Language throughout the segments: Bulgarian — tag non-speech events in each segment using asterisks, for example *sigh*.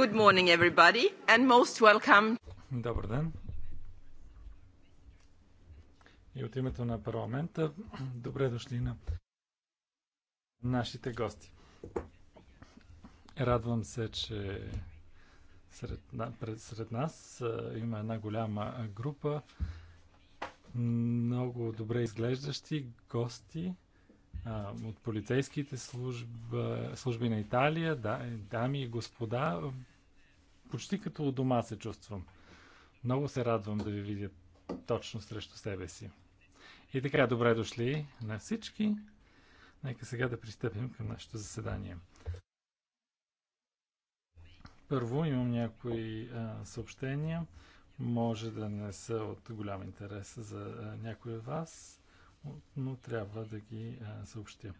Good morning, everybody, and most welcome. Добър ден. И от името на парламента, добре дошли на нашите гости. Радвам се, че сред, сред нас има една голяма група много добре изглеждащи гости а, от полицейските служби, служби на Италия, да, дами и господа, почти като у дома се чувствам. Много се радвам да ви видя точно срещу себе си. И така, добре дошли на всички. Нека сега да пристъпим към нашето заседание. Първо имам някои а, съобщения. Може да не са от голям интерес за а, някой от вас, но трябва да ги а, съобщя.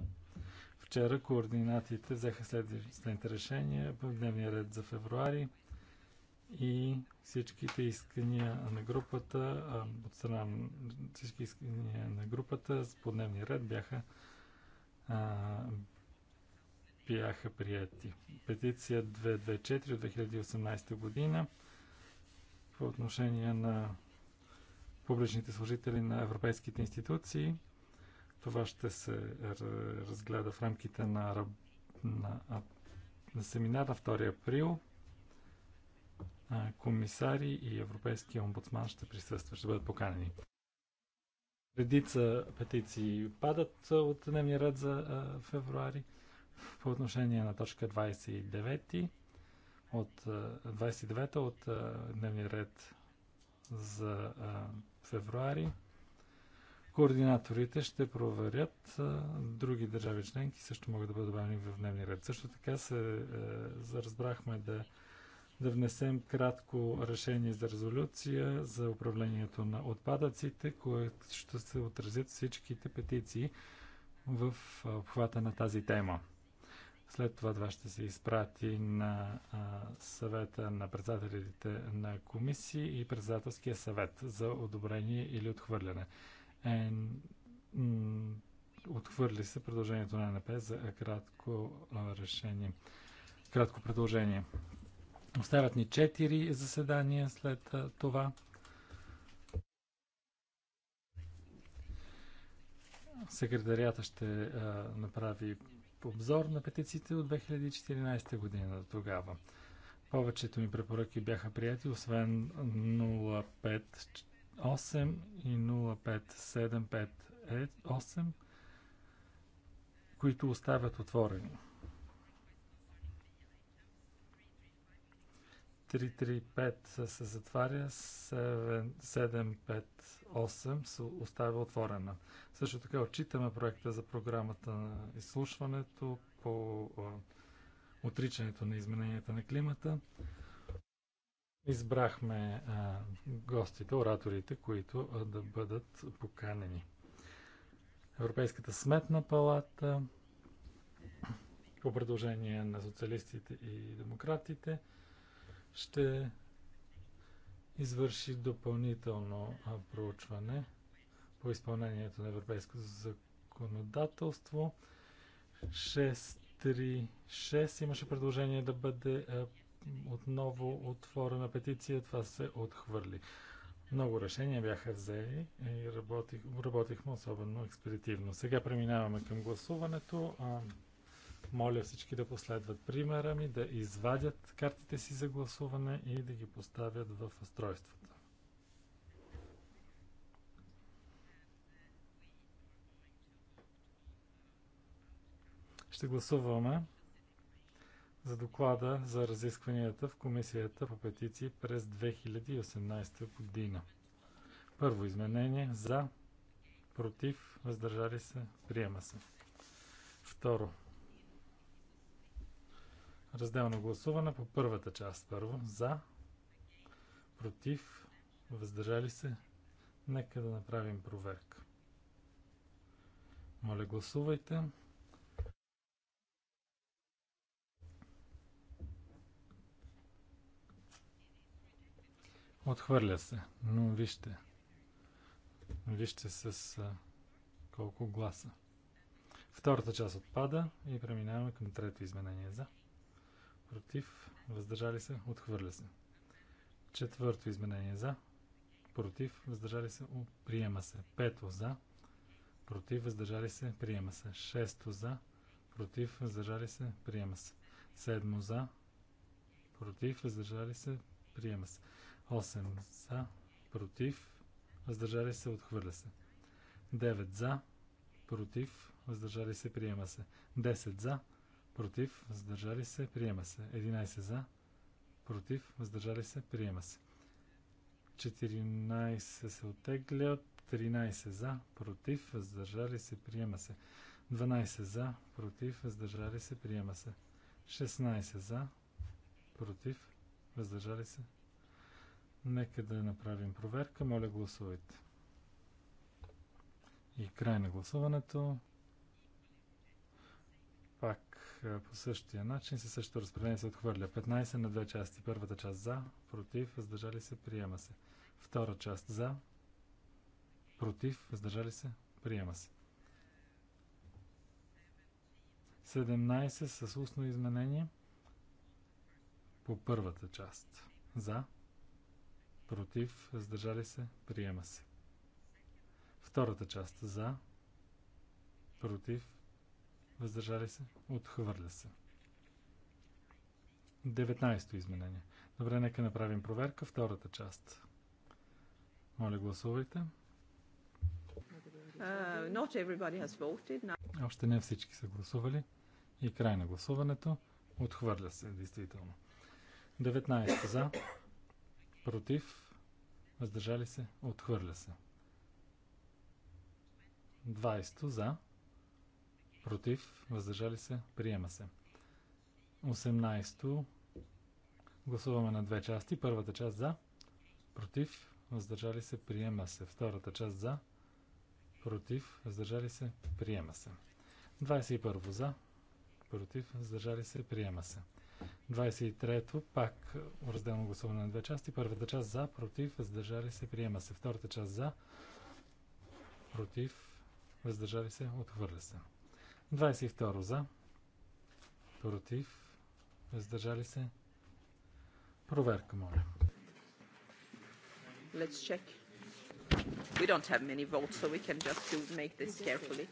Вчера координатите взеха след, следните решения в дневния ред за февруари и всичките искания на групата, от страна всички искания на групата с подневния ред бяха, а, бяха прияти. Петиция 224 от 2018 година по отношение на публичните служители на европейските институции. Това ще се разгледа в рамките на, на, на семинар 2 април комисари и Европейския омбудсман ще присъства, ще бъдат поканени. Редица петиции падат от дневния ред за февруари по отношение на точка 29 от 29 от дневния ред за февруари. Координаторите ще проверят други държави членки, също могат да бъдат добавени в дневния ред. Също така се разбрахме да да внесем кратко решение за резолюция за управлението на отпадъците, което ще се отразят всичките петиции в обхвата на тази тема. След това това ще се изпрати на а, съвета на председателите на комисии и председателския съвет за одобрение или отхвърляне. Е, отхвърли се предложението на НП е за кратко решение. Кратко предложение. Остават ни 4 заседания след това. Секретарията ще а, направи обзор на петициите от 2014 година до тогава. Повечето ми препоръки бяха прияти, освен 058 и 05758, е които оставят отворени. 335 се затваря, 758 се оставя отворена. Също така отчитаме проекта за програмата на изслушването по отричането на измененията на климата. Избрахме а, гостите, ораторите, които а, да бъдат поканени. Европейската сметна палата по предложение на социалистите и демократите – ще извърши допълнително проучване по изпълнението на европейското законодателство. 636 имаше предложение да бъде отново отворена петиция. Това се отхвърли. Много решения бяха взели и работих, работихме особено експедитивно. Сега преминаваме към гласуването. Моля всички да последват примера ми, да извадят картите си за гласуване и да ги поставят в устройствата. Ще гласуваме за доклада за разискванията в Комисията по петиции през 2018 година. Първо изменение за, против, въздържали се, приема се. Второ Разделно гласуване по първата част първо. За, против, въздържали се. Нека да направим проверка. Моля, гласувайте. Отхвърля се, но вижте. Вижте с а, колко гласа. Втората част отпада и преминаваме към трето изменение за против, въздържали се, отхвърля се. Четвърто изменение за, против, въздържали се, приема се. Пето за, против, въздържали се, приема се. Шесто за, против, въздържали се, приема се. Седмо за, против, въздържали се, приема се. 8 за, против, въздържали се, отхвърля се. 9 за, против, въздържали се, приема се. 10 за, против, въздържали се, приема се. 11 за, против, въздържали се, приема се. 14 се оттегля, 13 за, против, въздържали се, приема се. 12 за, против, въздържали се, приема се. 16 за, против, въздържали се. Нека да направим проверка. Моля, гласувайте. И край на гласуването. Е, по същия начин, със същото разпределение се отхвърля. 15 на две части. Първата част за, против, въздържали се, приема се. Втора част за, против, въздържали се, приема се. 17 с устно изменение по първата част. За, против, въздържали се, приема се. Втората част за, против, въздържали се, отхвърля се. 19-то изменение. Добре, нека направим проверка. Втората част. Моля, гласувайте. Uh, Още не всички са гласували. И край на гласуването. Отхвърля се, действително. 19 за, против, въздържали се, отхвърля се. 20 за, против, въздържали се, приема се. 18. Гласуваме на две части. Първата част за, против, въздържали се, приема се. Втората част за, против, въздържали се, приема се. 21. За, против, въздържали се, приема се. 23-то, пак разделно гласуване на две части. Първата част за, против, въздържали се, приема се. Втората част за, против, въздържали се, отхвърля се. 22 за. Против. Въздържали се. Проверка, моля. Let's check. We don't have many votes, so we can just make this carefully.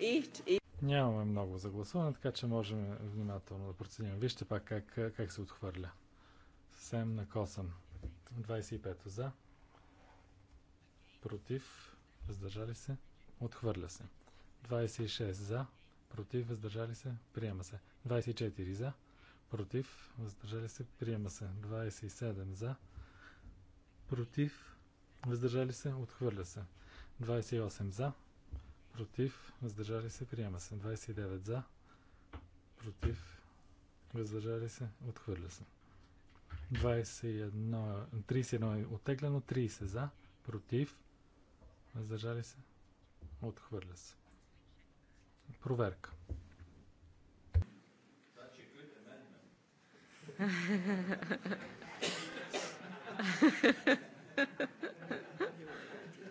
It, it... Нямаме много за гласуване, така че можем внимателно да проценим. Вижте пак как, как се отхвърля. 7 на косъм. 25 за. Против. Въздържали се. Отхвърля се. 26 за против, въздържали се, приема се. 24 за, против, въздържали се, приема се. 27 за, против, въздържали се, отхвърля се. 28 за, против, въздържали се, приема се. 29 за, против, въздържали се, отхвърля се. 21, 31 е оттеглено, 30 за, против, въздържали се, отхвърля се проверка. *laughs*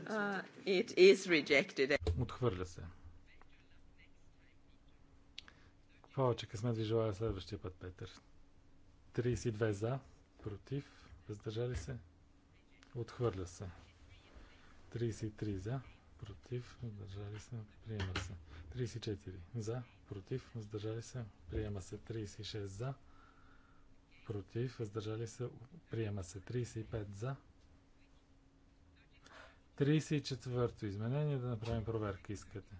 Uh, Отхвърля се. Повече късмет ви желая следващия път, Петър. 32 за, против, въздържали се. Отхвърля се. 33 за, против, въздържали се, приема се. 34 за, против, въздържали се, приема се. 36 за, против, въздържали се, приема се. 35 за. 34-то изменение да направим проверка, искате.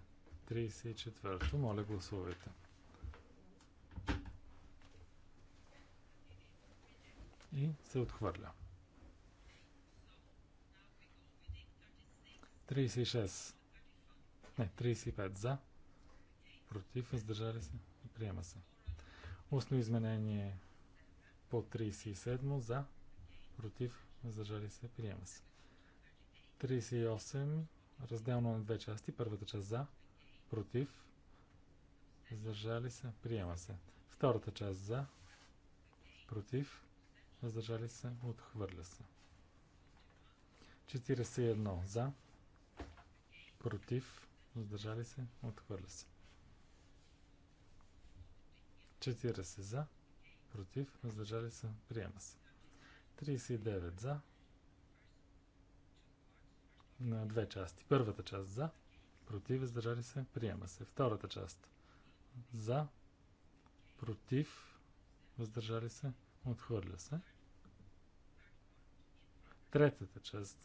34-то, моля гласувайте. И се отхвърля. 36. Не, 35 за. Против, въздържали се. Приема се. Устно изменение по 37 за. Против, въздържали се. Приема се. 38. Разделно на две части. Първата част за. Против. Въздържали се. Приема се. Втората част за. Против. Въздържали се. Отхвърля се. 41 за против, въздържали се, отхвърля се. 40 за, против, въздържали се, приема се. 39 за, на две части. Първата част за, против, въздържали се, приема се. Втората част за, против, въздържали се, отхвърля се. Третата част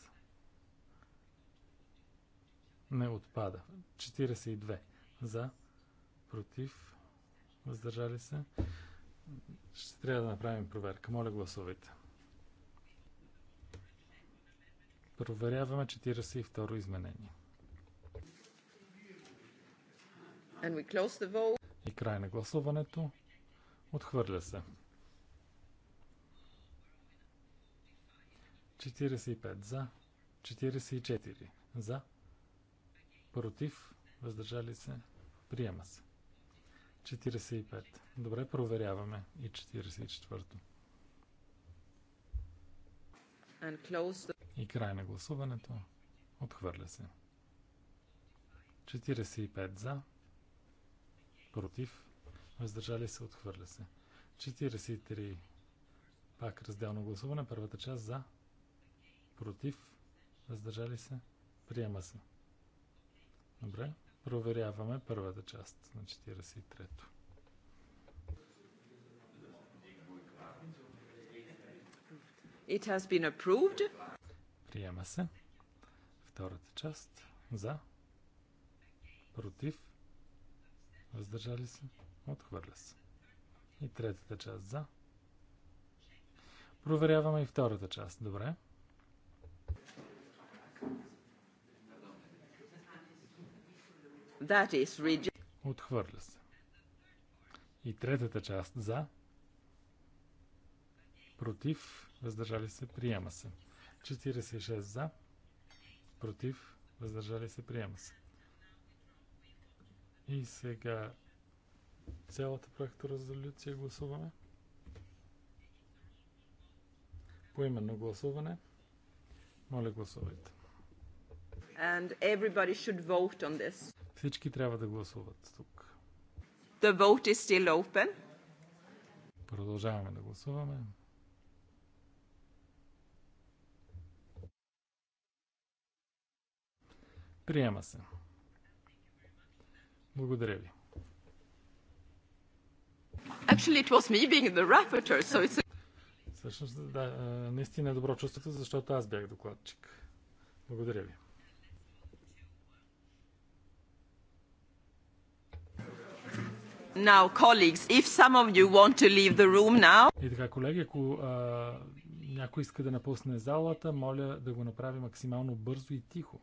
не отпада. 42 за, против, въздържали се. Ще трябва да направим проверка. Моля, гласувайте. Проверяваме 42 изменение. И край на гласуването. Отхвърля се. 45 за, 44 за, против, въздържали се, приема се. 45. Добре, проверяваме и 44-то. И край на гласуването. Отхвърля се. 45 за. Против. Въздържали се. Отхвърля се. 43. Пак разделно гласуване. Първата част за. Против. Въздържали се. Приема се. Добре, проверяваме първата част на 43-то. It has been approved. Приема се. Втората част. За. Против. Въздържали се. Отхвърля се. И третата част. За. Проверяваме и втората част. Добре. Отхвърля се. И третата част за. Против. Въздържали се. Приема се. 46 за. Против. Въздържали се. Приема се. И сега цялата проекта резолюция гласуваме. Поименно гласуване. Моля гласувайте. And everybody should vote on this. Всички трябва да гласуват тук. The vote is still open. Продължаваме да гласуваме. Приема се. Благодаря ви. Actually, it was me being the rapporteur, so it's... a... Всъщност, да, наистина е добро чувството, защото аз бях докладчик. Благодаря ви. Now, colleagues, if some of you want to leave the room now... И така, колеги, ако а, някой иска да напусне залата, моля да го направи максимално бързо и тихо.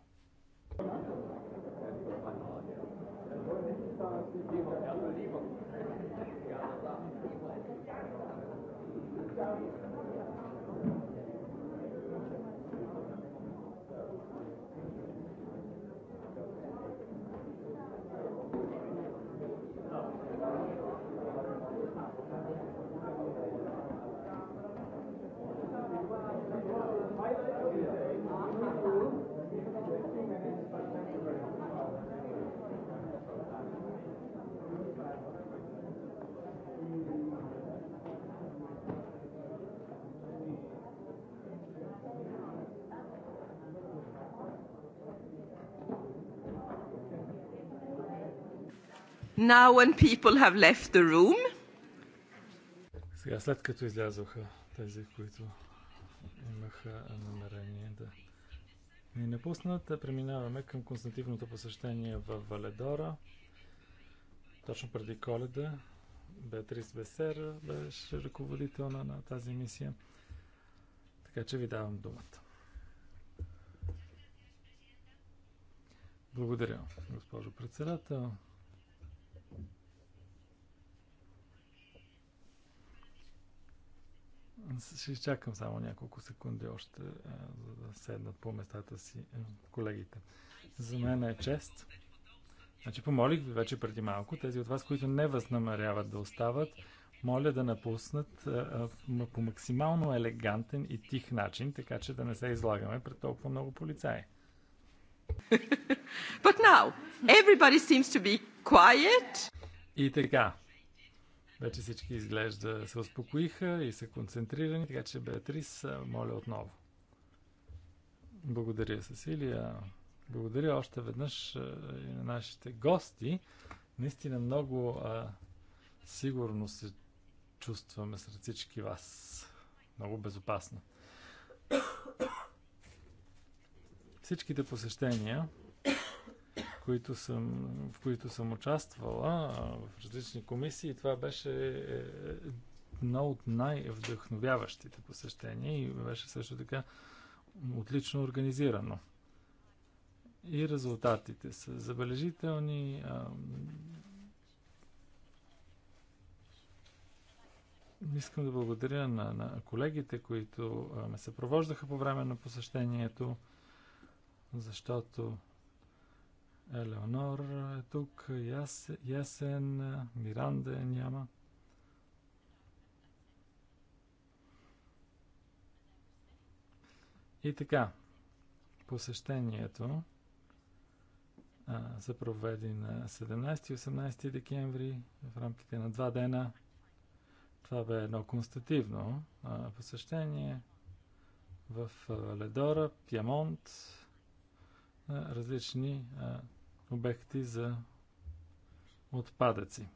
Now when people have left the room. Сега след като излязоха тези, които имаха намерение да ни напуснат, преминаваме към константивното посещение в Валедора. Точно преди коледа Беатрис Бесера, беше ръководител на тази мисия. Така че ви давам думата. Благодаря, госпожо председател. Ще изчакам само няколко секунди още, за да седнат по местата си колегите. За мен е чест. Значи помолих ви вече преди малко, тези от вас, които не възнамеряват да остават, моля да напуснат по максимално елегантен и тих начин, така че да не се излагаме пред толкова много полицаи. *laughs* But now, everybody seems to be quiet. И така, вече всички изглежда се успокоиха и са концентрирани, така че Беатрис, моля отново. Благодаря, Сесилия. Благодаря още веднъж и на нашите гости. Наистина много а, сигурно се чувстваме сред всички вас. Много безопасно. *coughs* Всичките посещения които съм, в които съм участвала в различни комисии. Това беше е, едно от най-вдъхновяващите посещения и беше също така отлично организирано. И резултатите са забележителни. Искам да благодаря на, на колегите, които ме съпровождаха по време на посещението, защото Елеонор е тук, Яс, Ясен, Миранда е няма. И така, посещението а, се проведи на 17 и 18 декември в рамките на два дена. Това бе едно констативно а, посещение в Ледора, Пьямонт, различни а, обекти за отпадъци.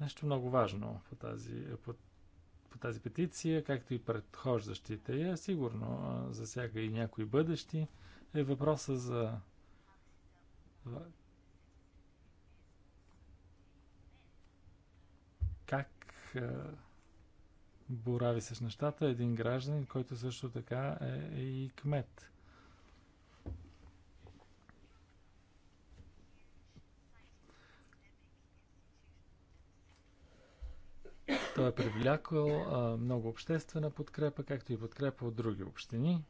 Нещо много важно по тази, по, по тази петиция, както и предхождащите я, сигурно засяга и някои бъдещи, е въпроса за как борави с нещата един гражданин, който също така е, е и кмет. Той е привлякал а, много обществена подкрепа, както и подкрепа от други общини,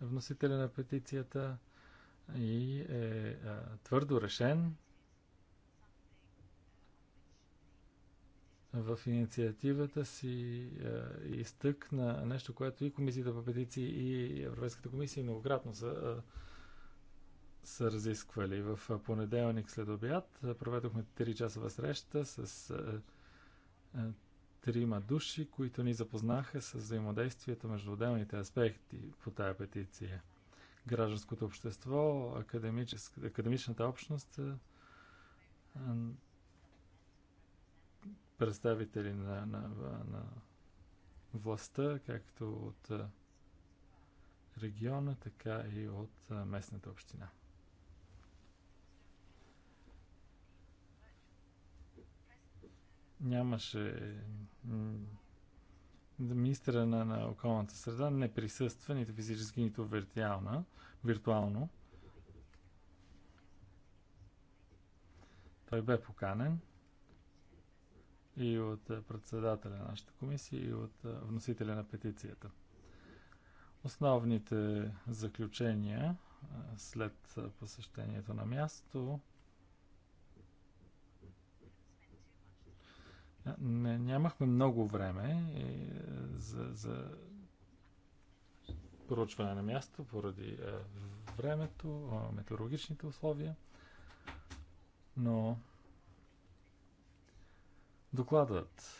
вносители на петицията и е а, твърдо решен в инициативата си а, изтъкна нещо, което и Комисията по петиции и Европейската комисия многократно са, са разисквали. В понеделник след обяд проведохме 3 часова среща с трима души, които ни запознаха с взаимодействието между отделните аспекти по тая петиция. Гражданското общество, академичната общност, представители на, на, на властта, както от региона, така и от местната община. нямаше министра на, на околната среда не присъства нито физически, нито виртуална, виртуално. Той бе поканен и от председателя на нашата комисия и от вносителя на петицията. Основните заключения след посещението на място Не, нямахме много време е, за, за поручване на място поради е, времето, е, метеорологичните условия, но докладът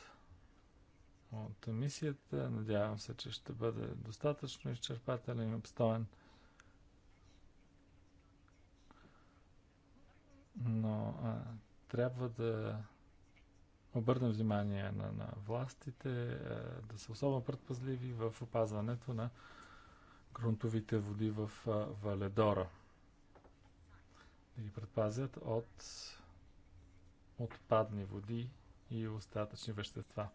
от мисията, надявам се, че ще бъде достатъчно изчерпателен и обстоен. Но а, е, трябва да обърнем внимание на, на властите е, да са особено предпазливи в опазването на грунтовите води в е, Валедора. Да ги предпазят от отпадни води и остатъчни вещества.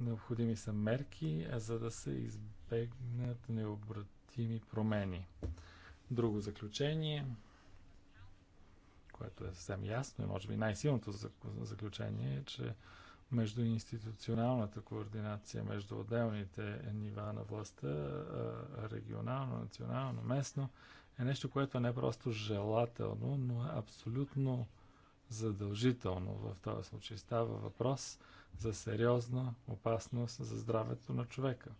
Необходими са мерки, е, за да се избегнат необратими промени. Друго заключение – което е съвсем ясно и може би най-силното заключение е, че между институционалната координация, между отделните нива на властта, регионално, национално, местно, е нещо, което е не е просто желателно, но е абсолютно задължително в този случай. Става въпрос за сериозна опасност за здравето на човека.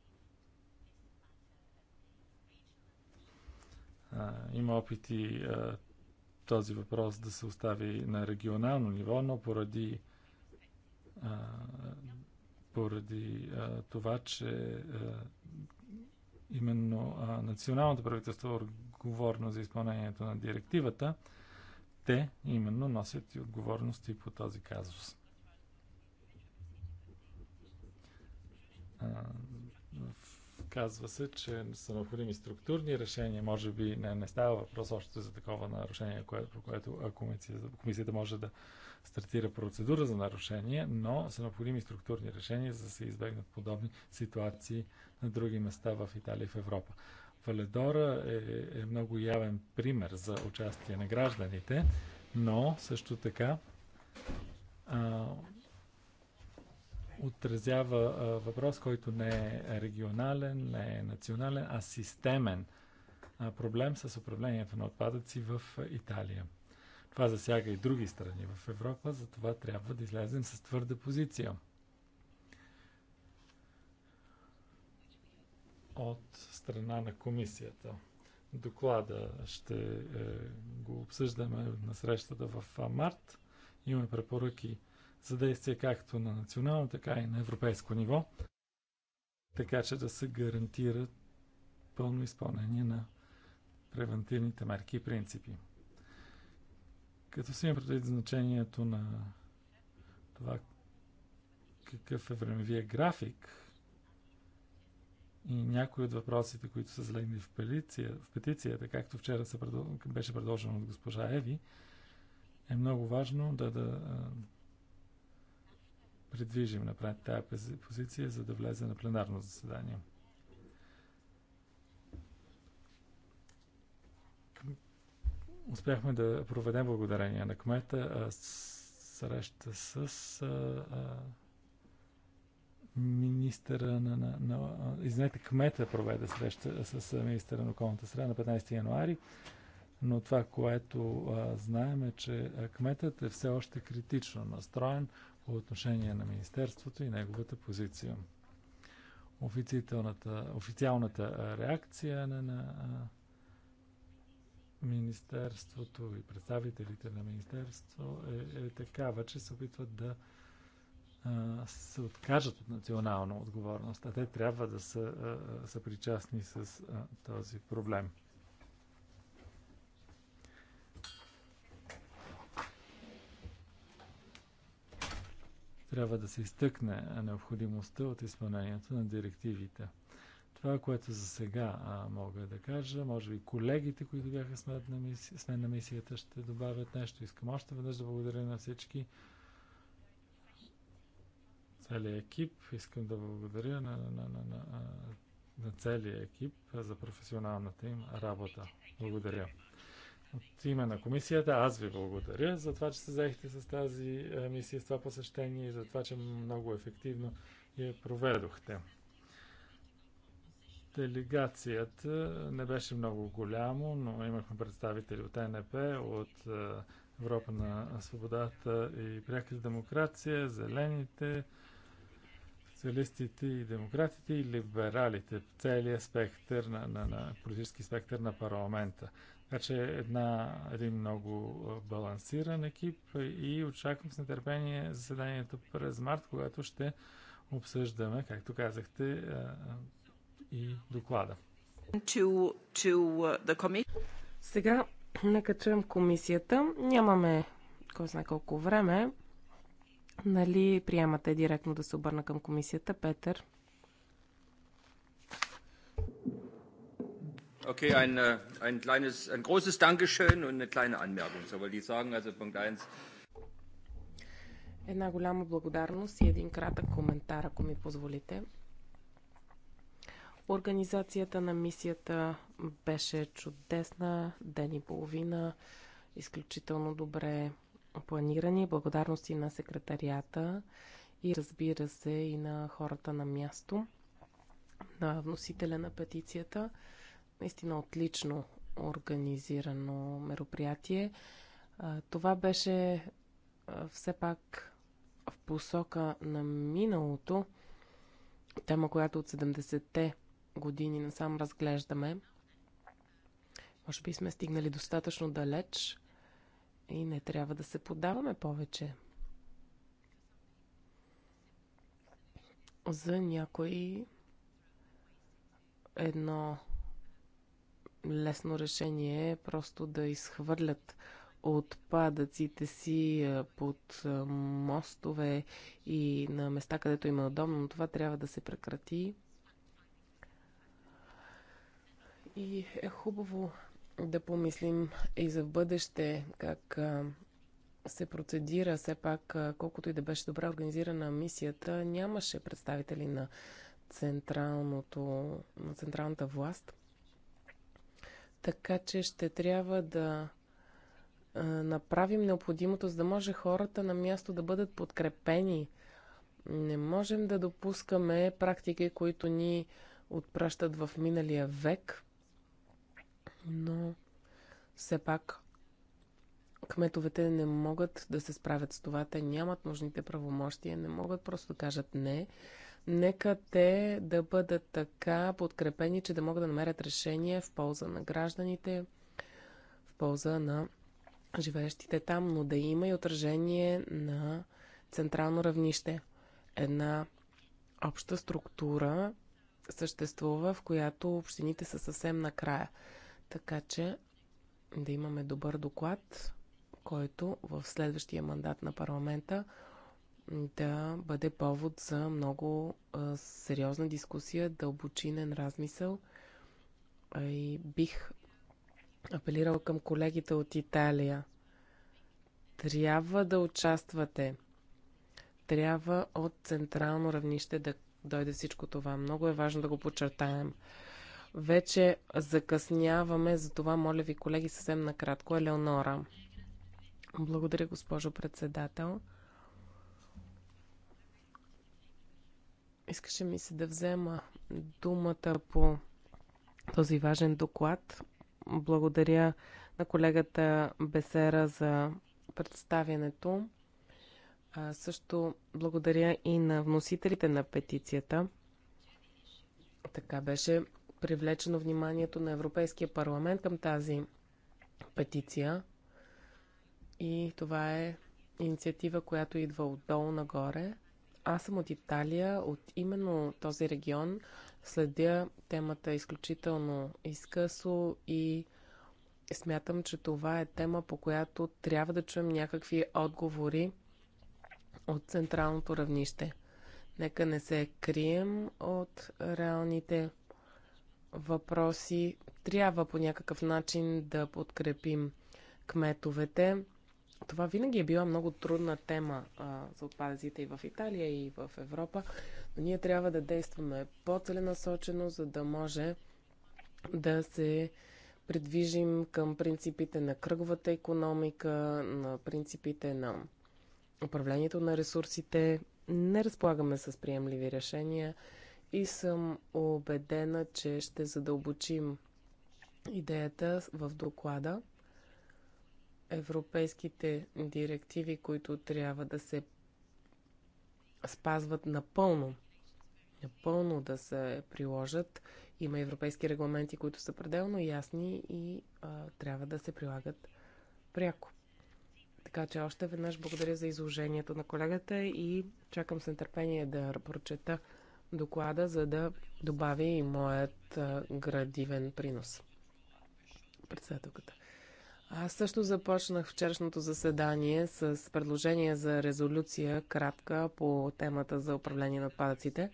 има опити този въпрос да се остави на регионално ниво, но поради, а, поради а, това, че а, именно а, националното правителство е отговорно за изпълнението на директивата, те именно носят и отговорности по този казус. Казва се, че са необходими структурни решения. Може би не, не става въпрос още за такова нарушение, което, по което комисията, комисията може да стартира процедура за нарушение, но са необходими структурни решения, за да се избегнат подобни ситуации на други места в Италия и в Европа. Валедора е, е много явен пример за участие на гражданите, но също така а, отразява а, въпрос, който не е регионален, не е национален, а системен а, проблем с управлението на отпадъци в Италия. Това засяга и други страни в Европа, затова трябва да излезем с твърда позиция. От страна на комисията. Доклада ще е, го обсъждаме на срещата в март. Имаме препоръки за действие както на национално, така и на европейско ниво, така че да се гарантира пълно изпълнение на превентивните мерки и принципи. Като си има предвид значението на това какъв е времевия график и някои от въпросите, които са залегнали в, в петицията, както вчера се предо... беше предложено от госпожа Еви, е много важно да, да придвижим напред тази позиция, за да влезе на пленарно заседание. Успяхме да проведем благодарение на кмета среща с министъра на, на, на извинете, кмета проведе среща с министъра на околната среда на 15 януари, но това, което а, знаем е, че кметът е все още критично настроен по отношение на Министерството и неговата позиция. Официалната реакция е на, на Министерството и представителите на Министерство е, е такава, че се опитват да а, се откажат от национална отговорност, а те трябва да са, а, са причастни с а, този проблем. трябва да се изтъкне необходимостта от изпълнението на директивите. Това, което за сега а, мога да кажа, може би колегите, които бяха с мен на, с мен на мисията, ще добавят нещо. Искам още веднъж да благодаря на всички. Целият екип. Искам да благодаря на, на, на, на, на целия екип за професионалната им работа. Благодаря. От име на комисията аз ви благодаря за това, че се заехте с тази е, мисия, с това посещение и за това, че много ефективно я проведохте. Делегацията не беше много голямо, но имахме представители от НП, от е, Европа на свободата и пряката демокрация, зелените, социалистите и демократите и либералите, целият спектър на, на, на политически спектър на парламента. Така че една, един много балансиран екип и очаквам с нетърпение заседанието през март, когато ще обсъждаме, както казахте, и доклада. Uh, Сега нека чуем комисията. Нямаме кой знае колко време. Нали приемате директно да се обърна към комисията, Петър? Okay, ein, äh, ein, kleines, ein großes Dankeschön und eine kleine Anmerkung, so wollte ich sagen. Also Punkt 1. Една голяма благодарност и един кратък коментар, ако ми позволите. Организацията на мисията беше чудесна, ден и половина, изключително добре планирани. Благодарности на секретарията и разбира се и на хората на място, на вносителя на петицията наистина отлично организирано мероприятие. Това беше все пак в посока на миналото, тема, която от 70-те години насам разглеждаме. Може би сме стигнали достатъчно далеч и не трябва да се подаваме повече. За някои едно лесно решение е просто да изхвърлят отпадъците си под мостове и на места, където има удобно, но това трябва да се прекрати. И е хубаво да помислим и за в бъдеще как се процедира все пак, колкото и да беше добре организирана мисията, нямаше представители на централното, на централната власт. Така че ще трябва да направим необходимото, за да може хората на място да бъдат подкрепени. Не можем да допускаме практики, които ни отпращат в миналия век, но все пак кметовете не могат да се справят с това. Те нямат нужните правомощия, не могат просто да кажат не. Нека те да бъдат така подкрепени, че да могат да намерят решение в полза на гражданите, в полза на живеещите там, но да има и отражение на централно равнище. Една обща структура съществува, в която общините са съвсем накрая. Така че да имаме добър доклад, който в следващия мандат на парламента да бъде повод за много а, сериозна дискусия, дълбочинен размисъл. А, и бих апелирал към колегите от Италия. Трябва да участвате. Трябва от централно равнище да дойде всичко това. Много е важно да го подчертаем. Вече закъсняваме, затова моля ви, колеги, съвсем накратко. Елеонора. Благодаря, госпожо председател. Искаше ми се да взема думата по този важен доклад. Благодаря на колегата Бесера за представянето. А, също благодаря и на вносителите на петицията. Така беше привлечено вниманието на Европейския парламент към тази петиция. И това е инициатива, която идва отдолу нагоре. Аз съм от Италия, от именно този регион. Следя темата изключително изкъсо и смятам, че това е тема, по която трябва да чуем някакви отговори от централното равнище. Нека не се крием от реалните въпроси. Трябва по някакъв начин да подкрепим кметовете това винаги е била много трудна тема а, за отпадъците и в Италия, и в Европа, но ние трябва да действаме по-целенасочено, за да може да се придвижим към принципите на кръговата економика, на принципите на управлението на ресурсите. Не разполагаме с приемливи решения и съм убедена, че ще задълбочим идеята в доклада европейските директиви, които трябва да се спазват напълно, напълно да се приложат. Има европейски регламенти, които са пределно ясни и а, трябва да се прилагат пряко. Така че още веднъж благодаря за изложението на колегата и чакам с нетърпение да прочета доклада, за да добавя и моят градивен принос. Председателката. Аз също започнах вчерашното заседание с предложение за резолюция кратка по темата за управление на отпадъците,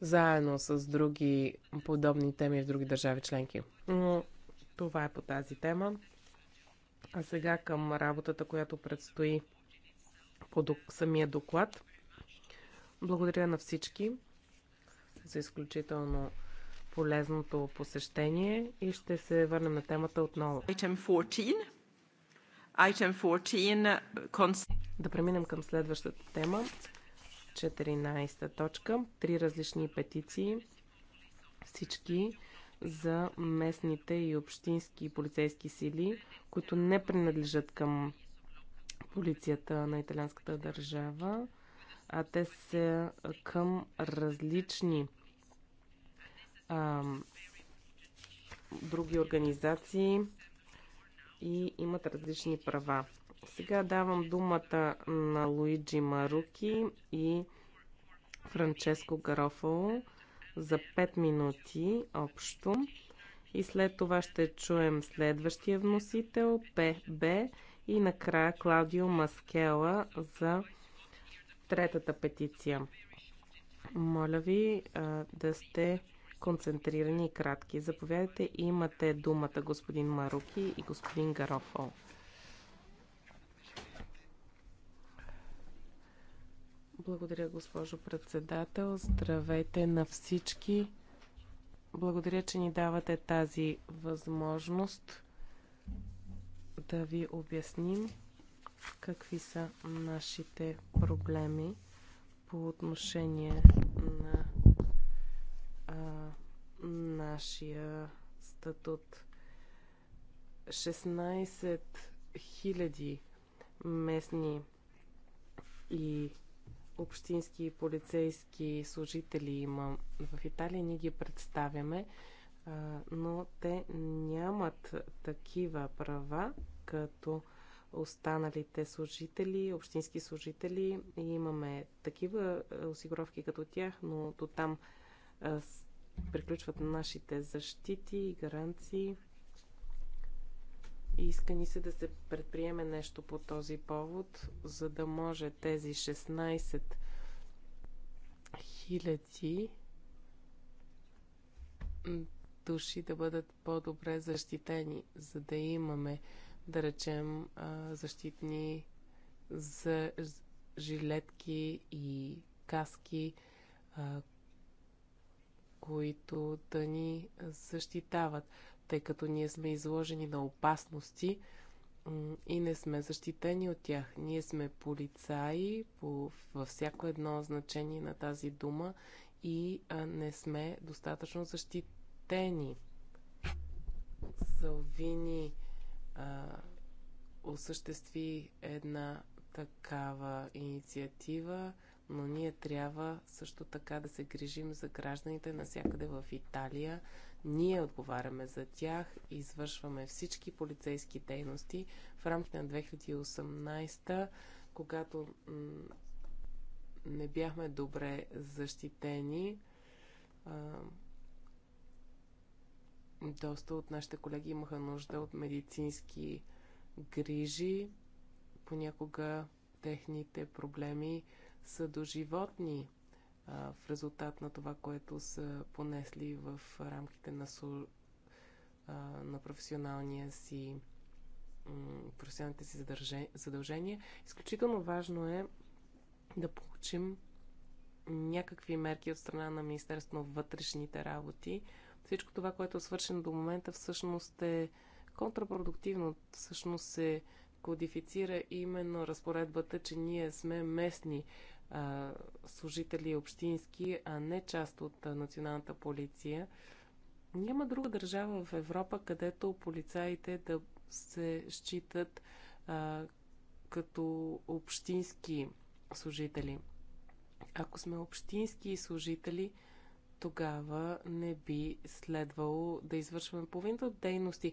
заедно с други подобни теми в други държави членки. Но това е по тази тема. А сега към работата, която предстои по самия доклад. Благодаря на всички за изключително полезното посещение и ще се върнем на темата отново. Item 14. Item 14. Да преминем към следващата тема. 14 точка. Три различни петиции. Всички за местните и общински полицейски сили, които не принадлежат към полицията на италианската държава, а те са към различни а, други организации и имат различни права. Сега давам думата на Луиджи Маруки и Франческо Гарофало за 5 минути общо. И след това ще чуем следващия вносител, ПБ, и накрая Клаудио Маскела за третата петиция. Моля ви а, да сте концентрирани и кратки. Заповядайте, имате думата господин Маруки и господин Гарофо. Благодаря, госпожо председател. Здравейте на всички. Благодаря, че ни давате тази възможност да ви обясним какви са нашите проблеми по отношение а, нашия статут. 16 000 местни и общински и полицейски служители има в Италия. Ние ги представяме, но те нямат такива права, като останалите служители, общински служители. И имаме такива осигуровки като тях, но до там приключват нашите защити и гаранции. И иска ни се да се предприеме нещо по този повод, за да може тези 16 хиляди души да бъдат по-добре защитени, за да имаме, да речем, защитни за жилетки и каски, които да ни защитават, тъй като ние сме изложени на опасности и не сме защитени от тях. Ние сме полицаи по, във всяко едно значение на тази дума и не сме достатъчно защитени. Салвини а, осъществи една такава инициатива но ние трябва също така да се грижим за гражданите навсякъде в Италия. Ние отговаряме за тях, и извършваме всички полицейски дейности. В рамките на 2018, когато не бяхме добре защитени, доста от нашите колеги имаха нужда от медицински грижи. Понякога техните проблеми са доживотни а, в резултат на това, което са понесли в рамките на, су, а, на професионалния си професионалните си задължения. Изключително важно е да получим някакви мерки от страна на Министерство на вътрешните работи. Всичко това, което е свършено до момента, всъщност е контрапродуктивно. Всъщност се кодифицира именно разпоредбата, че ние сме местни а, служители общински, а не част от а, националната полиция. Няма друга държава в Европа, където полицаите да се считат а, като общински служители. Ако сме общински служители, тогава не би следвало да извършваме половината от дейности,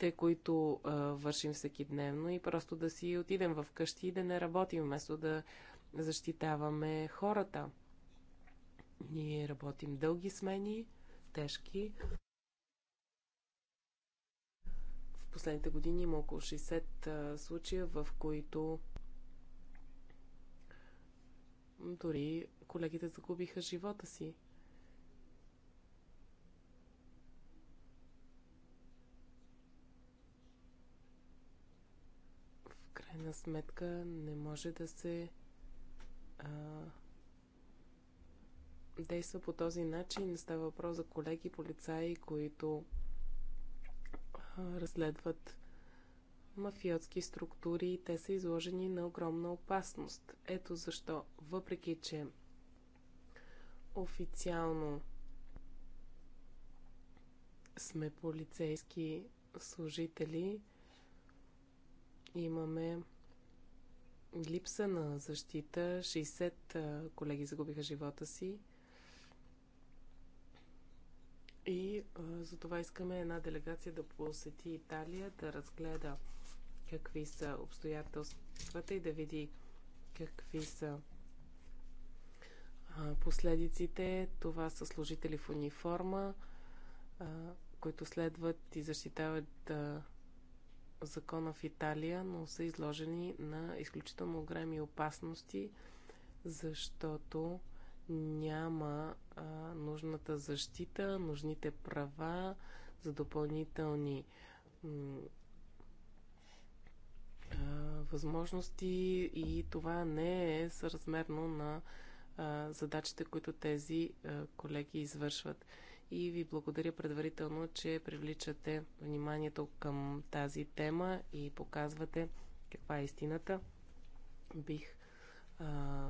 те които а, вършим всеки дневно и просто да си отидем в къщи и да не работим, вместо да защитаваме хората. Ние работим дълги смени, тежки. В последните години има около 60 а, случая, в които дори колегите загубиха живота си. крайна сметка не може да се а, действа по този начин. Става въпрос за колеги полицаи, които а, разследват мафиотски структури и те са изложени на огромна опасност. Ето защо, въпреки че официално сме полицейски служители, имаме липса на защита. 60 колеги загубиха живота си. И а, за това искаме една делегация да посети Италия, да разгледа какви са обстоятелствата и да види какви са а, последиците. Това са служители в униформа, а, които следват и защитават а, закона в Италия, но са изложени на изключително големи опасности, защото няма а, нужната защита, нужните права за допълнителни възможности и това не е съразмерно на а, задачите, които тези а, колеги извършват и ви благодаря предварително, че привличате вниманието към тази тема и показвате каква е истината. Бих а,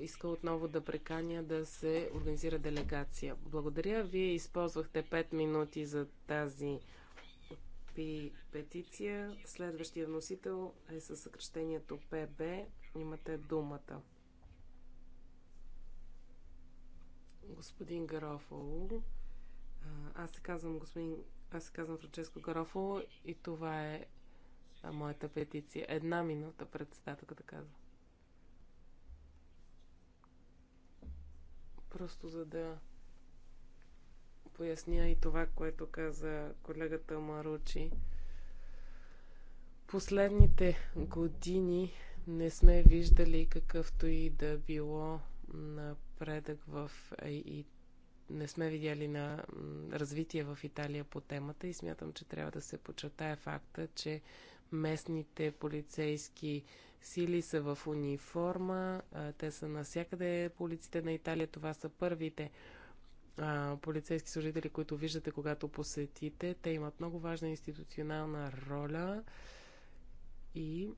искал отново да преканя да се организира делегация. Благодаря. Вие използвахте 5 минути за тази петиция. Следващия вносител е със съкръщението ПБ. Имате думата. господин Гарофоло, Аз се казвам господин... Аз се казвам Франческо Гарофало и това е моята петиция. Една минута председателката казва. Просто за да поясня и това, което каза колегата Маручи. Последните години не сме виждали какъвто и да било напредък в е и не сме видяли на развитие в Италия по темата и смятам, че трябва да се подчертая факта, че местните полицейски сили са в униформа, те са навсякъде по улиците на Италия. Това са първите полицейски служители, които виждате, когато посетите. Те имат много важна институционална роля и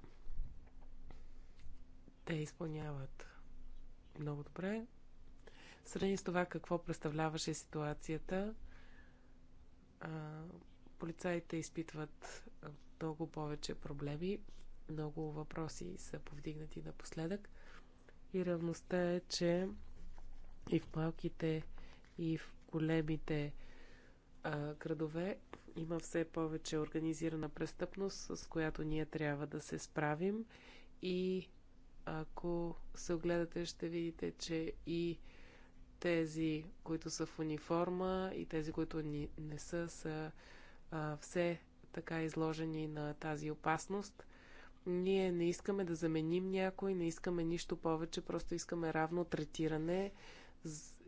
те изпълняват много добре. Среди с това какво представляваше ситуацията, полицаите изпитват много повече проблеми, много въпроси са повдигнати напоследък. И реалността е, че и в малките, и в големите а, градове има все повече организирана престъпност, с която ние трябва да се справим и ако се огледате, ще видите, че и тези, които са в униформа и тези, които ни, не са, са а, все така изложени на тази опасност. Ние не искаме да заменим някой, не искаме нищо повече, просто искаме равно третиране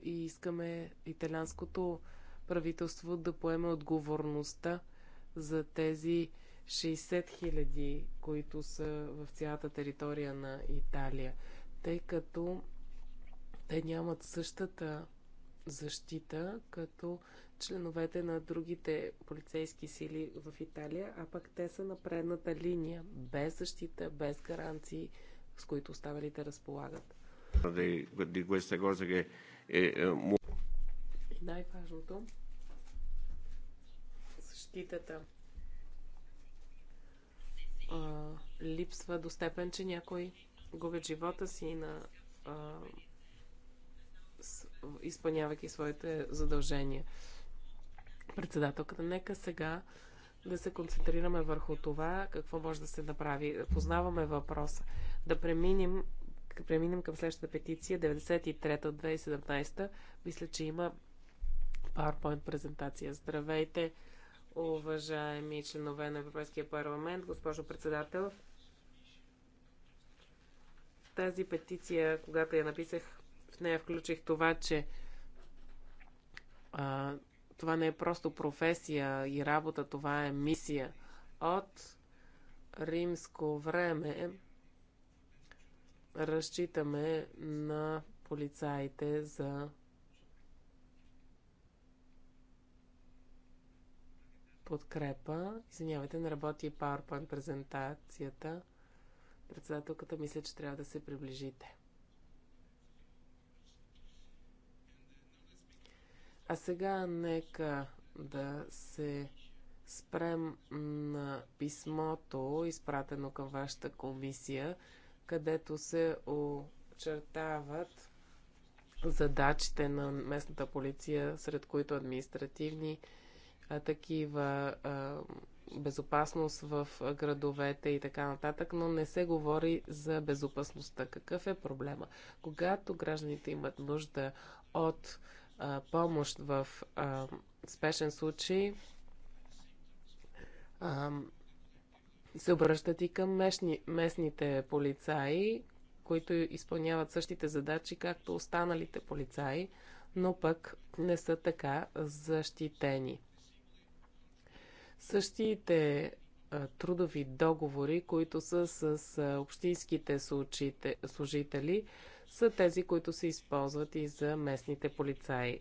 и искаме италианското правителство да поеме отговорността за тези 60 хиляди, които са в цялата територия на Италия, тъй като те нямат същата защита като членовете на другите полицейски сили в Италия, а пък те са на предната линия, без защита, без гаранции, с които останалите разполагат. Eh, eh, И най-важното защитата липсва до степен, че някой губят живота си на а, с, изпълнявайки своите задължения. Председателката, нека сега да се концентрираме върху това, какво може да се направи. Познаваме въпроса. Да преминем, преминем към следващата петиция, 93 от 2017. Мисля, че има PowerPoint презентация. Здравейте! уважаеми членове на Европейския парламент, госпожо председател. Тази петиция, когато я написах, в нея включих това, че а, това не е просто професия и работа, това е мисия. От римско време разчитаме на полицаите за подкрепа. Извинявайте, не работи PowerPoint презентацията. Председателката мисля, че трябва да се приближите. А сега нека да се спрем на писмото, изпратено към вашата комисия, където се очертават задачите на местната полиция, сред които административни, такива безопасност в градовете и така нататък, но не се говори за безопасността. Какъв е проблема? Когато гражданите имат нужда от а, помощ в а, спешен случай, а, се обръщат и към местни, местните полицаи, които изпълняват същите задачи, както останалите полицаи, но пък не са така защитени същите трудови договори, които са с общинските служители, са тези, които се използват и за местните полицаи.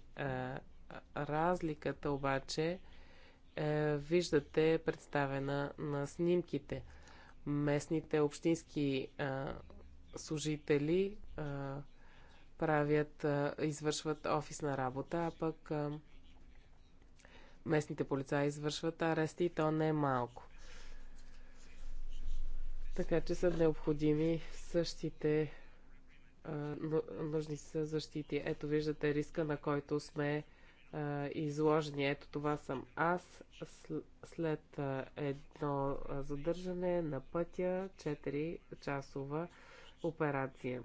Разликата обаче е, виждате е представена на снимките. Местните общински служители правят, извършват офисна работа, а пък местните полицаи извършват арести и то не е малко. Така че са необходими същите нужни са защити. Ето виждате риска, на който сме а, изложени. Ето това съм аз след а, едно задържане на пътя, 4 часова операция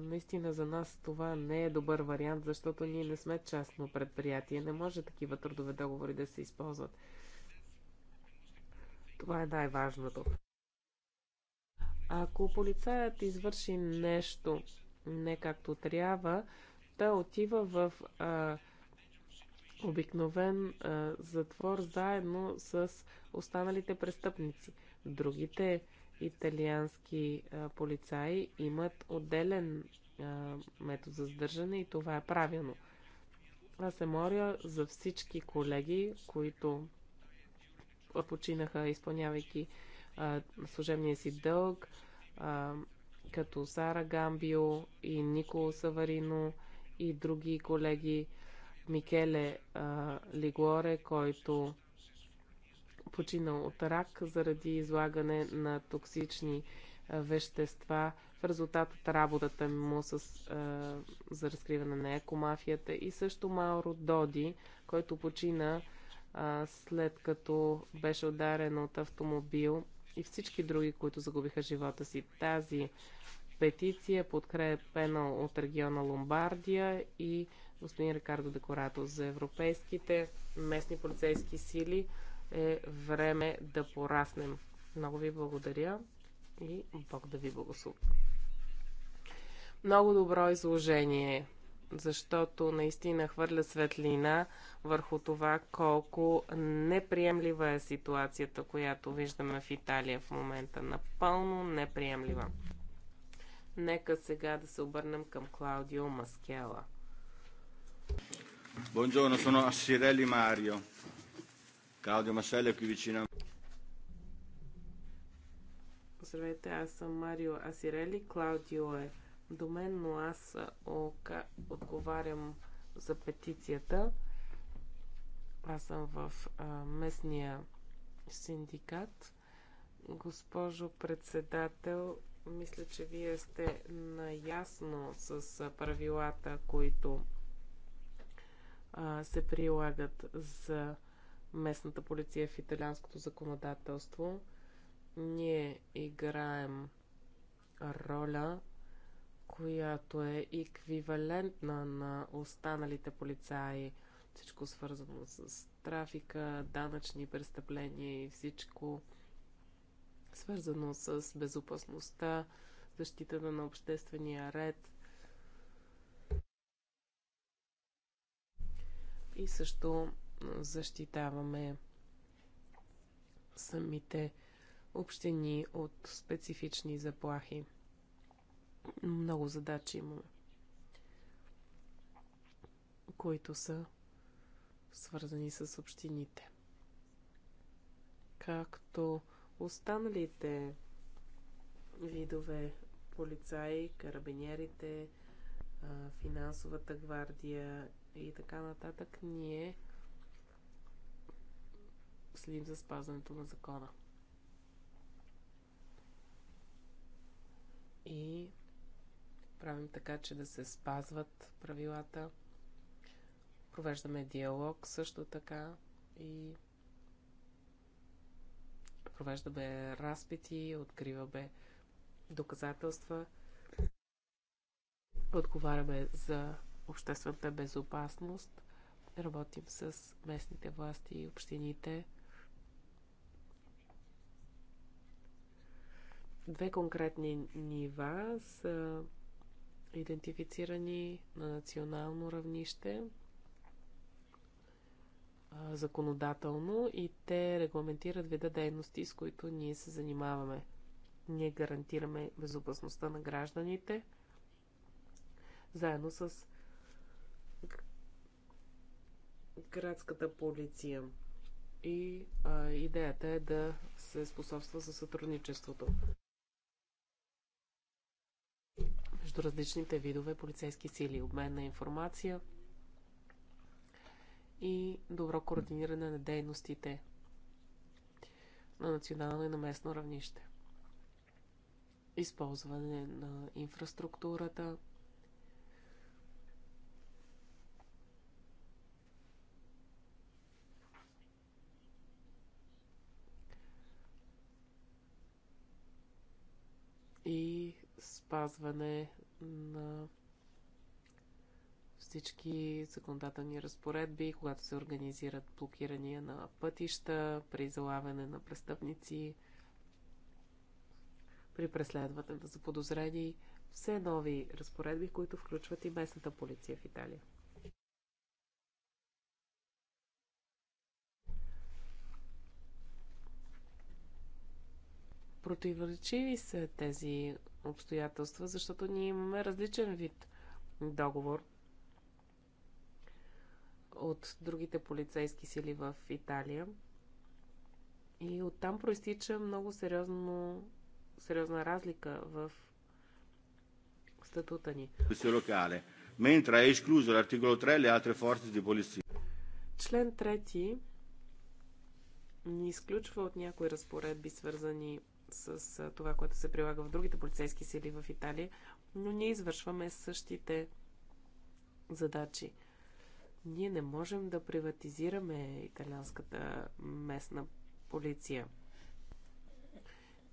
наистина за нас това не е добър вариант, защото ние не сме частно предприятие. Не може такива трудове договори да се използват. Това е най-важното. Ако полицаят извърши нещо не както трябва, той отива в а, обикновен а, затвор заедно с останалите престъпници. Другите италиански а, полицаи имат отделен а, метод за задържане и това е правилно. Аз се моря за всички колеги, които починаха, изпълнявайки а, служебния си дълг, а, като Сара Гамбио и Николо Саварино и други колеги, Микеле а, Лигоре, който починал от рак заради излагане на токсични вещества в резултат от работата му с, а, за разкриване на екомафията и също Мауро Доди, който почина а, след като беше ударен от автомобил и всички други, които загубиха живота си. Тази петиция е подкрепена от региона Ломбардия и господин Рикардо Декорато за европейските местни полицейски сили е време да пораснем. Много ви благодаря и Бог да ви благослови. Много добро изложение, защото наистина хвърля светлина върху това колко неприемлива е ситуацията, която виждаме в Италия в момента. Напълно неприемлива. Нека сега да се обърнем към Клаудио Маскела. Buongiorno, sono Assirelli Mario. Клаудио Маселя, qui vicino. Здравейте, аз съм Марио Асирели. Клаудио е до мен, но аз отговарям за петицията. Аз съм в местния синдикат. Госпожо председател, мисля, че вие сте наясно с правилата, които а, се прилагат за местната полиция в италианското законодателство. Ние играем роля, която е еквивалентна на останалите полицаи. Всичко свързано с трафика, данъчни престъпления и всичко свързано с безопасността, защитата на обществения ред. И също защитаваме самите общини от специфични заплахи. Много задачи имаме, които са свързани с общините. Както останалите видове полицаи, карабинерите, финансовата гвардия и така нататък, ние следим за спазването на закона. И правим така, че да се спазват правилата. Провеждаме диалог също така и провеждаме разпити, откриваме доказателства, отговаряме за обществената безопасност, работим с местните власти и общините Две конкретни нива са идентифицирани на национално равнище законодателно и те регламентират вида дейности, с които ние се занимаваме. Ние гарантираме безопасността на гражданите заедно с градската полиция. И а, идеята е да се способства за сътрудничеството. между различните видове полицейски сили, обмен на информация и добро координиране на дейностите на национално и на местно равнище. Използване на инфраструктурата, спазване на всички законодателни разпоредби, когато се организират блокирания на пътища, при залавяне на престъпници, при преследване на заподозрени, все нови разпоредби, които включват и местната полиция в Италия. Противоречиви са тези обстоятелства, защото ние имаме различен вид договор от другите полицейски сили в Италия. И оттам проистича много сериозно, сериозна разлика в статута ни. Локале, 3 е Член 3 ни изключва от някои разпоредби, свързани с това, което се прилага в другите полицейски сили в Италия, но ние извършваме същите задачи. Ние не можем да приватизираме италианската местна полиция.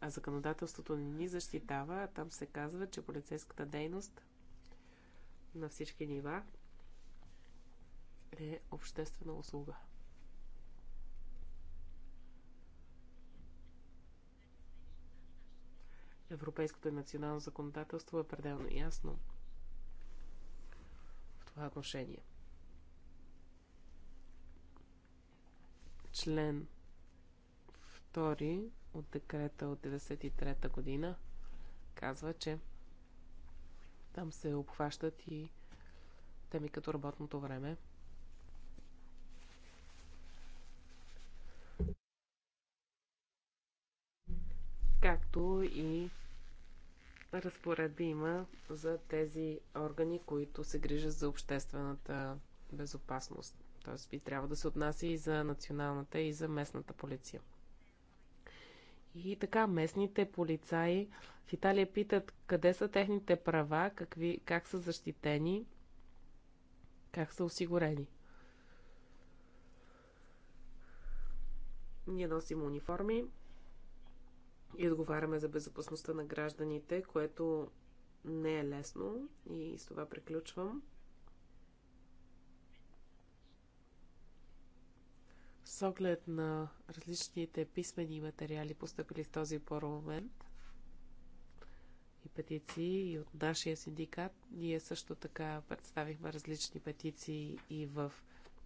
А законодателството не ни защитава, а там се казва, че полицейската дейност на всички нива е обществена услуга. европейското и национално законодателство е пределно ясно в това отношение. Член 2 от декрета от 93-та година казва, че там се обхващат и теми като работното време. Както и разпоредби има за тези органи, които се грижат за обществената безопасност. Тоест би трябва да се отнася и за националната и за местната полиция. И така, местните полицаи в Италия питат къде са техните права, какви, как са защитени, как са осигурени. Ние носим униформи, и отговаряме за безопасността на гражданите, което не е лесно и с това приключвам. С оглед на различните писмени материали, поступили в този парламент и петиции и от нашия синдикат, ние също така представихме различни петиции и в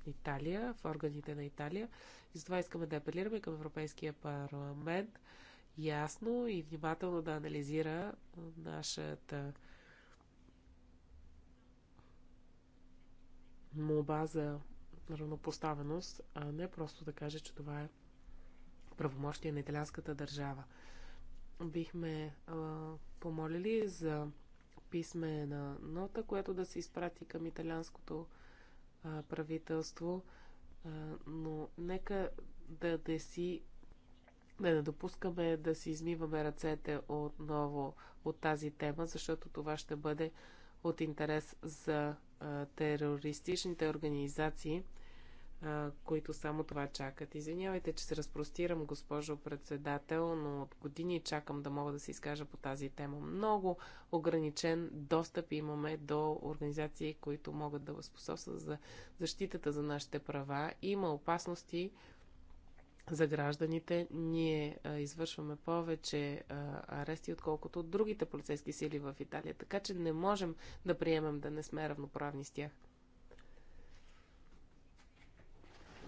Италия, в органите на Италия. И затова искаме да апелираме към Европейския парламент – ясно и внимателно да анализира нашата молба за равнопоставеност, а не просто да каже, че това е правомощие на италианската държава. Бихме а, помолили за писмена нота, която да се изпрати към италианското а, правителство, а, но нека да деси. си да не допускаме да си измиваме ръцете отново от тази тема, защото това ще бъде от интерес за терористичните организации, които само това чакат. Извинявайте, че се разпростирам, госпожо председател, но от години чакам да мога да се изкажа по тази тема. Много ограничен достъп имаме до организации, които могат да възпособстват за защитата за нашите права. Има опасности, за гражданите. Ние а, извършваме повече а, арести, отколкото от другите полицейски сили в Италия. Така че не можем да приемем да не сме равноправни с тях.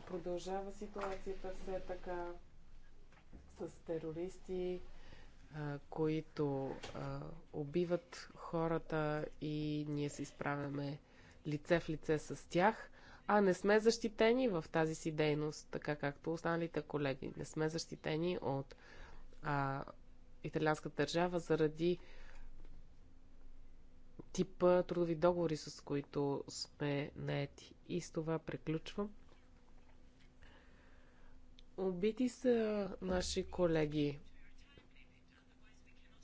Продължава ситуацията все така с терористи, а, които а, убиват хората и ние се изправяме лице в лице с тях – а не сме защитени в тази си дейност, така както останалите колеги. Не сме защитени от а, италианската държава заради типа трудови договори, с които сме наети. И с това приключвам. Убити са наши колеги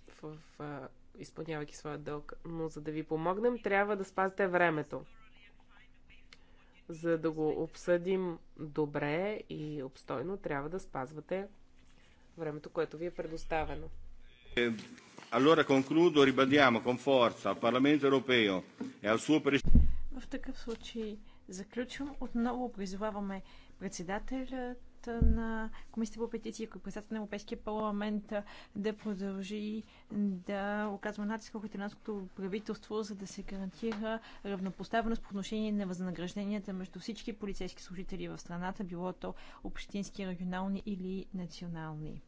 в, в изпълнявайки своя дълг, но за да ви помогнем, трябва да спазите времето. За да го обсъдим добре и обстойно, трябва да спазвате времето, което ви е предоставено. Е, allora concludo, ribadiamo con forza al Parlamento europeo e al suo Presidente. В такъв случай заключвам. Отново призоваваме председателя. Председателят на Комисията по петиции, председател на Европейския парламент да продължи да оказва натиск върху италянското правителство, за да се гарантира равнопоставеност по отношение на възнагражденията между всички полицейски служители в страната, било то общински, регионални или национални.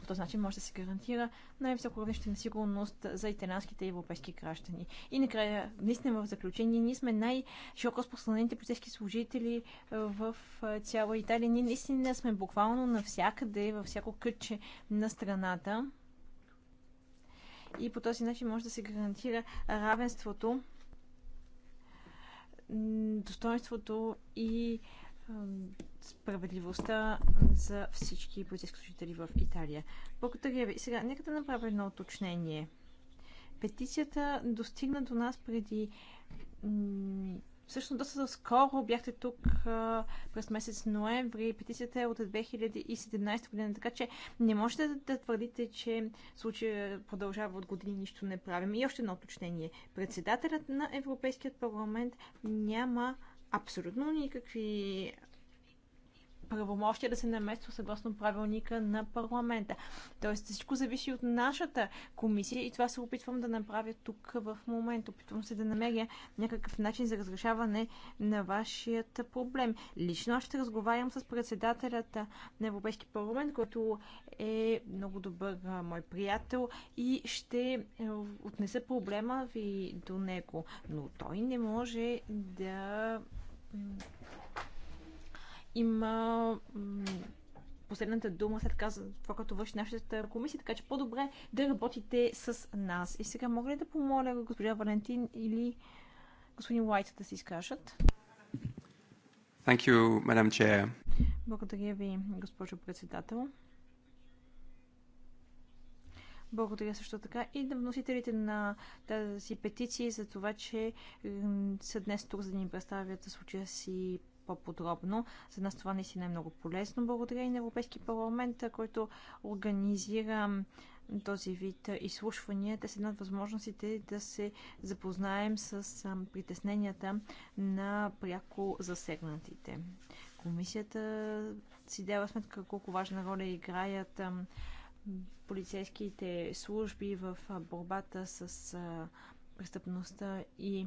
По този начин може да се гарантира най-високо равнище на сигурност за италянските и европейски граждани. И накрая, наистина в заключение, ние сме най-широко разпространените полицейски служители е, в е, цяла Италия. Ние наистина сме буквално навсякъде, във всяко кътче на страната. И по този начин може да се гарантира равенството, достоинството и справедливостта за всички полицейски служители в Италия. Благодаря ви. сега, нека да направя едно уточнение. Петицията достигна до нас преди... Всъщност, доста скоро бяхте тук а, през месец ноември. Петицията е от 2017 година, така че не можете да, да твърдите, че случая продължава от години нищо не правим. И още едно уточнение. Председателят на Европейският парламент няма абсолютно никакви правомощия да се намества съгласно правилника на парламента. Тоест всичко зависи от нашата комисия и това се опитвам да направя тук в момента. Опитвам се да намеря някакъв начин за разрешаване на вашият проблем. Лично аз ще разговарям с председателята на Европейски парламент, който е много добър а, мой приятел и ще е, отнеса проблема ви до него. Но той не може да има последната дума след каза това, като върши нашата комисия, така че по-добре да работите с нас. И сега мога ли да помоля госпожа Валентин или господин Уайт, да се изкажат? Thank you, Madam Chair. Благодаря ви, госпожо председател. Благодаря също така и на вносителите на тази петиции за това, че са днес тук, за да ни представят случая си по-подробно. За нас това наистина е много полезно. Благодаря и на Европейски парламент, който организира този вид изслушвания. Те са една от възможностите да се запознаем с притесненията на пряко засегнатите. Комисията си дава сметка колко важна роля играят полицейските служби в борбата с престъпността и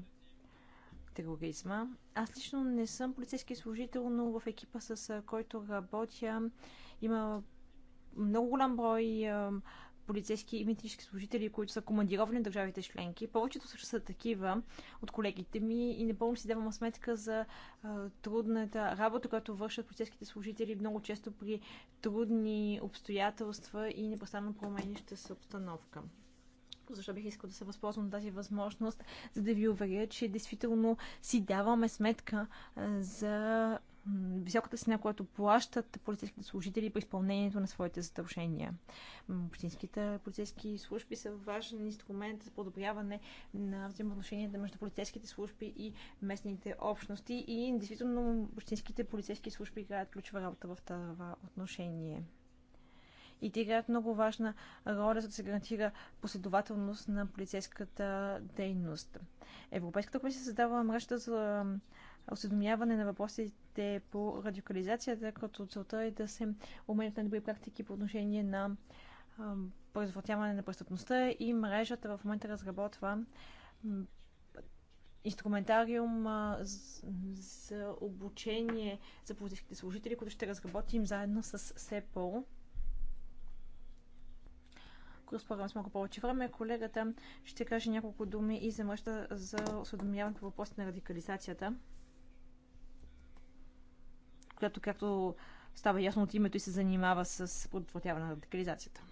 тероризма. Аз лично не съм полицейски служител, но в екипа с който работя има много голям брой полицейски и митнически служители, които са командировани в държавите членки. Повечето също са такива от колегите ми и напълно си давам сметка за а, трудната работа, която вършат полицейските служители много често при трудни обстоятелства и непрестанно променяща се обстановка защо бих искал да се възползвам от тази възможност, за да ви уверя, че действително си даваме сметка за високата цена, която плащат полицейските служители по изпълнението на своите задължения. Общинските полицейски служби са важен инструмент за подобряване на взаимоотношенията между полицейските служби и местните общности и действително общинските полицейски служби играят ключова работа в това отношение и те играят много важна роля, за да се гарантира последователност на полицейската дейност. Европейската комисия създава мрежата за осведомяване на въпросите по радикализацията, като целта е да се уменят на добри практики по отношение на предотвратяване на престъпността и мрежата в момента разработва инструментариум за обучение за полицейските служители, които ще разработим заедно с СЕПОЛ. Ако разполагаме с малко повече време, колегата ще каже няколко думи и за мрежата за осведомяване по въпроси на радикализацията която, както става ясно от името и се занимава с предотвратяване на радикализацията.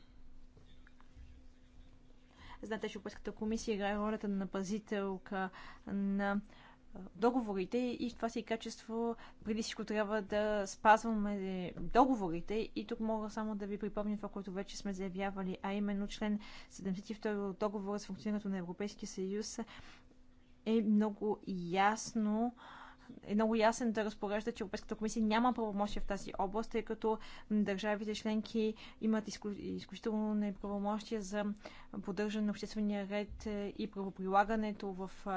Знаете, че Европейската комисия играе ролята на пазителка на договорите и в това си качество преди всичко трябва да спазваме договорите и тук мога само да ви припомня това, което вече сме заявявали, а именно член 72 от договора с функционирането на Европейския съюз е много ясно а, е много ясен да разпорежда, че Европейската комисия няма правомощия в тази област, тъй като държавите членки имат изклю... изключително неправомощия за поддържане на обществения ред е, и правоприлагането в е,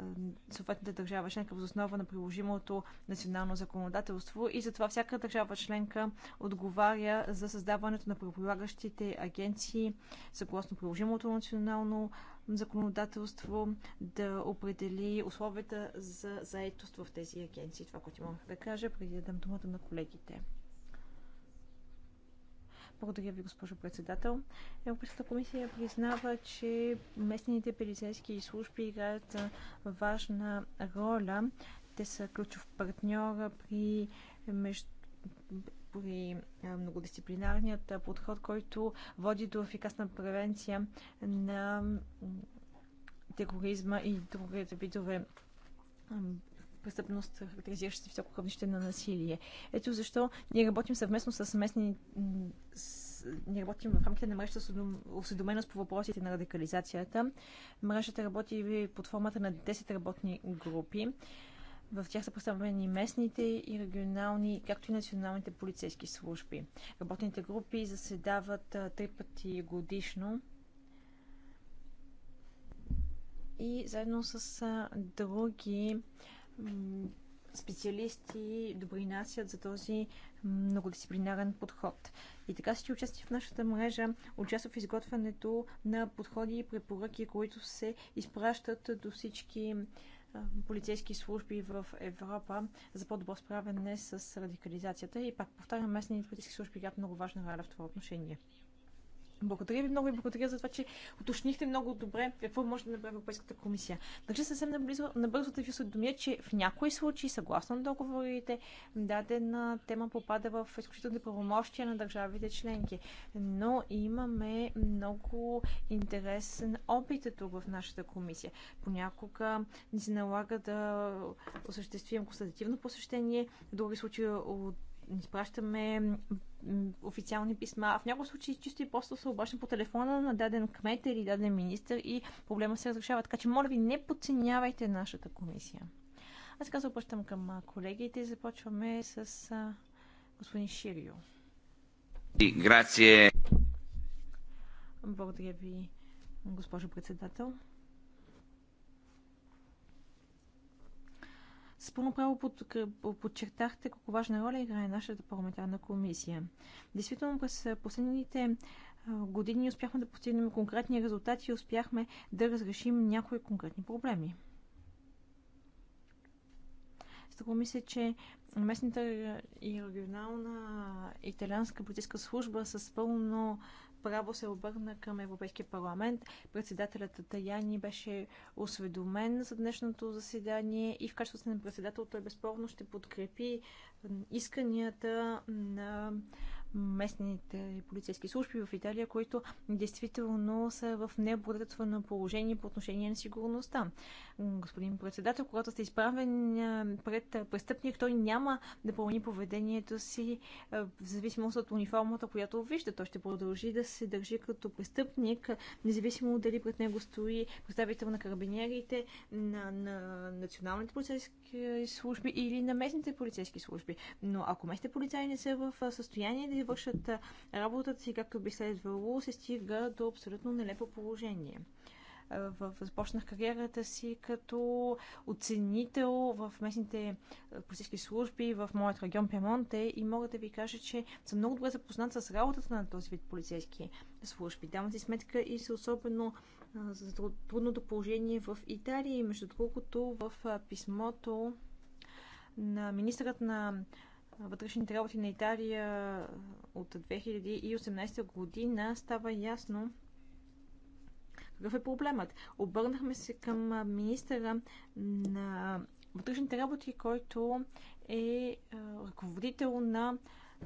е, съответната държава членка въз основа на приложимото национално законодателство и затова всяка държава членка отговаря за създаването на правоприлагащите агенции съгласно приложимото национално законодателство да определи условията за заедост в тези агенции. Това, което имам да кажа, преди да дам думата на колегите. Благодаря ви, госпожо председател. Европейската комисия признава, че местните полицейски служби играят важна роля. Те са ключов партньор при между при многодисциплинарният подход, който води до ефикасна превенция на тероризма и другите видове престъпност, характеризираща се високо равнище на насилие. Ето защо ние работим съвместно с местни ние работим в рамките на мрежата с осведоменост по въпросите на радикализацията. Мрежата работи под формата на 10 работни групи. В тях са представени местните и регионални, както и националните полицейски служби. Работните групи заседават три пъти годишно и заедно с други специалисти допринасят за този многодисциплинарен подход. И така всички участие в нашата мрежа участва в изготвянето на подходи и препоръки, които се изпращат до всички полицейски служби в Европа за по-добро справяне с радикализацията. И пак повтарям, местните полицейски служби играят много важна роля в това отношение. Благодаря ви много и благодаря за това, че уточнихте много добре какво може да направи Европейската комисия. Държа съвсем наблизо, набързо да ви отдумя, че в някои случаи, съгласно договорите, дадена тема попада в изключителни правомощия на държавите членки. Но имаме много интересен опит тук в нашата комисия. Понякога ни се налага да осъществим консултативно посещение, в други случаи от изпращаме официални писма, в някои случаи чисто и просто се обаждам по телефона на даден кмет или даден министр и проблема се разрешава. Така че, моля ви, не подценявайте нашата комисия. Аз сега се обръщам към колегите и започваме с господин Ширио. Благодаря ви, госпожо председател. С пълно право подчертахте колко важна роля играе нашата парламентарна комисия. Действително през последните години успяхме да постигнем конкретни резултати и успяхме да разрешим някои конкретни проблеми. Струва ми се, че местната и регионална италианска политическа служба с пълно право се обърна към Европейския парламент. Председателят Таяни беше осведомен за днешното заседание и в качеството на председател той безспорно ще подкрепи исканията на местните полицейски служби в Италия, които действително са в неблагодетелствено положение по отношение на сигурността. Господин председател, когато сте изправен пред престъпник, той няма да промени поведението си в зависимост от униформата, която вижда. Той ще продължи да се държи като престъпник, независимо дали пред него стои представител на карабинерите, на, на националните полицейски служби или на местните полицейски служби. Но ако местните полицаи не са в състояние да вършат работата си както би следвало, се стига до абсолютно нелепо положение започнах кариерата си като оценител в местните полицейски служби в моят регион Пемонте и мога да ви кажа, че съм много добре запознат с работата на този вид полицейски служби. Давам си сметка и се особено за трудното положение в Италия и между другото в писмото на министърът на вътрешните работи на Италия от 2018 година става ясно какъв е проблемът. Обърнахме се към министъра на вътрешните работи, който е, е ръководител на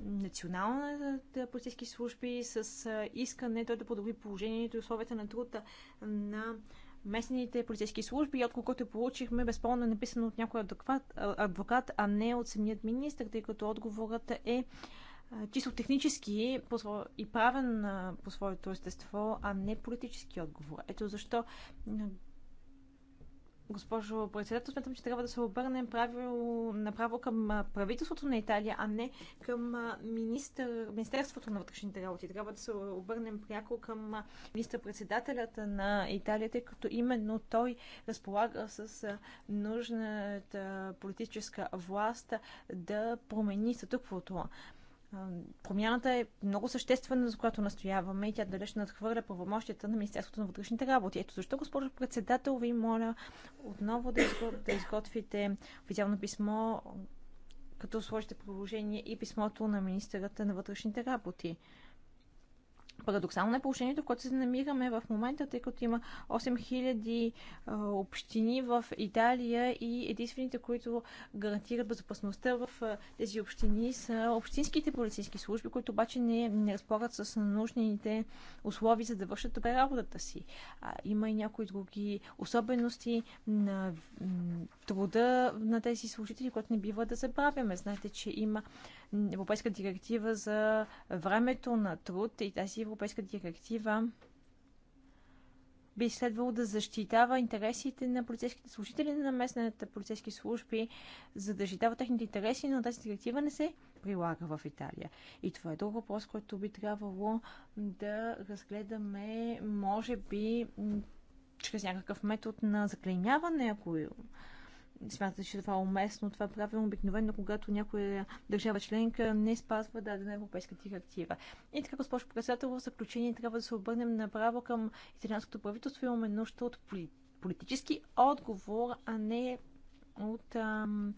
националната полицейски служби с е, искане той да подобри положението и условията на труда на местните полицейски служби и отговор, който получихме, безспорно е написан от някой адвокат, адвокат, а не от самият министр, тъй като отговорът е чисто технически и правен по своето естество, а не политически отговор. Ето защо Госпожо председател, смятам, че трябва да се обърнем правило, направо към правителството на Италия, а не към министър, Министерството на вътрешните работи. Трябва да се обърнем пряко към министър-председателят на Италия, тъй като именно той разполага с нужната политическа власт да промени статуквото. Промяната е много съществена, за която настояваме и тя далеч надхвърля правомощията на Министерството на вътрешните работи. Ето защо, госпожо председател, ви моля отново да, изго... да изготвите официално писмо, като сложите приложение и писмото на министърата на вътрешните работи. Парадоксално е положението, в което се намираме в момента, тъй като има 8000 общини в Италия и единствените, които гарантират безопасността в тези общини са общинските полицейски служби, които обаче не, не разполагат с нужните условия, за да вършат добре работата си. има и някои други особености на труда на тези служители, които не бива да забравяме. Знаете, че има Европейска директива за времето на труд и тази Европейска директива би следвало да защитава интересите на полицейските служители на местната полицейски служби, за да защитава техните интереси, но тази директива не се прилага в Италия. И това е друг въпрос, който би трябвало да разгледаме, може би, чрез някакъв метод на заклеймяване, ако смятате, че това е уместно. Това е правим обикновено, когато някоя държава членка не спазва дадена европейска директива. И така, госпожо председател, в заключение трябва да се обърнем направо към италианското правителство. Имаме нужда от политически отговор, а не от ам,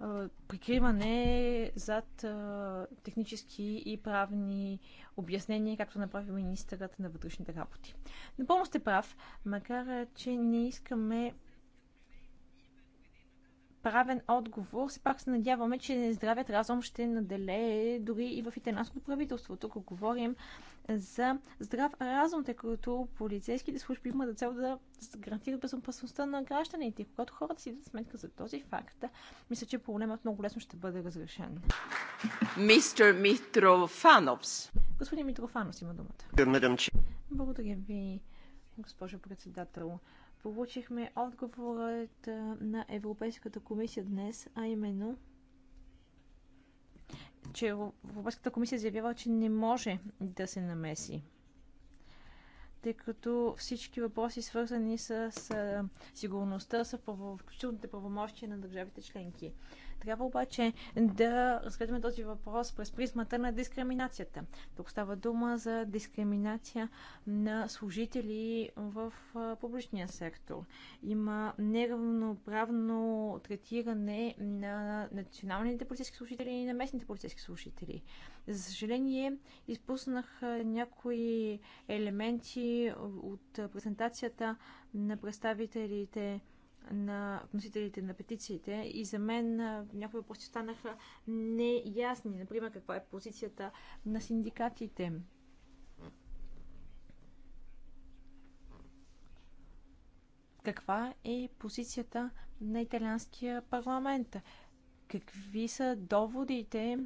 а, прикриване зад а, технически и правни обяснения, както направи министърът на вътрешните работи. Напълно сте прав, макар че не искаме правен отговор, все пак се надяваме, че здравият разум ще наделее дори и в италянското правителство. Тук говорим за здрав разум, тъй като полицейските служби имат за цел да гарантират безопасността на гражданите. Когато хората си дадат сметка за този факт, мисля, че проблемът много лесно ще бъде разрешен. Мистер Митрофанос. Господин Митрофанос, има думата. Благодаря ви, госпожо председател. Получихме отговорът на Европейската комисия днес, а именно, че Европейската комисия заявява, че не може да се намеси тъй като всички въпроси, свързани с, сигурността, са в включителните правомощия на държавите членки. Трябва обаче да разгледаме този въпрос през призмата на дискриминацията. Тук става дума за дискриминация на служители в публичния сектор. Има неравноправно третиране на националните полицейски служители и на местните полицейски служители. За съжаление, изпуснах някои елементи от презентацията на представителите на вносителите на петициите и за мен някои въпроси станаха неясни. Например, каква е позицията на синдикатите? Каква е позицията на италианския парламент? Какви са доводите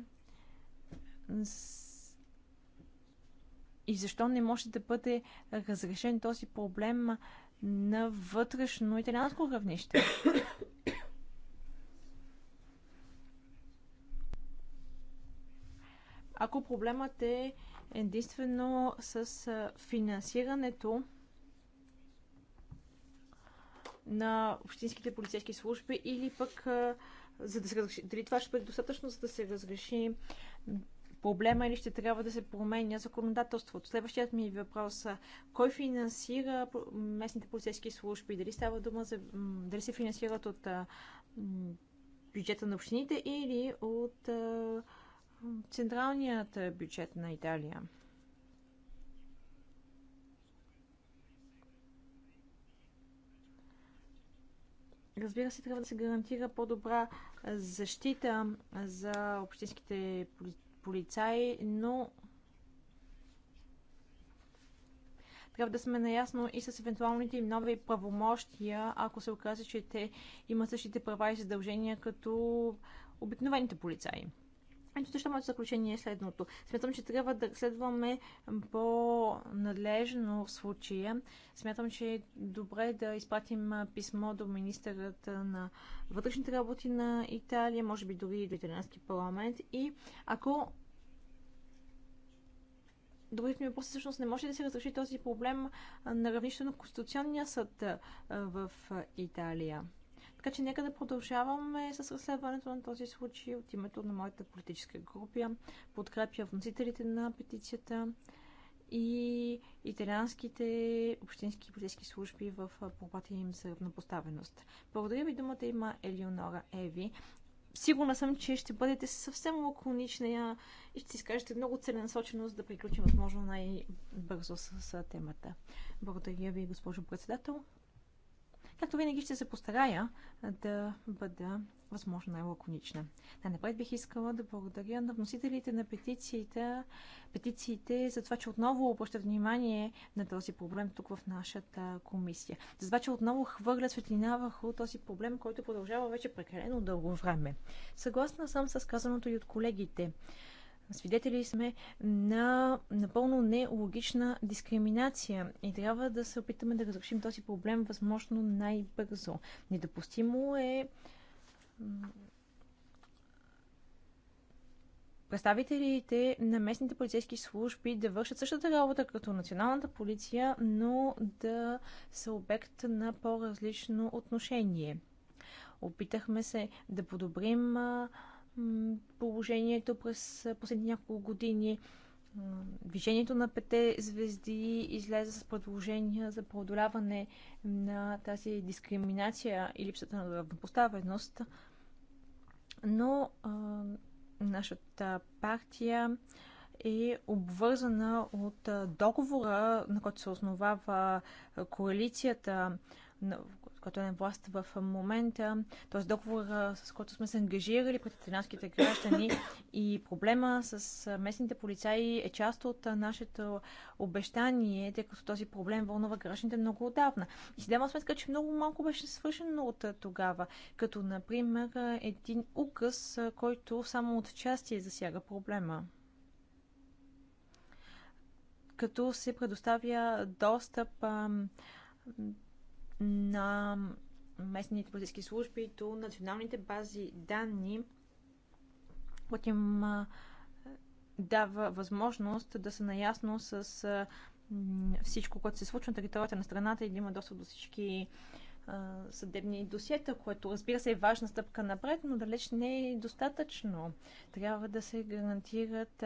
и защо не може да бъде разрешен този проблем на вътрешно италианско равнище. Ако проблемът е единствено с финансирането на общинските полицейски служби или пък за да се разреши, дали това ще бъде достатъчно, за да се разреши проблема или ще трябва да се променя законодателството. Следващият ми въпрос е кой финансира местните полицейски служби? Дали става дума за... дали се финансират от бюджета на общините или от централният бюджет на Италия? Разбира се, трябва да се гарантира по-добра защита за общинските полицейски полицаи, но трябва да сме наясно и с евентуалните им нови правомощия, ако се окаже, че те имат същите права и задължения като обикновените полицаи. Ето също моето заключение е следното. Смятам, че трябва да следваме по-надлежно в случая. Смятам, че е добре да изпратим писмо до министърът на вътрешните работи на Италия, може би дори и до италиански парламент. И ако Другият ми въпрос всъщност не може да се разреши този проблем на равнището на Конституционния съд в Италия. Така че нека да продължаваме с разследването на този случай от името на моята политическа група. Подкрепя вносителите на петицията и италианските общински и полицейски служби в борбата им за равнопоставеност. Благодаря ви, думата има Елеонора Еви. Сигурна съм, че ще бъдете съвсем лаконична и ще изкажете много целенасоченост да приключим възможно най-бързо с темата. Благодаря ви, госпожо председател. Както винаги ще се постарая да бъда възможно най-лаконична. Най-напред бих искала да благодаря на вносителите на петициите, петициите за това, че отново обръщат внимание на този проблем тук в нашата комисия. За това, че отново хвърля светлина върху този проблем, който продължава вече прекалено дълго време. Съгласна съм с казаното и от колегите. Свидетели сме на напълно нелогична дискриминация и трябва да се опитаме да разрешим този проблем възможно най-бързо. Недопустимо е представителите на местните полицейски служби да вършат същата работа като националната полиция, но да са обект на по-различно отношение. Опитахме се да подобрим положението през последните няколко години. Движението на пете звезди излезе с предложения за преодоляване на тази дискриминация и липсата на равнопоставеност, но а, нашата партия е обвързана от договора, на който се основава коалицията, като е власт в момента, т.е. договора, с който сме се ангажирали пред италианските граждани и проблема с местните полицаи е част от нашето обещание, тъй като този проблем вълнува гражданите много отдавна. И си давам сметка, че много малко беше свършено от тогава, като, например, един указ, който само от части засяга проблема като се предоставя достъп а, на местните полицейски служби до националните бази данни, което им дава възможност да са наясно с всичко, което се случва на територията на страната и да има достъп до всички съдебни досиета, което разбира се е важна стъпка напред, но далеч не е достатъчно. Трябва да се гарантират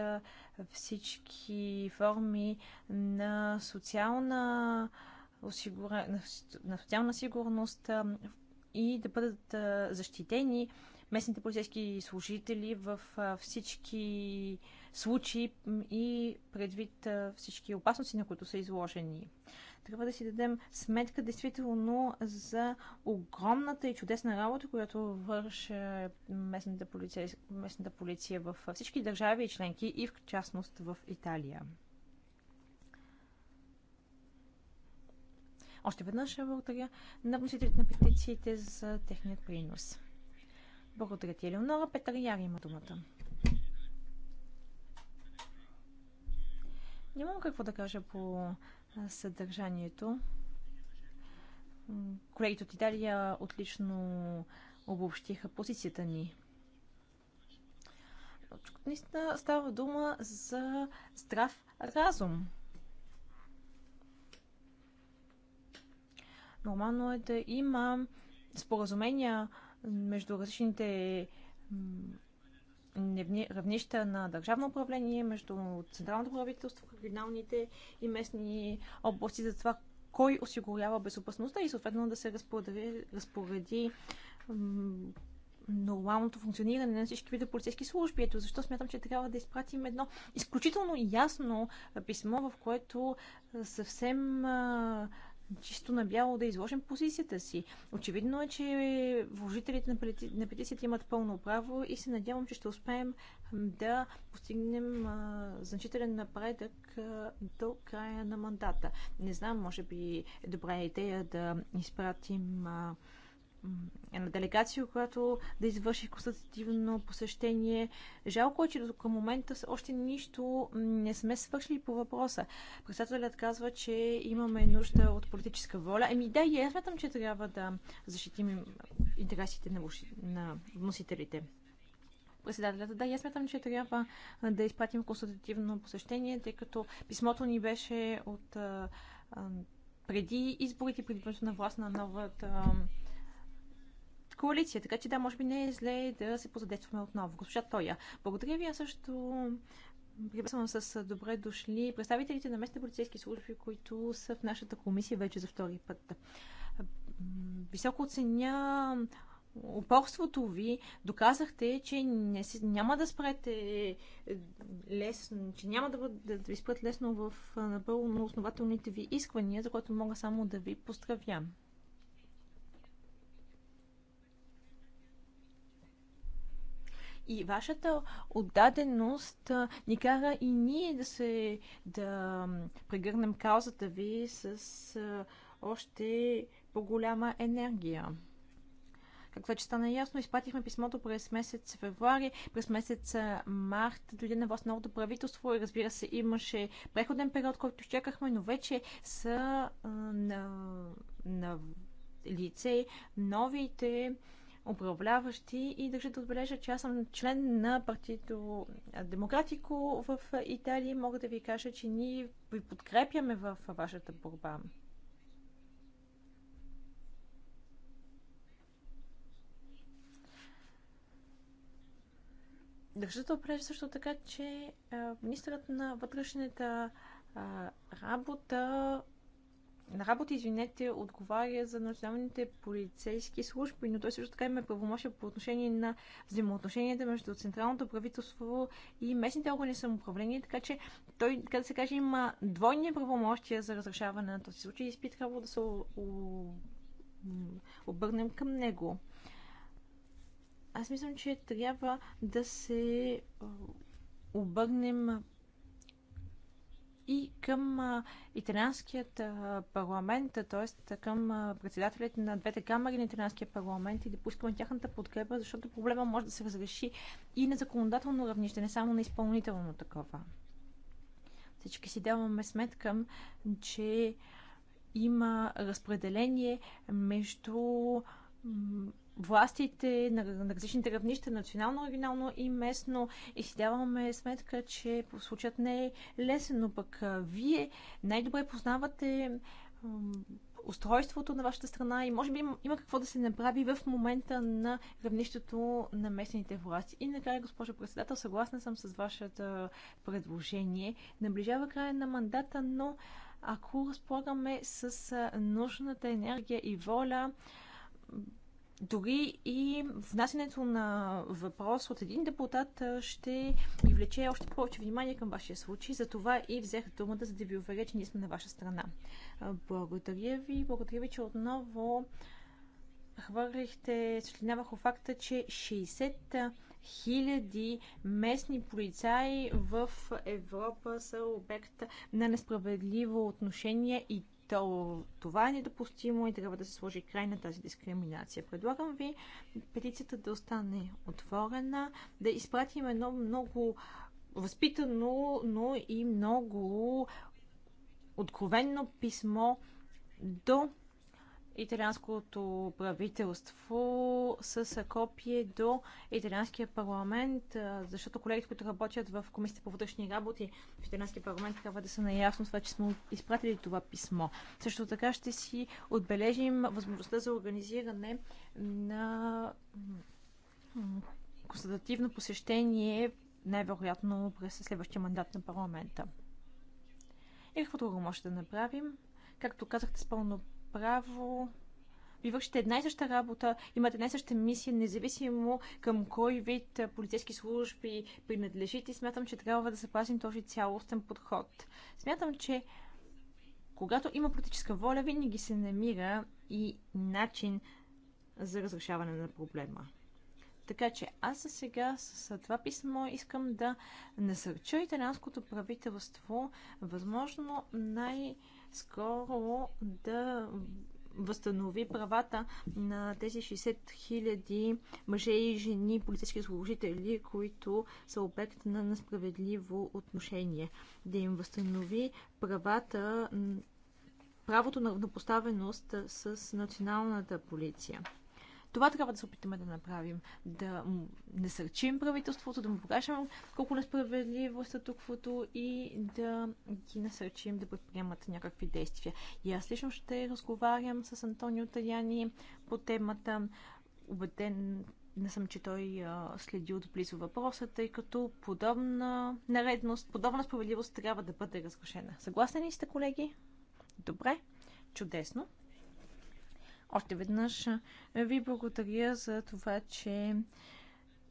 всички форми на социална осигурен... на социална сигурност и да бъдат защитени местните полицейски служители в всички случаи и предвид всички опасности, на които са изложени. Трябва да си дадем сметка действително за огромната и чудесна работа, която върши местната полиция, местната полиция всички държави и членки и в частност в Италия. Още веднъж благодаря на вносителите на петициите за техният принос. Благодаря ти, Елеонора. Петър Яри има думата. Нямам какво да кажа по съдържанието. Колегите от Италия отлично обобщиха позицията ни. наистина става дума за здрав разум. Нормално е да има споразумения между различните равнища на държавно управление, между централното правителство, регионалните и местни области за това кой осигурява безопасността и съответно да се разпореди, разпореди нормалното функциониране на всички видове полицейски служби. Ето защо смятам, че трябва да изпратим едно изключително ясно писмо, в което съвсем чисто на бяло да изложим позицията си. Очевидно е, че вложителите на, петицията имат пълно право и се надявам, че ще успеем да постигнем а, значителен напредък а, до края на мандата. Не знам, може би е добра идея да изпратим а, Една делегация, която да извърши консултативно посещение. Жалко е, че до към момента още нищо не сме свършили по въпроса. Председателят казва, че имаме нужда от политическа воля. Еми да, и аз смятам, че трябва да защитим интересите на, на вносителите председателята. Да, аз смятам, че трябва да изпратим консултативно посещение, тъй като писмото ни беше от преди изборите, преди на власт на новата коалиция. Така че да, може би не е зле да се позадействаме отново. Госпожа Тоя, благодаря ви. Аз също Приветствам с добре дошли представителите на местните полицейски служби, които са в нашата комисия вече за втори път. Високо оценя упорството ви. Доказахте, че не си, няма да спрете е, лесно, че няма да, да ви спрат лесно в е, напълно основателните ви искания, за което мога само да ви поздравя. И вашата отдаденост ни кара и ние да се да прегърнем каузата ви с още по-голяма енергия. Как вече стана ясно, изпратихме писмото през месец февруари, през месец март дойде на вас новото правителство и разбира се имаше преходен период, който чакахме, но вече са а, на, на лице новите управляващи и държа да отбележа, че аз съм член на партито Демократико в Италия. Мога да ви кажа, че ние ви подкрепяме в вашата борба. Държа да отбележа също така, че министърът на вътрешната работа на работа, извинете, отговаря за националните полицейски служби, но той също така има правомощия по отношение на взаимоотношенията между централното правителство и местните органи самоуправление, така че той, така да се каже, има двойни правомощия за разрешаване на този случай и спи трябва да се обърнем към него. Аз мисля, че трябва да се обърнем и към италианският парламент, т.е. към председателите на двете камери на италианския парламент и да поискаме тяхната подкрепа, защото проблема може да се разреши и на законодателно равнище, не само на изпълнително такова. Всички си даваме сметка, че има разпределение между властите на, на различните равнища, национално, регионално и местно. И си даваме сметка, че случаят не е лесен, но пък вие най-добре познавате устройството на вашата страна и може би има, има какво да се направи в момента на равнището на местните власти. И накрая, госпожо председател, съгласна съм с вашето предложение. Наближава края на мандата, но ако разполагаме с нужната енергия и воля, дори и внасянето на въпрос от един депутат ще привлече още повече внимание към вашия случай. Затова и взех думата, за да ви уверя, че ние сме на ваша страна. Благодаря ви. Благодаря ви, че отново хвърлихте светлина върху факта, че 60 хиляди местни полицаи в Европа са обект на несправедливо отношение и то, това е недопустимо и трябва да се сложи край на тази дискриминация. Предлагам ви петицията да остане отворена, да изпратим едно много възпитано, но и много откровенно писмо до италианското правителство с копие до италианския парламент, защото колегите, които работят в Комисията по вътрешни работи в италианския парламент, трябва да са наясно с това, че сме изпратили това писмо. Също така ще си отбележим възможността за организиране на констатативно посещение най-вероятно през следващия мандат на парламента. И какво друго може да направим? Както казахте, с пълно право ви вършите една и съща работа, имате една и съща мисия, независимо към кой вид полицейски служби принадлежите. Смятам, че трябва да запазим този цялостен подход. Смятам, че когато има политическа воля, винаги се намира и начин за разрешаване на проблема. Така че аз за сега с това писмо искам да насърча италианското правителство възможно най- скоро да възстанови правата на тези 60 000 мъже и жени полицейски служители, които са обект на несправедливо отношение. Да им възстанови правата правото на равнопоставеност с националната полиция. Това трябва да се опитаме да направим. Да насърчим правителството, да му покажем колко несправедливо е статуквото и да ги насърчим да предприемат някакви действия. И аз лично ще разговарям с Антонио Таяни по темата. Обеден не съм, че той а, следи отблизо въпроса, тъй като подобна наредност, подобна справедливост трябва да бъде разрушена. Съгласни ли сте, колеги? Добре, чудесно. Още веднъж е, ви благодаря за това, че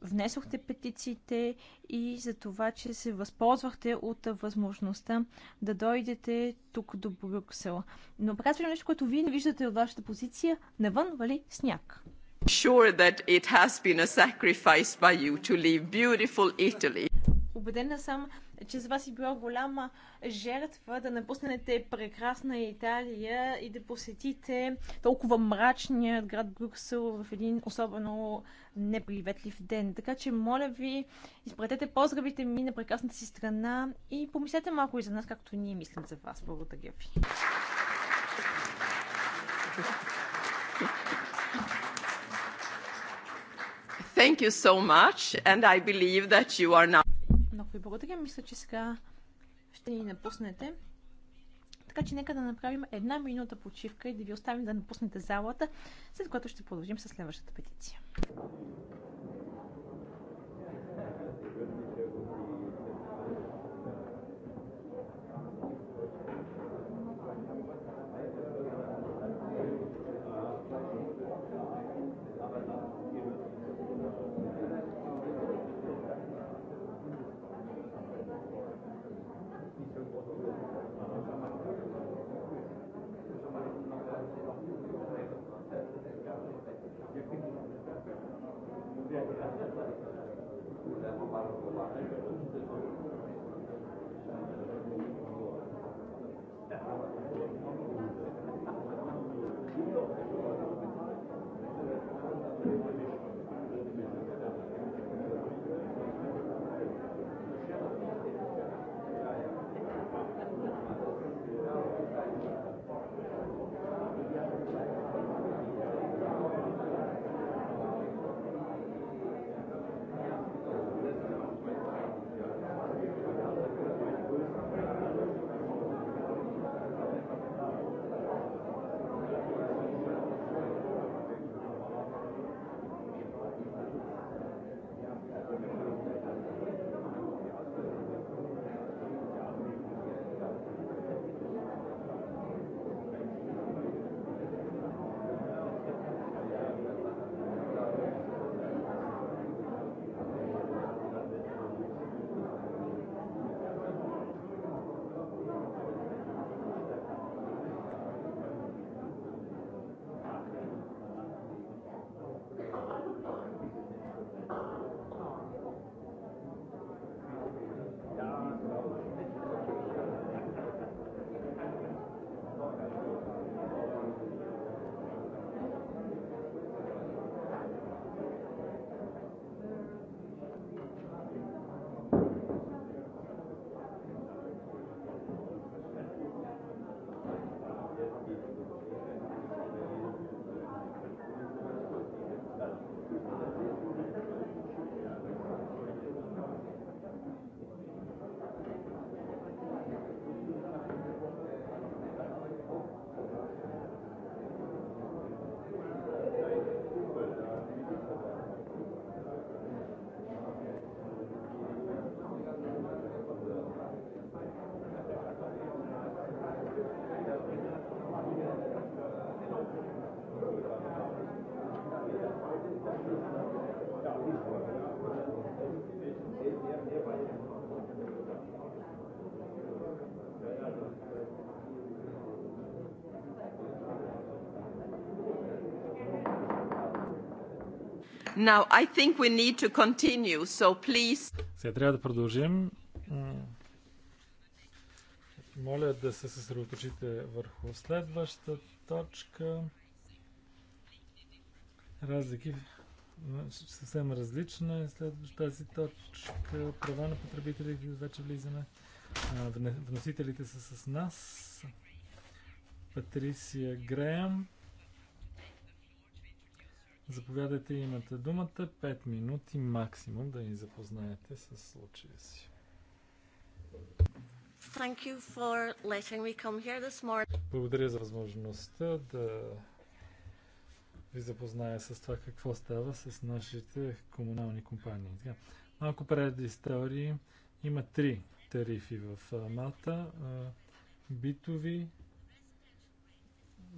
внесохте петициите и за това, че се възползвахте от възможността да дойдете тук до Брюксел. Но показвам нещо, което вие не виждате от вашата позиция. Навън вали сняг. Sure that it has been a sacrifice by you to leave beautiful Italy. Убедена съм, че за вас е била голяма жертва да напуснете прекрасна Италия и да посетите толкова мрачният град Брюксел в един особено неприветлив ден. Така че, моля ви, изпратете поздравите ми на прекрасната си страна и помислете малко и за нас, както ние мислим за вас. Благодаря ви. Thank you so much, and I believe that you are now благодаря. Мисля, че сега ще ни напуснете. Така че нека да направим една минута почивка и да ви оставим да напуснете залата, след което ще продължим с следващата петиция. Now, I think we need to continue, so please... Сега трябва да продължим. Моля да се съсредоточите върху следващата точка. Разлики съвсем различна е следваща тази точка. Права на потребителите вече влизаме. Вносителите са с нас. Патрисия Греем. Заповядайте, имате думата 5 минути максимум да ни запознаете с случая си. Thank you for letting me come here this morning. Благодаря за възможността да ви запозная с това какво става с нашите комунални компании. Малко преди истории Има три тарифи в Малта. Битови,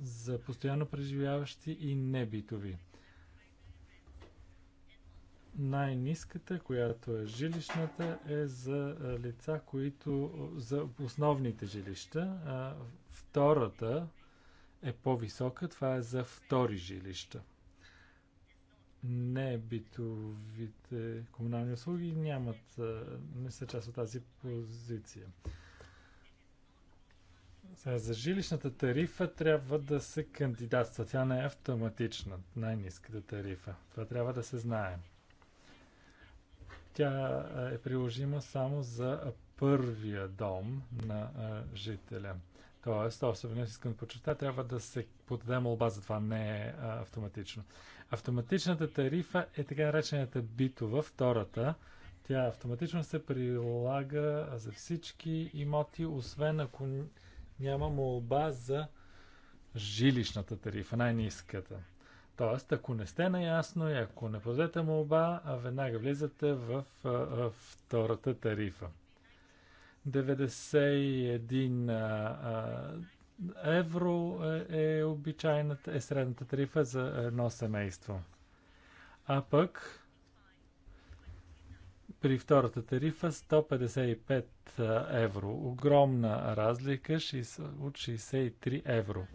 за постоянно преживяващи и небитови най-ниската, която е жилищната, е за лица, които за основните жилища. А втората е по-висока, това е за втори жилища. Не битовите комунални услуги нямат, не са част от тази позиция. Сега, за жилищната тарифа трябва да се кандидатства. Тя не е автоматична, най-низката тарифа. Това трябва да се знае. Тя е приложима само за първия дом на жителя. Тоест, особено веднъж искам да почета, трябва да се подаде молба за това, не е автоматично. Автоматичната тарифа е така наречената битова, втората. Тя автоматично се прилага за всички имоти, освен ако няма молба за жилищната тарифа, най-низката. Тоест, ако не сте наясно и ако не подадете молба, веднага влизате в в втората тарифа. 91 а, а, евро е, е обичайната, е средната тарифа за едно семейство. А пък при втората тарифа 155 евро. Огромна разлика от 63 евро.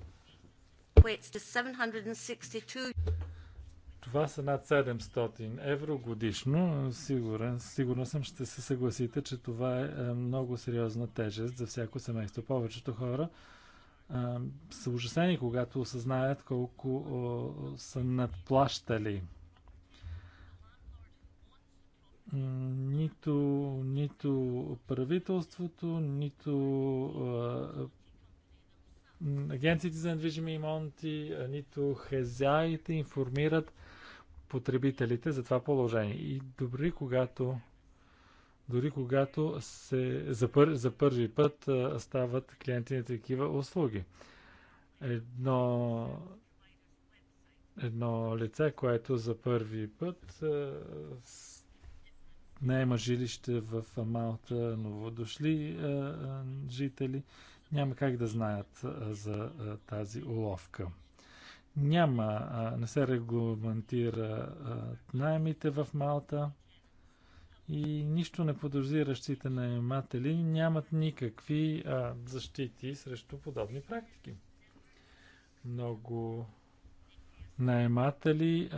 Това са над 700 евро годишно. Сигурен, сигурно съм, ще се съгласите, че това е, е много сериозна тежест за всяко семейство. Повечето хора а, е, са ужасени, когато осъзнаят колко о, са надплащали. Нито, нито правителството, нито а, е, агенциите за недвижими имоти, нито хезяите информират потребителите за това положение. И дори когато дори когато се, за, пър, за първи път а, стават клиенти на такива услуги. Едно, едно лице, което за първи път а, има жилище в Малта, новодошли а, а, жители, няма как да знаят за тази уловка. Няма, не се регламентира найемите в Малта и нищо не подозиращите наематели нямат никакви защити срещу подобни практики. Много наематели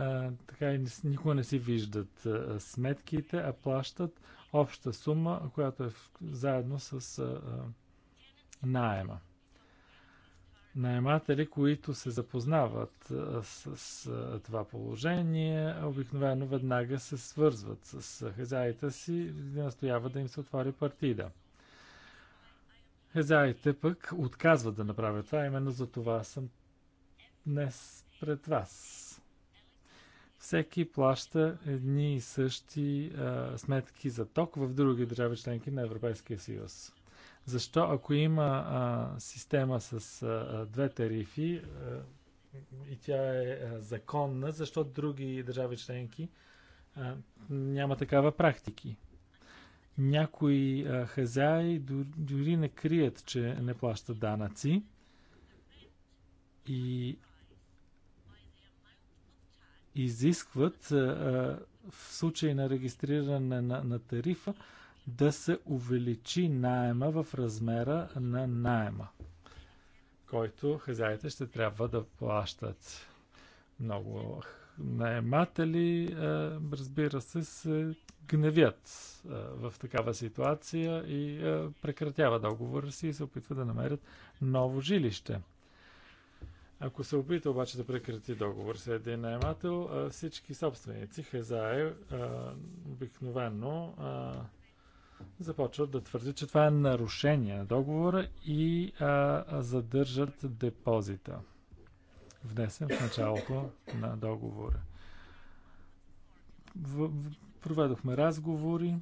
така и никога не си виждат сметките, а плащат обща сума, която е заедно с а, найема. Наематели, които се запознават с, с това положение, обикновено веднага се свързват с хазяите си и настояват да им се отвори партида. Хазяите пък отказват да направят това, именно за това съм днес пред вас. Всеки плаща едни и същи а, сметки за ток в други държави членки на Европейския съюз. Защо, ако има а, система с а, две тарифи а, и тя е а, законна, защо други държави членки а, няма такава практики? Някои а, хазяи дори не крият, че не плащат данъци и изискват а, в случай на регистриране на, на тарифа да се увеличи найема в размера на найема, който хазяите ще трябва да плащат. Много наематели, е, разбира се, се гневят е, в такава ситуация и е, прекратява договора си и се опитва да намерят ново жилище. Ако се опита обаче да прекрати договор с един наемател, всички собственици, хазаи, обикновено започват да твърдят, че това е нарушение на договора и а, задържат депозита, внесен в началото на договора. В, в, проведохме разговори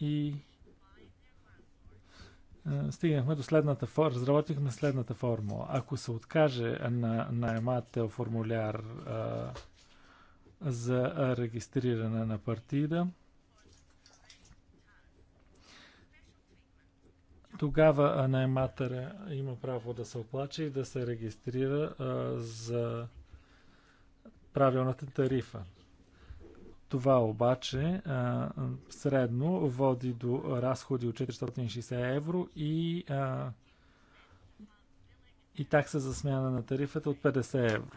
и а, стигнахме до следната формула, разработихме следната формула. Ако се откаже на наймател формуляр а, за регистриране на партида, Тогава наймателя има право да се оплаче и да се регистрира а, за правилната тарифа. Това обаче а, средно води до разходи от 460 евро и, а, и такса за смяна на тарифата от 50 евро.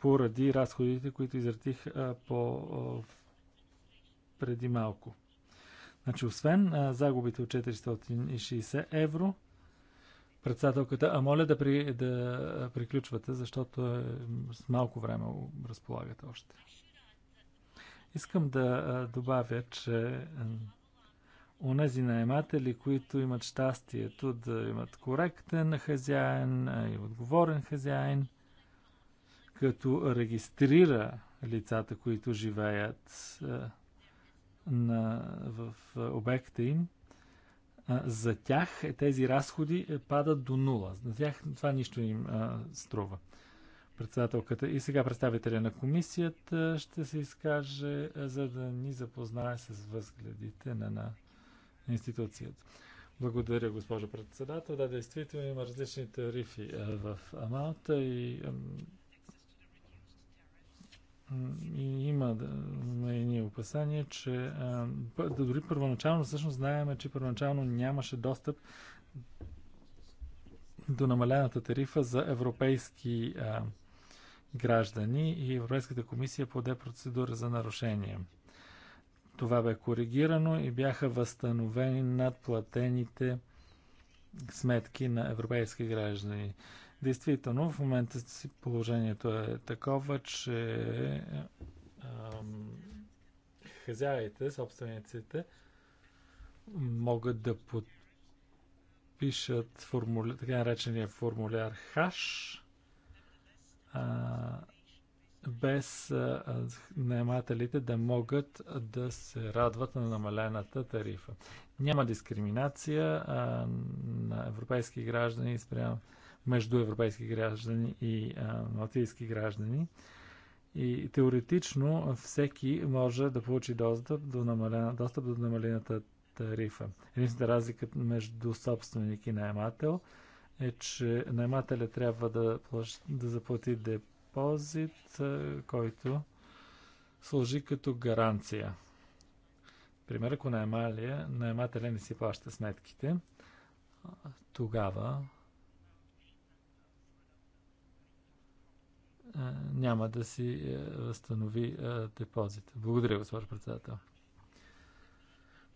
Поради разходите, които изратих по, преди малко. Значи, освен а, загубите от 460 евро, председателката, а моля да, при, да приключвате, защото е, с малко време разполагате още. Искам да а, добавя, че онези наематели, които имат щастието да имат коректен хазяин и отговорен хазяин, като регистрира лицата, които живеят на, в обекта им, за тях тези разходи е, падат до нула. За тях това нищо им а, струва. Председателката и сега представителя на комисията ще се изкаже, за да ни запознае с възгледите на, на институцията. Благодаря, госпожо председател. Да, действително има различни тарифи в Амалта и има едни опасения, че а, да дори първоначално, всъщност знаеме, че първоначално нямаше достъп до намалената тарифа за европейски а, граждани и Европейската комисия поде процедура за нарушение. Това бе коригирано и бяха възстановени надплатените сметки на европейски граждани. Действително, в момента си положението е такова, че хазяите, собствениците, могат да подпишат формуля, така наречения формуляр ХАШ, а, без наемателите да могат да се радват на намалената тарифа. Няма дискриминация а, на европейски граждани спрямо между европейски граждани и а, латвийски граждани. И теоретично всеки може да получи достъп до, намалена, достъп до намалената тарифа. Единствената разлика между собственик и наемател е, че наемателя трябва да, плащ, да заплати депозит, който служи като гаранция. Пример, ако наемателя не си плаща сметките, тогава няма да си възстанови депозита. Благодаря, госпожо председател.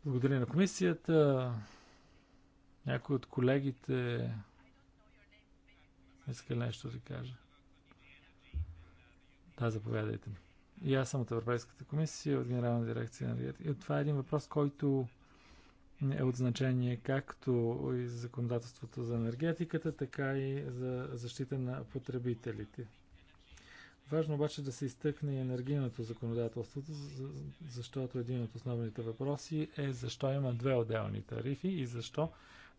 Благодаря на комисията. Някой от колегите иска нещо да кажа. Да, заповядайте. И аз съм от Европейската комисия, от Генерална дирекция енергетика. И това е един въпрос, който е от значение както и за законодателството за енергетиката, така и за защита на потребителите. Важно обаче да се изтъкне и енергийното законодателство, защото един от основните въпроси е защо има две отделни тарифи и защо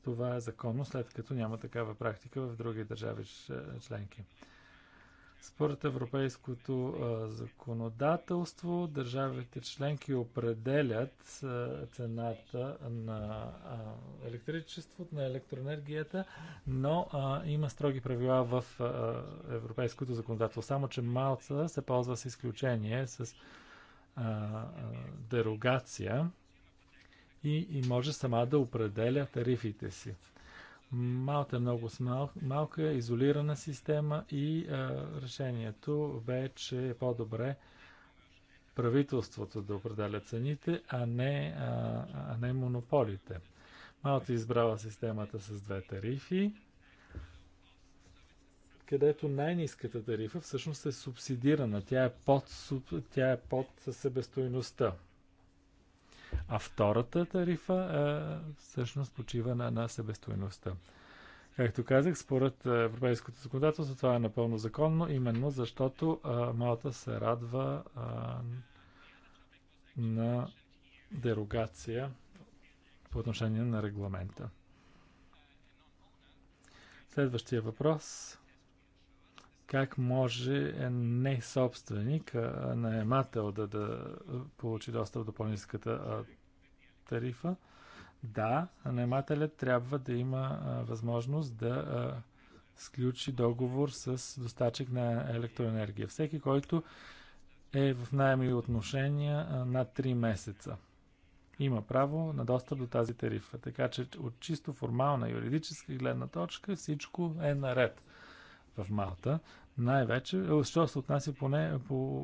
това е законно, след като няма такава практика в други държави членки. Според европейското законодателство, държавите членки определят цената на електричеството, на електроенергията, но има строги правила в европейското законодателство. Само, че малца се ползва с изключение, с дерогация и може сама да определя тарифите си. Малта е много смал, малка, изолирана система и а, решението бе, че е по-добре правителството да определя цените, а не, а, а не монополите. Малта избрава системата с две тарифи, където най-низката тарифа всъщност е субсидирана. Тя е под, тя е под себестойността. А втората тарифа а, е, всъщност почива на, на себестойността. Както казах, според е, европейското законодателство това е напълно законно, именно защото а, е, Малта се радва а, на дерогация по отношение на регламента. Следващия въпрос как може не собственик, а наемател да, да получи достъп до по-низката тарифа. Да, наемателят трябва да има а, възможност да а, сключи договор с доставчик на електроенергия. Всеки, който е в найеми отношения а, над 3 месеца, има право на достъп до тази тарифа. Така че от чисто формална юридическа гледна точка всичко е наред в Малта, най-вече, е, що се отнася поне по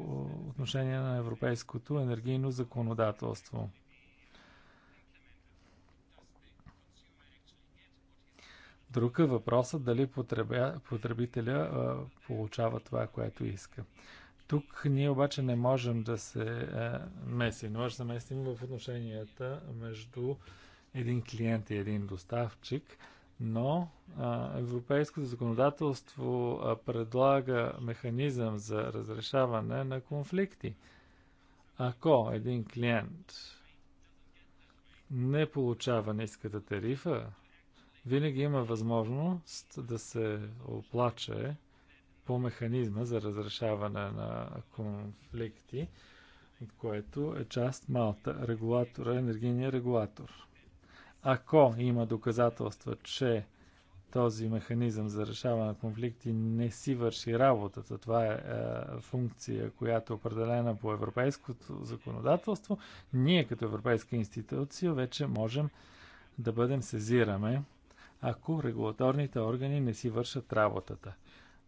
отношение на европейското енергийно законодателство. Друг е въпросът дали потребя, потребителя а, получава това, което иска. Тук ние обаче не можем да се а, е, месим. Не можем да се месим в отношенията между един клиент и един доставчик но а, европейското законодателство а, предлага механизъм за разрешаване на конфликти. Ако един клиент не получава ниската тарифа, винаги има възможност да се оплаче по механизма за разрешаване на конфликти, от което е част малта регулатора, енергийния регулатор. Ако има доказателства, че този механизъм за решаване на конфликти не си върши работата. Това е, е функция, която е определена по европейското законодателство. Ние като европейска институция вече можем да бъдем сезираме, ако регулаторните органи не си вършат работата.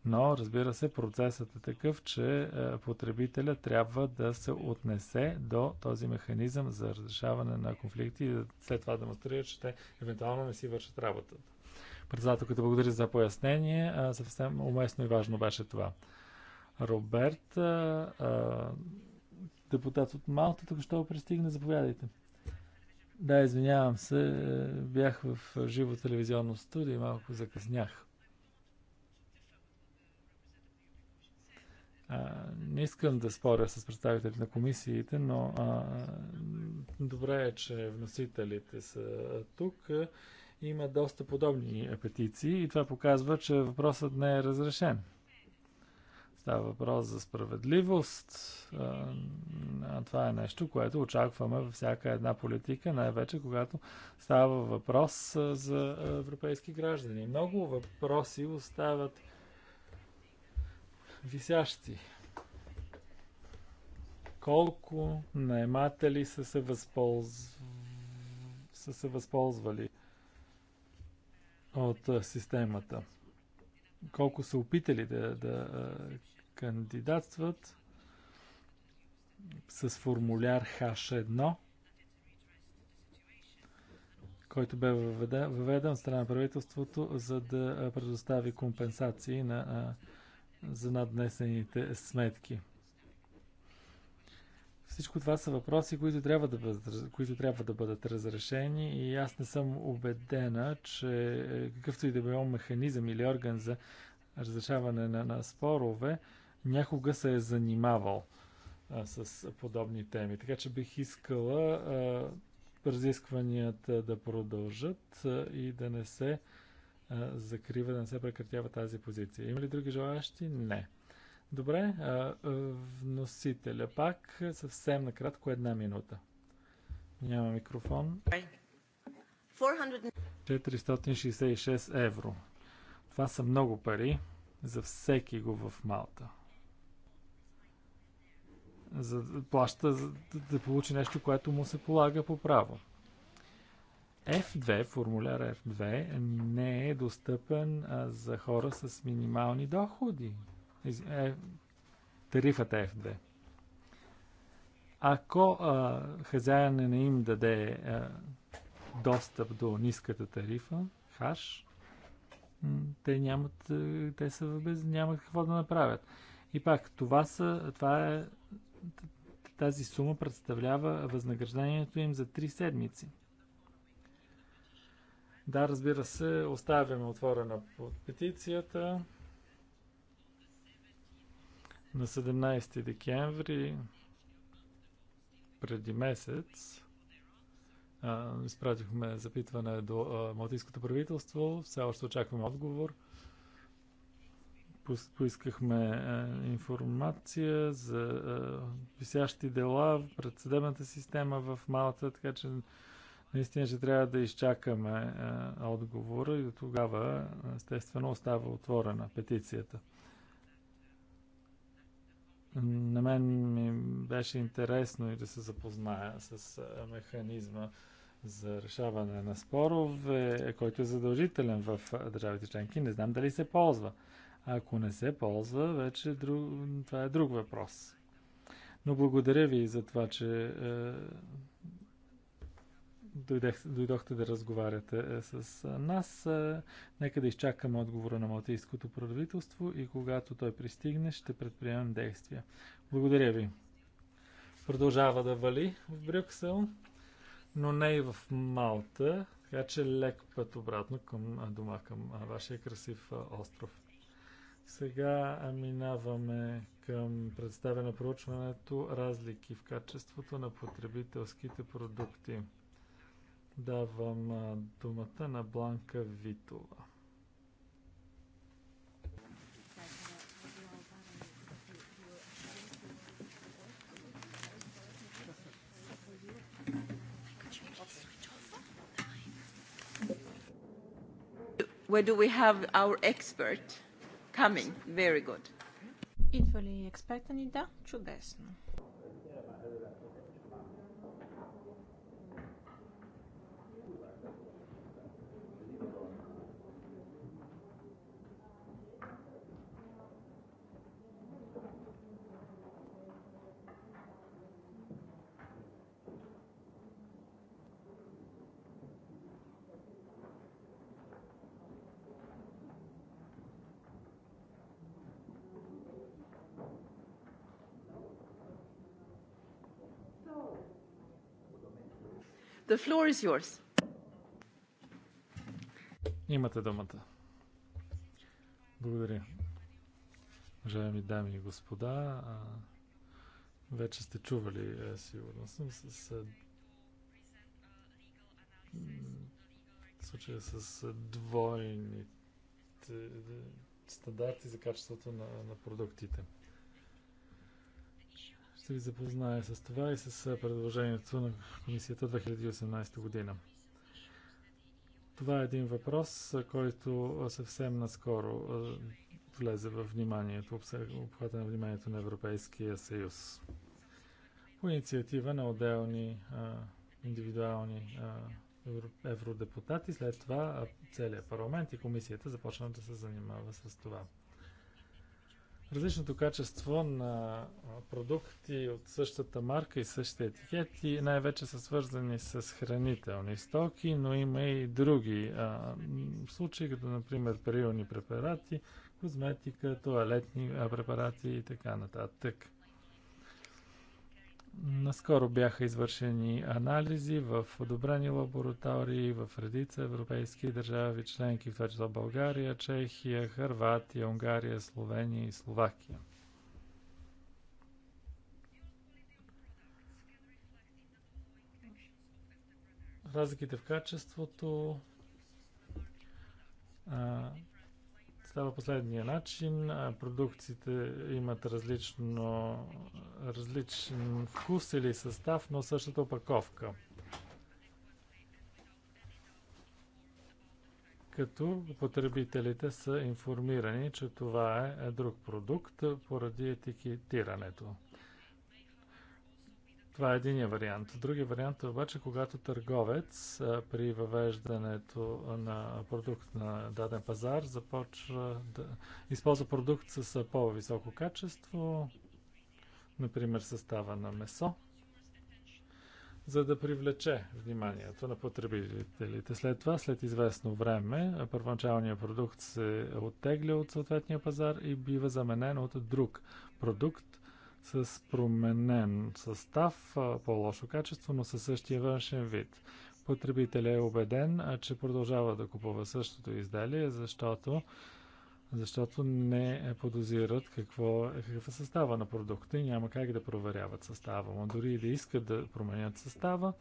Но, разбира се, процесът е такъв, че е, потребителя трябва да се отнесе до този механизъм за разрешаване на конфликти и след това демонстрира, че те евентуално не си вършат работата. Председателката благодаря за пояснение. Е, съвсем уместно и важно беше това. Роберт, е, депутат от Малта, тук ще пристигне. Заповядайте. Да, извинявам се. Бях в живо телевизионно студио и малко закъснях. не искам да споря с представителите на комисиите, но а, добре е, че вносителите са тук. Има доста подобни петиции и това показва, че въпросът не е разрешен. Става въпрос за справедливост. А, това е нещо, което очакваме във всяка една политика, най-вече когато става въпрос за европейски граждани. Много въпроси остават висящи. Колко наематели са се, възполз... са се възползвали от системата? Колко са опитали да, да кандидатстват с формуляр H1? който бе въведен, от страна на правителството, за да предостави компенсации на за наднесените сметки. Всичко това са въпроси, които трябва, да бъдат, които трябва да бъдат разрешени и аз не съм убедена, че какъвто и да било механизъм или орган за разрешаване на, на спорове, някога се е занимавал а, с подобни теми. Така че бих искала а, разискванията да продължат а, и да не се закрива, да не се прекратява тази позиция. Има ли други желаящи? Не. Добре, вносителя пак съвсем накратко една минута. Няма микрофон. 466 евро. Това са много пари за всеки го в Малта. За плаща, за да получи нещо, което му се полага по право. F2, формуляр F2 не е достъпен а, за хора с минимални доходи. Из, е, тарифата е F2. Ако а, хазяяне не им даде а, достъп до ниската тарифа, хаш, те нямат, те са без, нямат какво да направят. И пак, това, са, това е, тази сума представлява възнаграждението им за 3 седмици. Да, разбира се, оставяме отворена петицията. На 17 декември, преди месец, а, изпратихме запитване до Малтийското правителство. Все още очакваме отговор. поискахме информация за висящи дела пред съдебната система в Малта, така че Наистина ще трябва да изчакаме е, отговора и до тогава, естествено, остава отворена петицията. На мен ми беше интересно и да се запозная с е, механизма за решаване на спорове, който е задължителен в е, държавите членки. Не знам дали се ползва. А ако не се ползва, вече друг... това е друг въпрос. Но благодаря ви за това, че е, дойдех, дойдохте да разговаряте е, с нас. Е, нека да изчакаме отговора на малтийското правителство и когато той пристигне, ще предприемем действия. Благодаря ви. Продължава да вали в Брюксел, но не и в Малта, така че лек път обратно към дома, към вашия красив остров. Сега минаваме към представяне на проучването разлики в качеството на потребителските продукти. Давам думата на Бланка Витова. Where do we have our expert coming? Very good. Идва ли експерта ни? Да, чудесно. The floor is yours. Имате думата. Благодаря. Уважаеми дами и господа, вече сте чували, е, сигурно съм, с случая с двойните е, стандарти за качеството на, на продуктите ще ви запознае с това и с предложението на комисията 2018 година. Това е един въпрос, който съвсем наскоро влезе в вниманието, обхвата на вниманието на Европейския съюз. По инициатива на отделни а, индивидуални а, евродепутати, след това целият парламент и комисията започна да се занимава с това. Различното качество на продукти от същата марка и същите етикети най-вече са свързани с хранителни стоки, но има и други а, случаи, като например периодни препарати, козметика, туалетни препарати и така нататък. Наскоро бяха извършени анализи в одобрени лаборатории в редица европейски държави членки, в това число България, Чехия, Хърватия, Унгария, Словения и Словакия. Разликите в качеството а, става последния начин. Продукциите имат различно, различен вкус или състав, но същата опаковка. Като потребителите са информирани, че това е друг продукт поради етикетирането. Това е един вариант. Другия вариант е обаче, когато търговец при въвеждането на продукт на даден пазар започва да използва продукт с по-високо качество, например състава на месо, за да привлече вниманието на потребителите. След това, след известно време, първоначалният продукт се оттегля от съответния пазар и бива заменен от друг продукт, с променен състав, по-лошо качество, но със същия външен вид. Потребителя е убеден, че продължава да купува същото изделие, защото, защото не е подозират какво, е, какъв е състава на продукта и няма как да проверяват състава му. Дори и да искат да променят състава,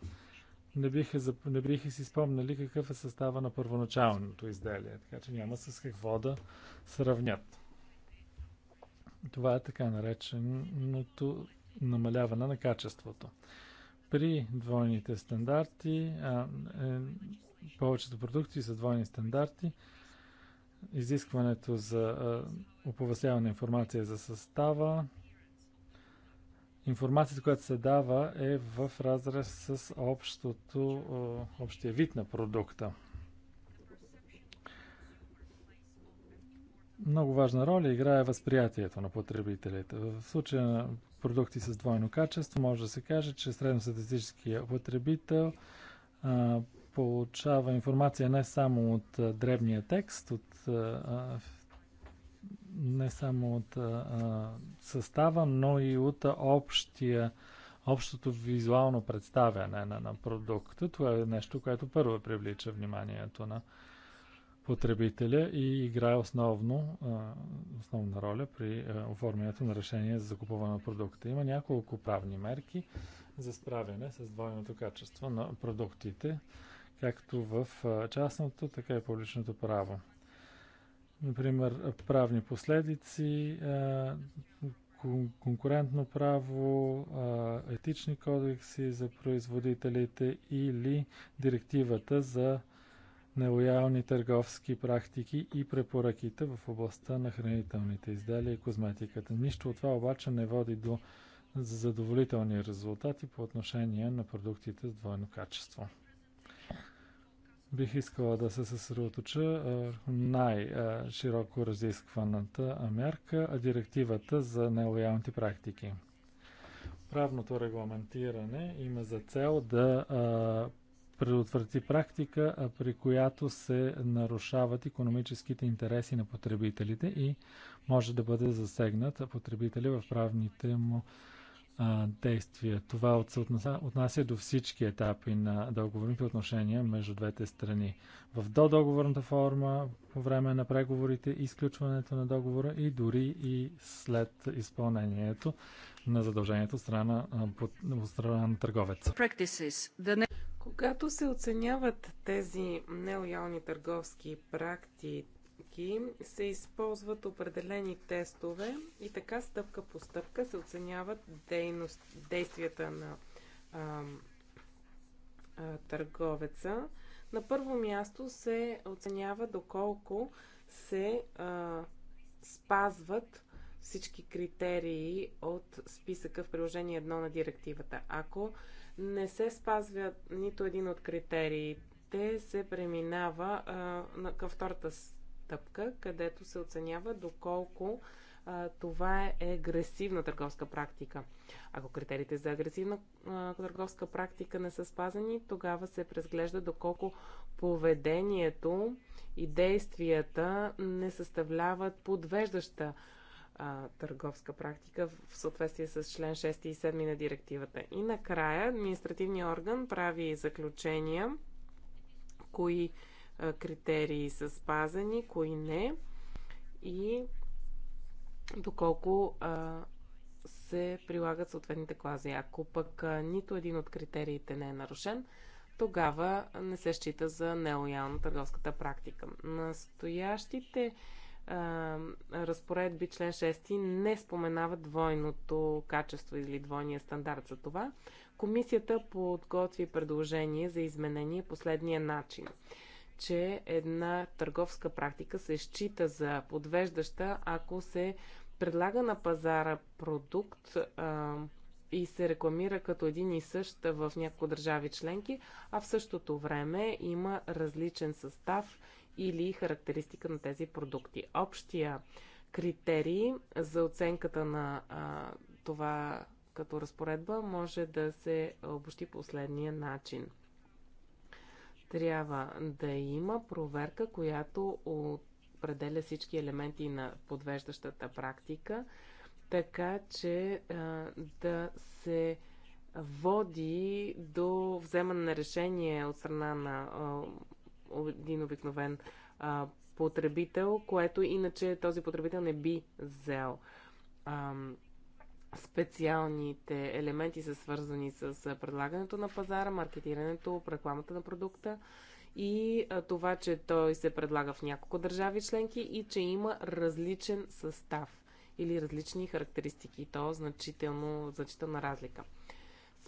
не биха, не биха си спомнали какъв е състава на първоначалното изделие, така че няма с какво да сравнят. Това е така нареченото намаляване на качеството. При двойните стандарти, а, е, повечето продукти са двойни стандарти, изискването за а, оповестяване информация за състава, информацията, която се дава е в разрез с общото, общия вид на продукта. много важна роля играе възприятието на потребителите. В случая на продукти с двойно качество може да се каже, че средностатистическия потребител а, получава информация не само от а, древния текст, от, а, не само от а, състава, но и от общия общото визуално представяне на, на продукта. Това е нещо, което първо привлича вниманието на, потребителя и играе основно, основна роля при оформянето на решение за закупуване на продукта. Има няколко правни мерки за справяне с двойното качество на продуктите, както в частното, така и публичното право. Например, правни последици, конкурентно право, етични кодекси за производителите или директивата за нелоялни търговски практики и препоръките в областта на хранителните изделия и козметиката. Нищо от това обаче не води до задоволителни резултати по отношение на продуктите с двойно качество. Бих искала да се съсредоточа най-широко разискваната мярка, директивата за нелоялните практики. Правното регламентиране има за цел да а, предотврати практика, при която се нарушават економическите интереси на потребителите и може да бъде засегнат потребителя в правните му а, действия. Това се отнася до всички етапи на договорните отношения между двете страни. В додоговорната форма, по време на преговорите, изключването на договора и дори и след изпълнението на задължението страна, от страна на търговец. Когато се оценяват тези нелоялни търговски практики, се използват определени тестове и така стъпка по стъпка се оценяват дейност, действията на а, а, търговеца. На първо място се оценява доколко се а, спазват всички критерии от списъка в приложение 1 на директивата. Ако не се спазва нито един от критериите, се преминава а, към втората стъпка, където се оценява доколко а, това е агресивна търговска практика. Ако критериите за агресивна а, търговска практика не са спазени, тогава се презглежда доколко поведението и действията не съставляват подвеждаща а, търговска практика в съответствие с член 6 и 7 на директивата. И накрая административният орган прави заключения, кои а, критерии са спазени, кои не и доколко а, се прилагат съответните клази. Ако пък а, нито един от критериите не е нарушен, тогава не се счита за нелоялна търговската практика. Настоящите разпоредби, член 6, не споменава двойното качество или двойния стандарт за това. Комисията подготви предложение за изменение последния начин че една търговска практика се счита за подвеждаща, ако се предлага на пазара продукт а, и се рекламира като един и същ в някои държави членки, а в същото време има различен състав или характеристика на тези продукти. Общия критерий за оценката на а, това като разпоредба може да се обощи последния начин. Трябва да има проверка, която определя всички елементи на подвеждащата практика, така че а, да се води до вземане на решение от страна на един обикновен а, потребител, което иначе този потребител не би взел. А, специалните елементи са свързани с предлагането на пазара, маркетирането, рекламата на продукта и това, че той се предлага в няколко държави членки и че има различен състав или различни характеристики. То значително, значителна разлика.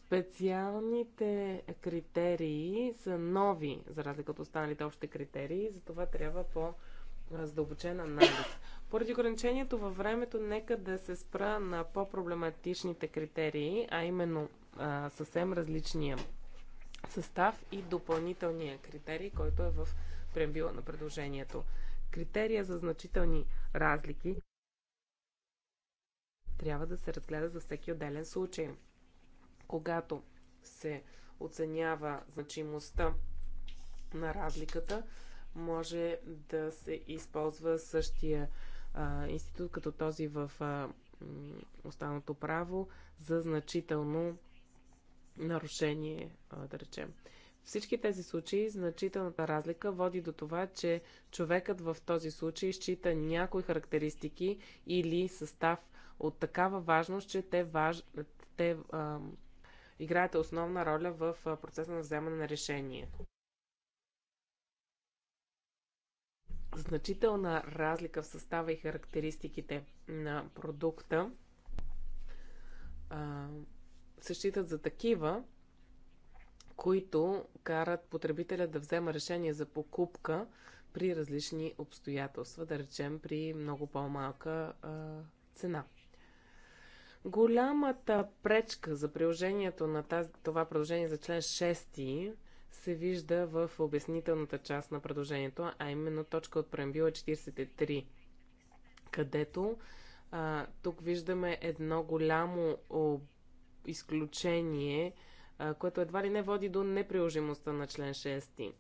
Специалните критерии са нови, за разлика от останалите общи критерии, затова трябва по-раздълбочен анализ. Поради ограничението във времето, нека да се спра на по-проблематичните критерии, а именно а, съвсем различния състав и допълнителния критерий, който е в преамбила на предложението. Критерия за значителни разлики трябва да се разгледа за всеки отделен случай когато се оценява значимостта на разликата, може да се използва същия а, институт като този в а, останалото право за значително нарушение, а, да речем. Всички тези случаи значителната разлика води до това, че човекът в този случай счита някои характеристики или състав от такава важност, че те, важ... те а, играете основна роля в процеса на вземане на решение. Значителна разлика в състава и характеристиките на продукта се считат за такива, които карат потребителя да взема решение за покупка при различни обстоятелства, да речем при много по-малка цена. Голямата пречка за приложението на тази, това предложение за член 6 се вижда в обяснителната част на предложението, а именно точка от преамбила 43, където а, тук виждаме едно голямо о, изключение, а, което едва ли не води до неприложимостта на член 6.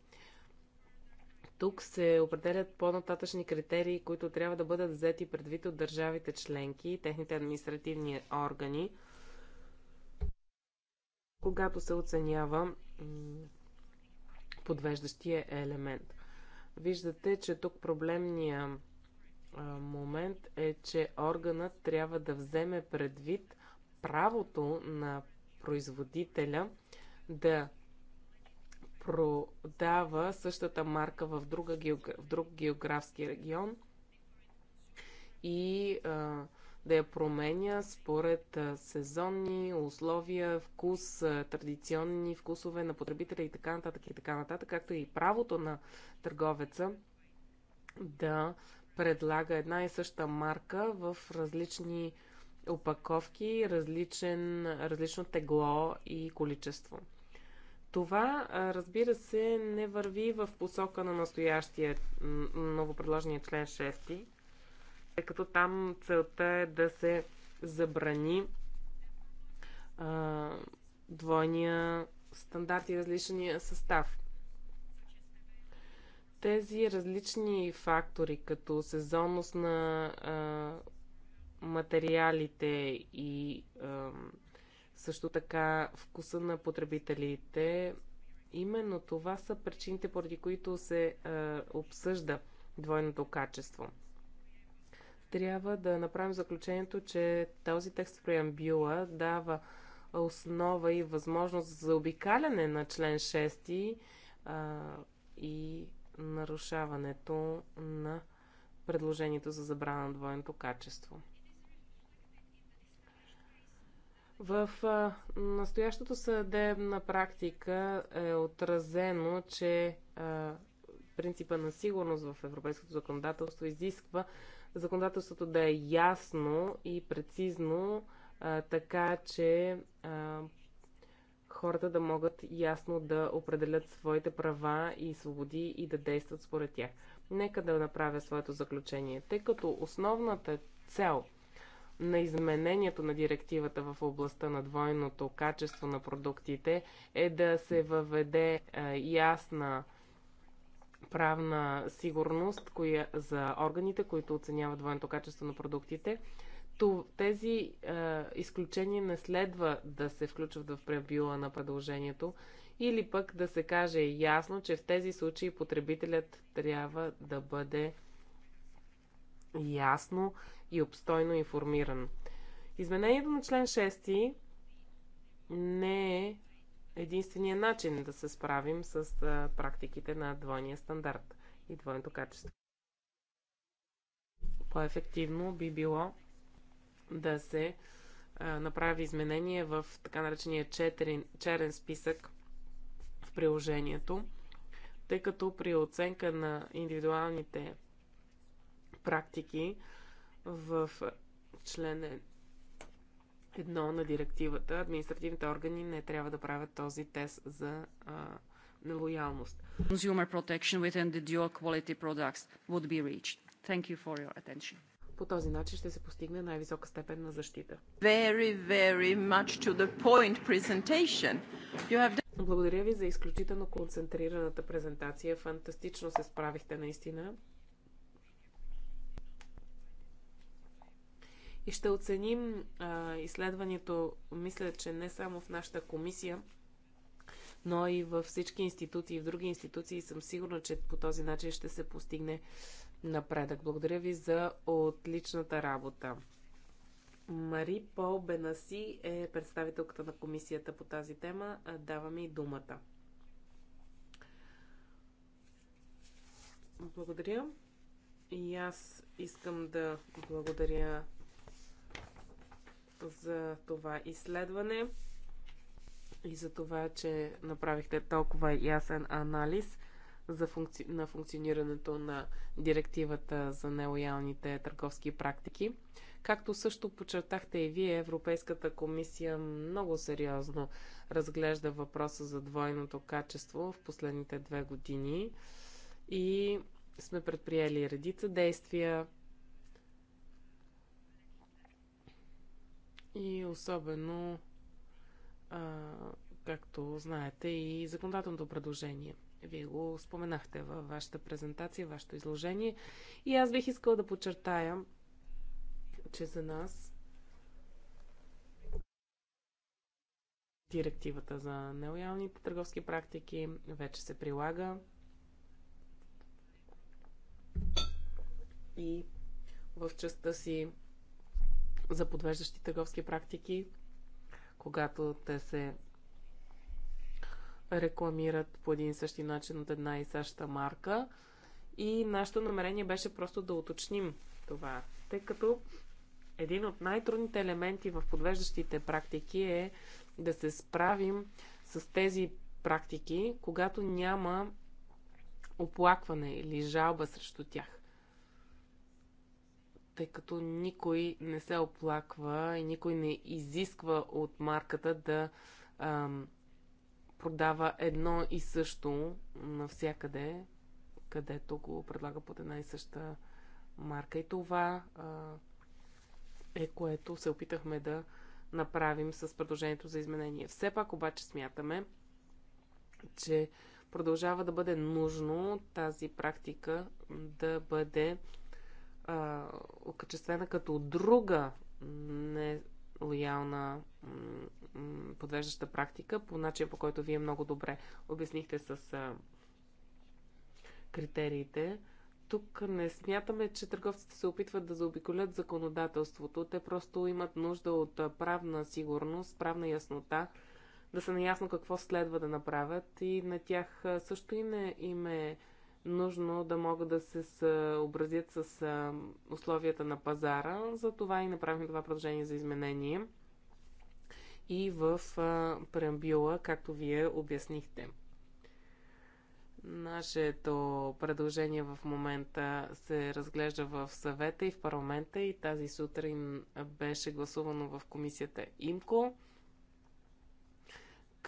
Тук се определят по-нататъчни критерии, които трябва да бъдат взети предвид от държавите членки, и техните административни органи, когато се оценява подвеждащия елемент. Виждате, че тук проблемният момент е, че органът трябва да вземе предвид правото на производителя да продава същата марка в, друга, в друг географски регион и а, да я променя според сезонни условия, вкус, традиционни вкусове на потребителя и така нататък и така нататък, както и правото на търговеца да предлага една и съща марка в различни опаковки, различен, различно тегло и количество. Това, разбира се, не върви в посока на настоящия новопредложения член 6, тъй като там целта е да се забрани а, двойния стандарт и различния състав. Тези различни фактори, като сезонност на а, материалите и а, също така вкуса на потребителите. Именно това са причините, поради които се е, обсъжда двойното качество. Трябва да направим заключението, че този текст в преамбюла дава основа и възможност за обикаляне на член 6 е, и нарушаването на предложението за забрана на двойното качество. В настоящото съдебна практика е отразено, че принципа на сигурност в европейското законодателство изисква законодателството да е ясно и прецизно, а, така че а, хората да могат ясно да определят своите права и свободи и да действат според тях. Нека да направя своето заключение. Тъй като основната цел – на изменението на директивата в областта на двойното качество на продуктите е да се въведе е, ясна правна сигурност коя, за органите, които оценяват двойното качество на продуктите. Тези е, изключения не следва да се включват в пребила на предложението или пък да се каже ясно, че в тези случаи потребителят трябва да бъде ясно и обстойно информиран. Изменението на член 6 не е единствения начин да се справим с практиките на двойния стандарт и двойното качество. По-ефективно би било да се направи изменение в така наречения черен, черен списък в приложението, тъй като при оценка на индивидуалните практики в член 1 на директивата, административните органи не трябва да правят този тест за а, нелоялност. Consumer protection within the dual quality products would be reached. Thank you for your attention. По този начин ще се постигне най-висока степен на защита. Very, very much to the point presentation. You have Благодаря ви за изключително концентрираната презентация. Фантастично се справихте наистина. и ще оценим а, изследването, мисля, че не само в нашата комисия, но и във всички институции и в други институции съм сигурна, че по този начин ще се постигне напредък. Благодаря ви за отличната работа. Мари Пол Бенаси е представителката на комисията по тази тема. Дава ми думата. Благодаря. И аз искам да благодаря за това изследване и за това, че направихте толкова ясен анализ за функци... на функционирането на директивата за нелоялните търговски практики. Както също подчертахте и вие, Европейската комисия много сериозно разглежда въпроса за двойното качество в последните две години и сме предприели редица действия И особено, а, както знаете, и законодателното предложение. Вие го споменахте във вашата презентация, вашето изложение. И аз бих искала да подчертая, че за нас директивата за нелоялните търговски практики вече се прилага. И в частта си за подвеждащи търговски практики, когато те се рекламират по един и същи начин от една и съща марка. И нашето намерение беше просто да уточним това, тъй като един от най-трудните елементи в подвеждащите практики е да се справим с тези практики, когато няма оплакване или жалба срещу тях тъй като никой не се оплаква и никой не изисква от марката да ам, продава едно и също навсякъде, където го предлага под една и съща марка. И това а, е което се опитахме да направим с предложението за изменение. Все пак обаче смятаме, че продължава да бъде нужно тази практика да бъде окачествена като друга нелоялна подвеждаща практика, по начин по който вие много добре обяснихте с а, критериите. Тук не смятаме, че търговците се опитват да заобиколят законодателството. Те просто имат нужда от правна сигурност, правна яснота, да са наясно какво следва да направят и на тях също и не им е нужно да могат да се съобразят с условията на пазара. Затова и направихме това предложение за изменение и в преамбюла, както вие обяснихте. Нашето предложение в момента се разглежда в съвета и в парламента и тази сутрин беше гласувано в комисията ИМКО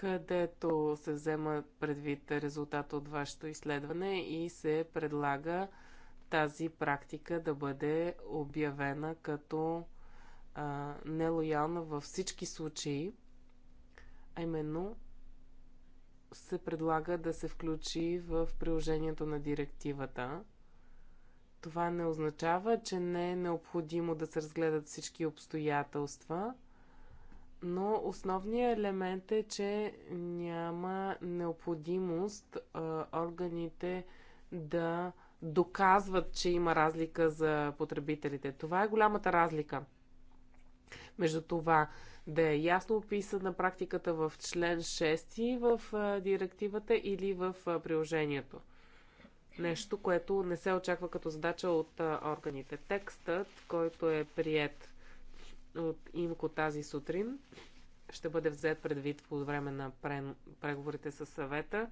където се взема предвид резултата от вашето изследване и се предлага тази практика да бъде обявена като а, нелоялна във всички случаи, а именно се предлага да се включи в приложението на директивата. Това не означава, че не е необходимо да се разгледат всички обстоятелства – но основният елемент е, че няма необходимост а, органите да доказват, че има разлика за потребителите. Това е голямата разлика. Между това да е ясно описана практиката в член 6 в а, директивата или в а, приложението. Нещо, което не се очаква като задача от а, органите. Текстът, който е прият от Имко тази сутрин ще бъде взет предвид по време на преговорите с съвета.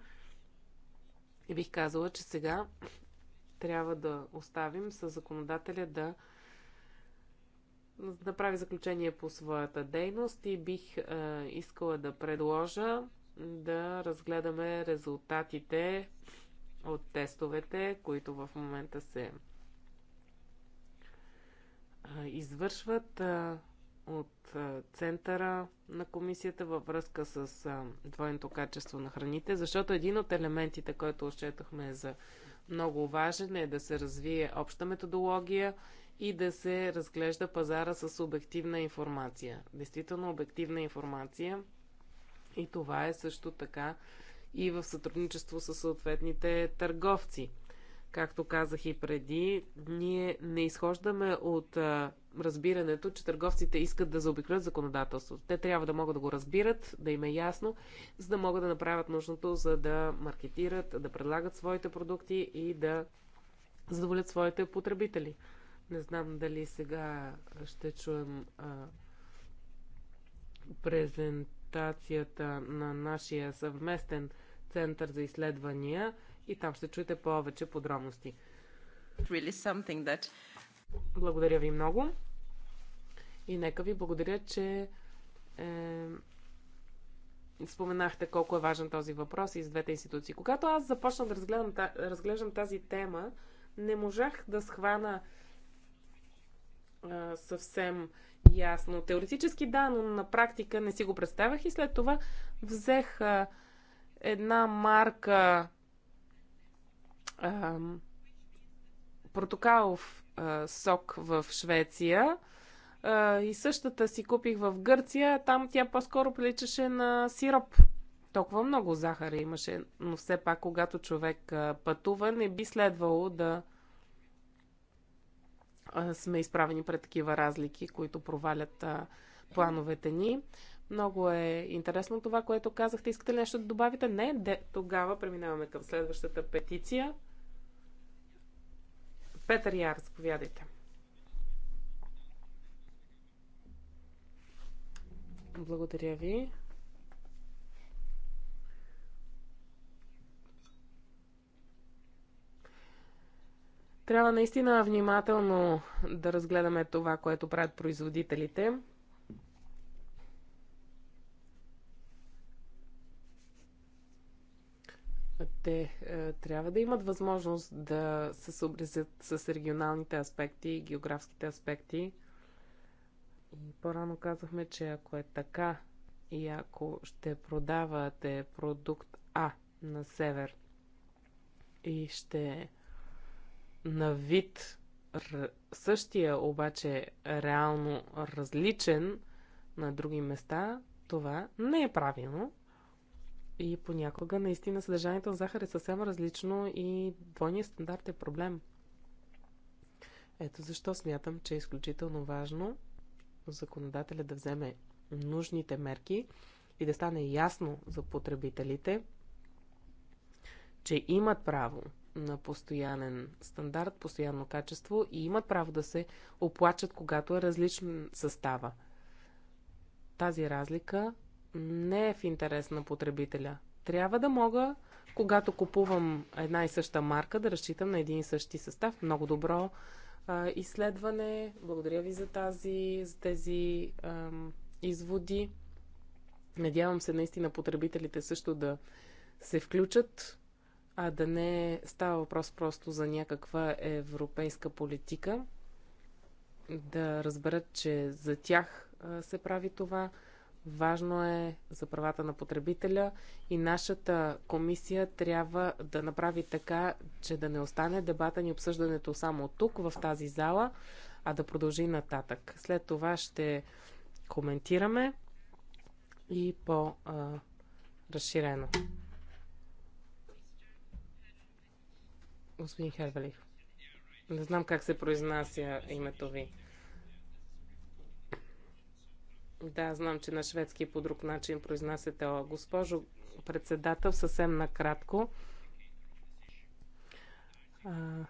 И бих казала, че сега трябва да оставим с законодателя да направи заключение по своята дейност и бих е, искала да предложа да разгледаме резултатите от тестовете, които в момента се извършват от центъра на комисията във връзка с двойното качество на храните, защото един от елементите, който отчетохме е за много важен е да се развие обща методология и да се разглежда пазара с обективна информация. Действително обективна информация. И това е също така и в сътрудничество с съответните търговци. Както казах и преди, ние не изхождаме от а, разбирането, че търговците искат да заобиклят законодателството. Те трябва да могат да го разбират, да им е ясно, за да могат да направят нужното, за да маркетират, да предлагат своите продукти и да задоволят своите потребители. Не знам дали сега ще чуем а, презентацията на нашия съвместен център за изследвания и там ще чуете повече подробности. Really that... Благодаря ви много. И нека ви благодаря, че е, споменахте колко е важен този въпрос и с двете институции. Когато аз започнах да разгледам, разглеждам тази тема, не можах да схвана е, съвсем ясно. Теоретически да, но на практика не си го представях и след това взех е, една марка протокалов сок в Швеция и същата си купих в Гърция. Там тя по-скоро приличаше на сироп. Толкова много захар имаше, но все пак, когато човек пътува, не би следвало да сме изправени пред такива разлики, които провалят плановете ни. Много е интересно това, което казахте. Искате ли нещо да добавите? Не, де, тогава преминаваме към следващата петиция. Петър Яр, заповядайте. Благодаря ви. Трябва наистина внимателно да разгледаме това, което правят производителите. те е, трябва да имат възможност да се съобразят с регионалните аспекти, географските аспекти. И по-рано казахме, че ако е така и ако ще продавате продукт А на север и ще на вид същия, обаче реално различен на други места, това не е правилно и понякога наистина съдържанието на захар е съвсем различно и двойният стандарт е проблем. Ето защо смятам, че е изключително важно законодателя да вземе нужните мерки и да стане ясно за потребителите, че имат право на постоянен стандарт, постоянно качество и имат право да се оплачат, когато е различен състава. Тази разлика не е в интерес на потребителя. Трябва да мога, когато купувам една и съща марка, да разчитам на един и същи състав. Много добро а, изследване. Благодаря ви за, тази, за тези а, изводи. Надявам се наистина потребителите също да се включат, а да не става въпрос просто за някаква европейска политика. Да разберат, че за тях се прави това. Важно е за правата на потребителя и нашата комисия трябва да направи така, че да не остане дебата ни обсъждането само тук, в тази зала, а да продължи нататък. След това ще коментираме и по-разширено. Господин Хервелих, не знам как се произнася името ви. Да, знам, че на шведски по друг начин произнасяте О. Госпожо председател, съвсем накратко. А,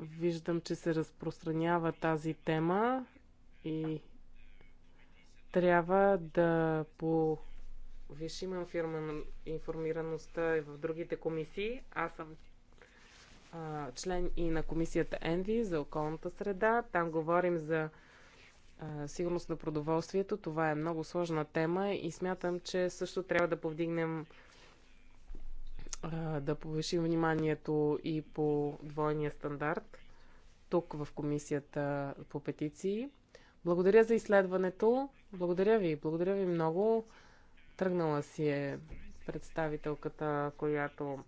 виждам, че се разпространява тази тема и трябва да по фирма на информираността и в другите комисии. Аз съм а, член и на комисията Енви за околната среда. Там говорим за сигурност на продоволствието. Това е много сложна тема и смятам, че също трябва да повдигнем да повишим вниманието и по двойния стандарт тук в комисията по петиции. Благодаря за изследването. Благодаря ви. Благодаря ви много. Тръгнала си е представителката, която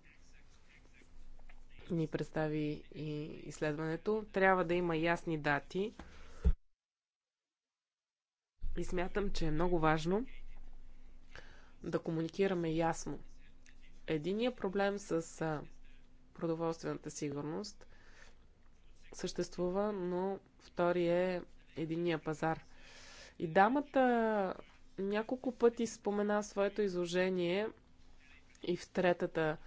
ни представи и изследването. Трябва да има ясни дати. И смятам, че е много важно да комуникираме ясно. Единият проблем с продоволствената сигурност съществува, но втори е единия пазар. И дамата няколко пъти спомена своето изложение и в третата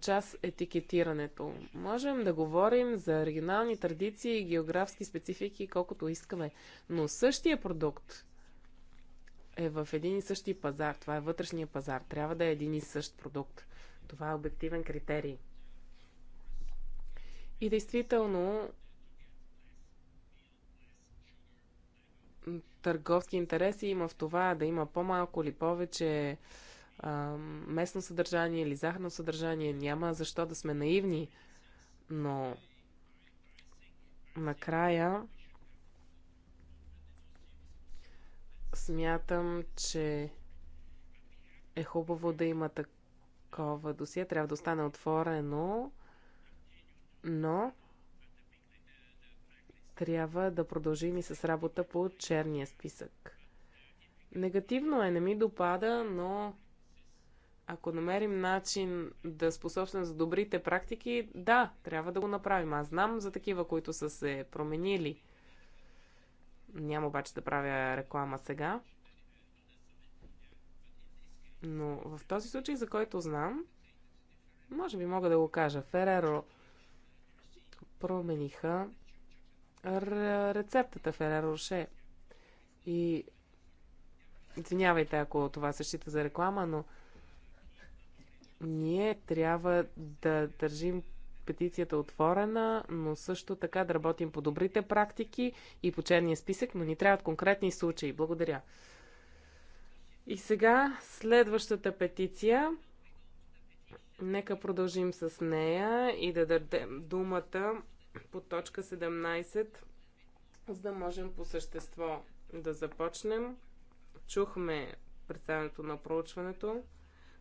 част етикетирането. Можем да говорим за регионални традиции и географски специфики колкото искаме, но същия продукт е в един и същи пазар. Това е вътрешния пазар. Трябва да е един и същ продукт. Това е обективен критерий. И действително търговски интереси има в това да има по-малко или повече местно съдържание или захарно съдържание. Няма защо да сме наивни, но накрая смятам, че е хубаво да има такова досие. Трябва да остане отворено, но трябва да продължим и с работа по черния списък. Негативно е, не ми допада, но ако намерим начин да способстваме за добрите практики, да, трябва да го направим. Аз знам за такива, които са се променили. Няма обаче да правя реклама сега. Но в този случай, за който знам, може би мога да го кажа. Фереро промениха рецептата Фереро Роше. И извинявайте, ако това се счита за реклама, но ние трябва да държим петицията отворена, но също така да работим по добрите практики и по черния списък, но ни трябват конкретни случаи. Благодаря. И сега следващата петиция. Нека продължим с нея и да дадем думата по точка 17, за да можем по същество да започнем. Чухме представянето на проучването.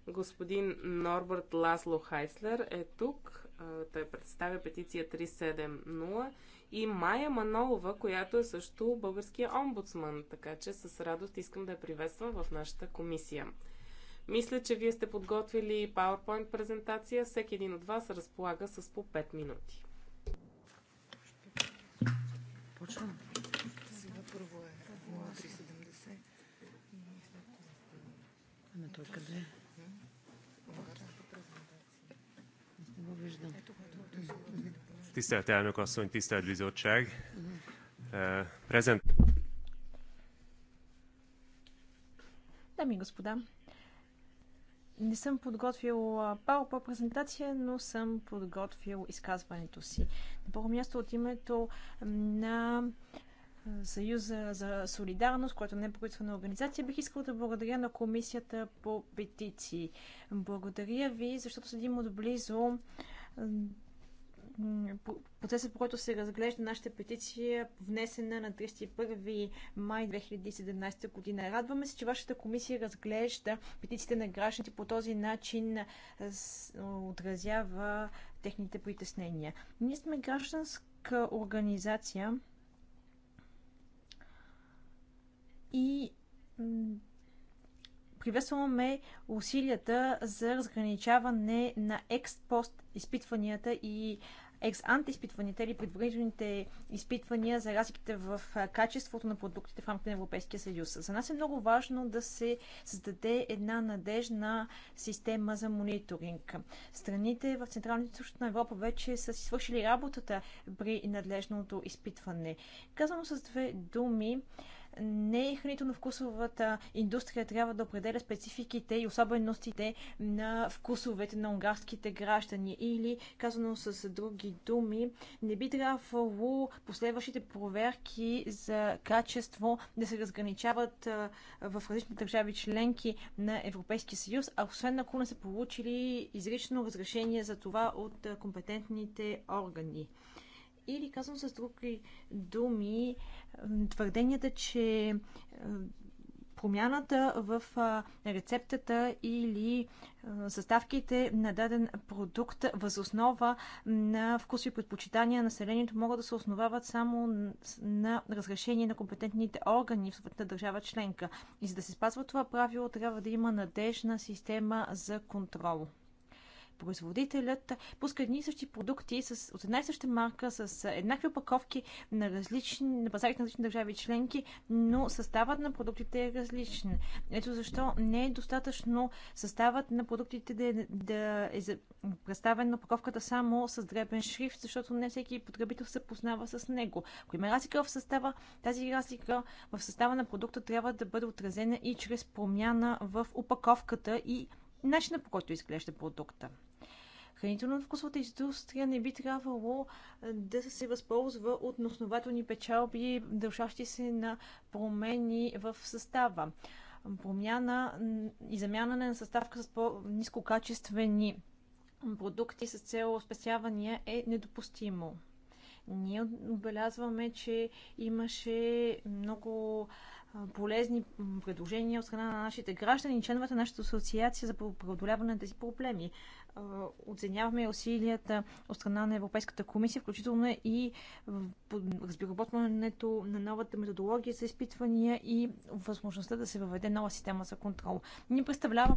Господин Норбърт Ласло Хайслер е тук. Той представя петиция 370 и Майя Манолова, която е също българския омбудсман, така че с радост искам да я приветствам в нашата комисия. Мисля, че вие сте подготвили PowerPoint презентация. Всеки един от вас разполага с по 5 минути. Почвам. Сега първо е 370. Ами той къде е? Tisztelt elnök asszony, tisztelt bizottság! Prezent... Е, Дами и господа, не съм подготвил PowerPoint презентация, но съм подготвил изказването си. На първо място от името на Съюза за солидарност, който не е правителствена организация, бих искала да благодаря на Комисията по петиции. Благодаря ви, защото следим отблизо близо процесът, по който се разглежда нашата петиция, внесена на 31 май 2017 година. Радваме се, че вашата комисия разглежда петициите на гражданите по този начин отразява техните притеснения. Ние сме гражданска организация и приветстваме усилията за разграничаване на експост изпитванията и екс-ант изпитванията или предварителните изпитвания за разликите в качеството на продуктите в рамките на Европейския съюз. За нас е много важно да се създаде една надежна система за мониторинг. Страните в Централната и Същата Европа вече са си свършили работата при надлежното изпитване. Казано с две думи, не е хранително-вкусовата индустрия трябва да определя спецификите и особеностите на вкусовете на унгарските граждани. Или, казано с други думи, не би трябвало последващите проверки за качество да се разграничават в различни държави членки на Европейския съюз, а освен ако не са получили изрично разрешение за това от компетентните органи. Или казвам с други думи, твърденията, че е, промяната в рецептата или е, съставките на даден продукт възоснова на и предпочитания на населението могат да се основават само на разрешение на компетентните органи в съответната държава членка. И за да се спазва това правило, трябва да има надежна система за контрол производителят пуска едни и същи продукти с, от една и съща марка, с еднакви опаковки на, различни, на пазарите на различни държави членки, но съставът на продуктите е различен. Ето защо не е достатъчно съставът на продуктите да, е, да е представен на опаковката само с дребен шрифт, защото не всеки потребител се познава с него. Ако има разлика в състава, тази разлика в състава на продукта трябва да бъде отразена и чрез промяна в опаковката и начина по който изглежда продукта. Хранително-вкусовата индустрия не би трябвало да се възползва от основателни печалби, дължащи се на промени в състава. Промяна и замяна на съставка с по нискокачествени продукти с цел спестявания е недопустимо. Ние отбелязваме, че имаше много полезни предложения от страна на нашите граждани и членовете на нашата асоциация за преодоляване на тези проблеми оценяваме усилията от страна на Европейската комисия, включително и разбиработването на новата методология за изпитвания и възможността да се въведе нова система за контрол. Ние представляваме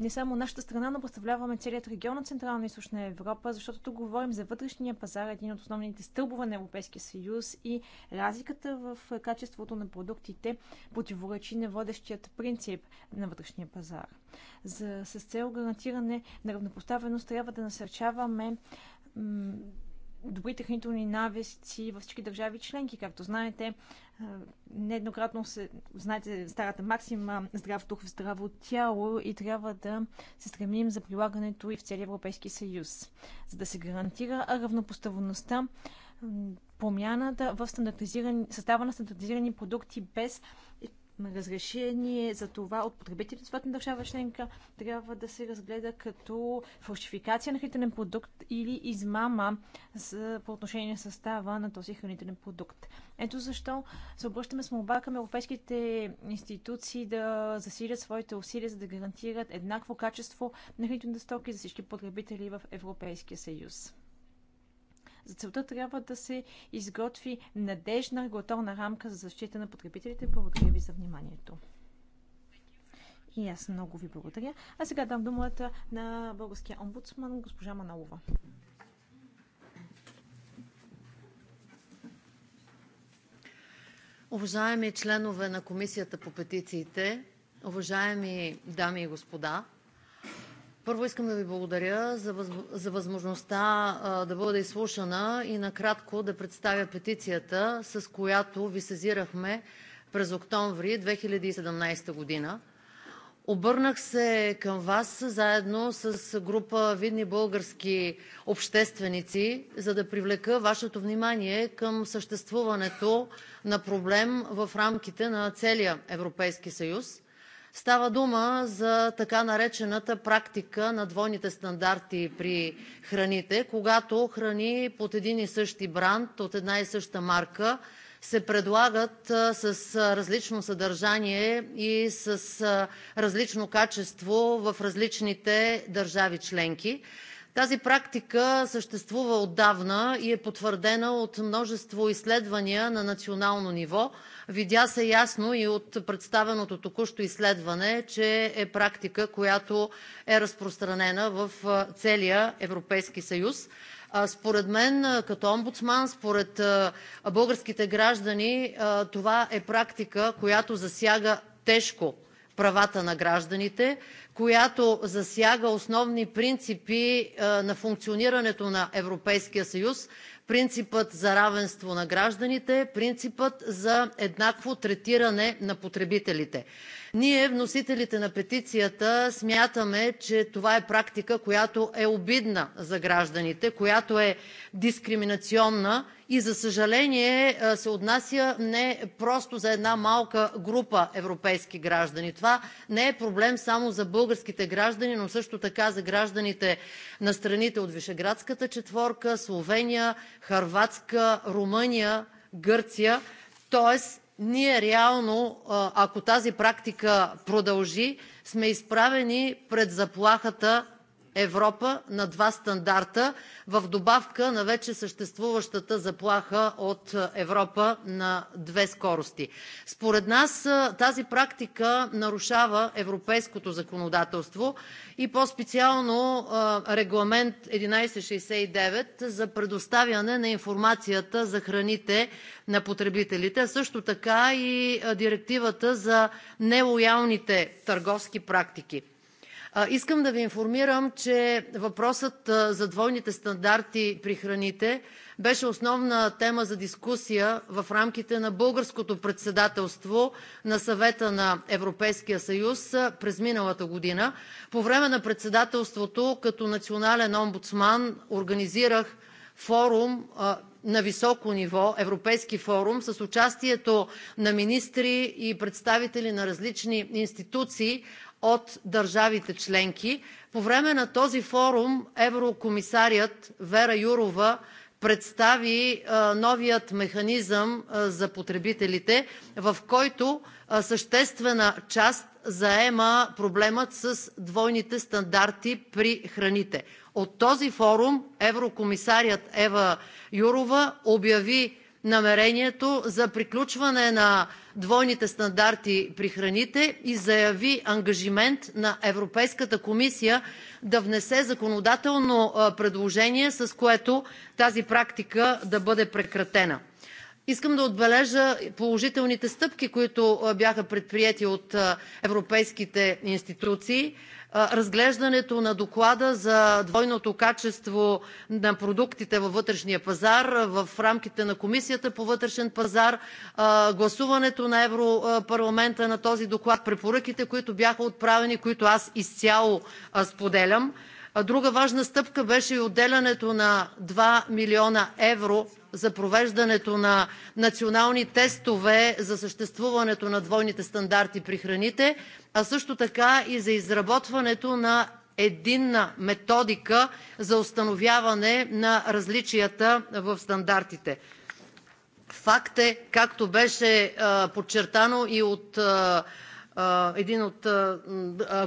не само нашата страна, но представляваме целият регион на Централна и Източна Европа, защото тук говорим за вътрешния пазар, един от основните стълбове на Европейския съюз и разликата в качеството на продуктите противоречи на водещият принцип на вътрешния пазар. За, с цел гарантиране на равнопоставеност трябва да насърчаваме добрите хранителни навици във всички държави членки. Както знаете, нееднократно се, знаете старата максима здрав дух в здраво тяло и трябва да се стремим за прилагането и в целия Европейски съюз, за да се гарантира равнопоставеността промяната в състава на стандартизирани продукти без разрешение за това от потребителите на държава членка трябва да се разгледа като фалшификация на хранителен продукт или измама за, по отношение състава на този хранителен продукт. Ето защо се обръщаме с молба към европейските институции да засилят своите усилия, за да гарантират еднакво качество на хранителните стоки за всички потребители в Европейския съюз. За целта трябва да се изготви надежна регулаторна рамка за защита на потребителите. Благодаря ви за вниманието. И аз много ви благодаря. А сега дам думата на българския омбудсман госпожа Маналова. Уважаеми членове на Комисията по петициите, уважаеми дами и господа, първо, искам да Ви благодаря за възможността да бъда изслушана и накратко да представя петицията, с която Ви сезирахме през октомври 2017 г. Обърнах се към Вас заедно с група видни български общественици, за да привлека Вашето внимание към съществуването на проблем в рамките на целия Европейски съюз. Става дума за така наречената практика на двойните стандарти при храните, когато храни под един и същи бранд, от една и съща марка се предлагат с различно съдържание и с различно качество в различните държави членки. Тази практика съществува отдавна и е потвърдена от множество изследвания на национално ниво, Видя се ясно и от представеното току-що изследване, че е практика, която е разпространена в целия Европейски съюз. Според мен като омбудсман, според българските граждани това е практика, която засяга тежко правата на гражданите, която засяга основни принципи на функционирането на Европейския съюз, принципът за равенство на гражданите, е принципът за еднакво третиране на потребителите. Ние, вносителите на петицията, смятаме, че това е практика, която е обидна за гражданите, която е дискриминационна и, за съжаление, се отнася не просто за една малка група европейски граждани. Това не е проблем само за българските граждани, но също така за гражданите на страните от Вишеградската четворка, Словения, Хърватска, Румъния, Гърция, тоест ние реално, ако тази практика продължи, сме изправени пред заплахата Европа на два стандарта в добавка на вече съществуващата заплаха от Европа на две скорости. Според нас тази практика нарушава европейското законодателство и по-специално Регламент 1169 за предоставяне на информацията за храните на потребителите, а също така и Директивата за нелоялните търговски практики. Искам да Ви информирам, че въпросът за двойните стандарти при храните беше основна тема за дискусия в рамките на Българското председателство на Съвета на Европейския съюз през миналата година. По време на председателството като национален омбудсман организирах форум на високо ниво, европейски форум, с участието на министри и представители на различни институции от държавите членки. По време на този форум еврокомисарят Вера Юрова представи е, новия механизъм е, за потребителите, в който е, съществена част заема проблемът с двойните стандарти при храните. От този форум еврокомисарят Ева Юрова обяви намерението за приключване на двойните стандарти при храните и заяви ангажимент на Европейската комисия да внесе законодателно предложение, с което тази практика да бъде прекратена. Искам да отбележа положителните стъпки, които бяха предприети от европейските институции разглеждането на Доклада за двойното качество на продуктите във вътрешния пазар в рамките на Комисията по вътрешен пазар, гласуването на Европарламента на този доклад, препоръките, които бяха отправени, които аз изцяло споделям. Друга важна стъпка беше и отделянето на 2 млн. евро за провеждането на национални тестове за съществуването на двойните стандарти при храните, а също така и за изработването на единна методика за установяване на различията в стандартите. Факт е, както беше подчертано и от един от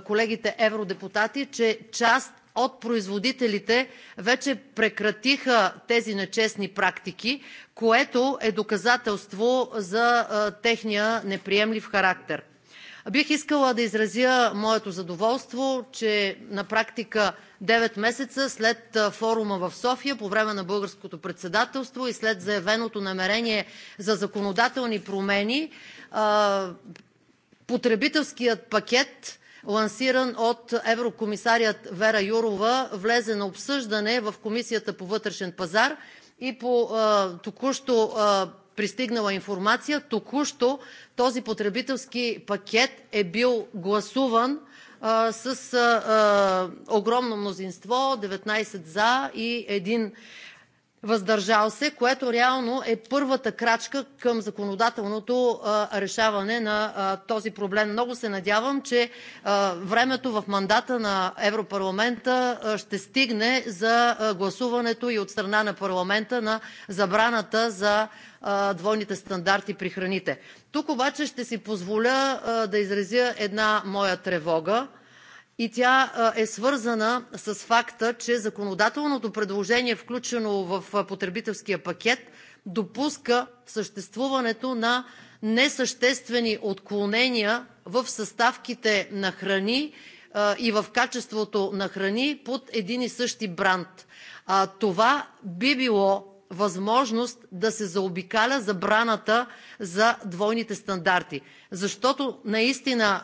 колегите евродепутати, че част от производителите вече прекратиха тези нечестни практики, което е доказателство за техния неприемлив характер. Бих искала да изразя моето задоволство, че на практика девет месеца след форума в София по време на Българското председателство и след заявеното намерение за законодателни промени потребителският пакет лансиран от еврокомисаря Вера Юрова, влезе на обсъждане в Комисията по вътрешен пазар и по току-що пристигнала информация току-що този потребителски пакет е бил гласуван с огромно мнозинство – 19 „за” и 1 „въздържал се“, което реално е първата крачка към законодателното решаване на този проблем. Много се надявам, че времето в мандата на Европарламента ще стигне за гласуването и от страна на парламента на забраната за двойните стандарти при храните. Тук обаче ще си позволя да изразя една моя тревога и тя е свързана с факта, че законодателното предложение, включено в потребителския пакет, допуска съществуването на несъществени отклонения в съставките на храни и в качеството на храни под един и същи бранд. Това би било възможност да се заобикаля забраната за двойните стандарти. Защото наистина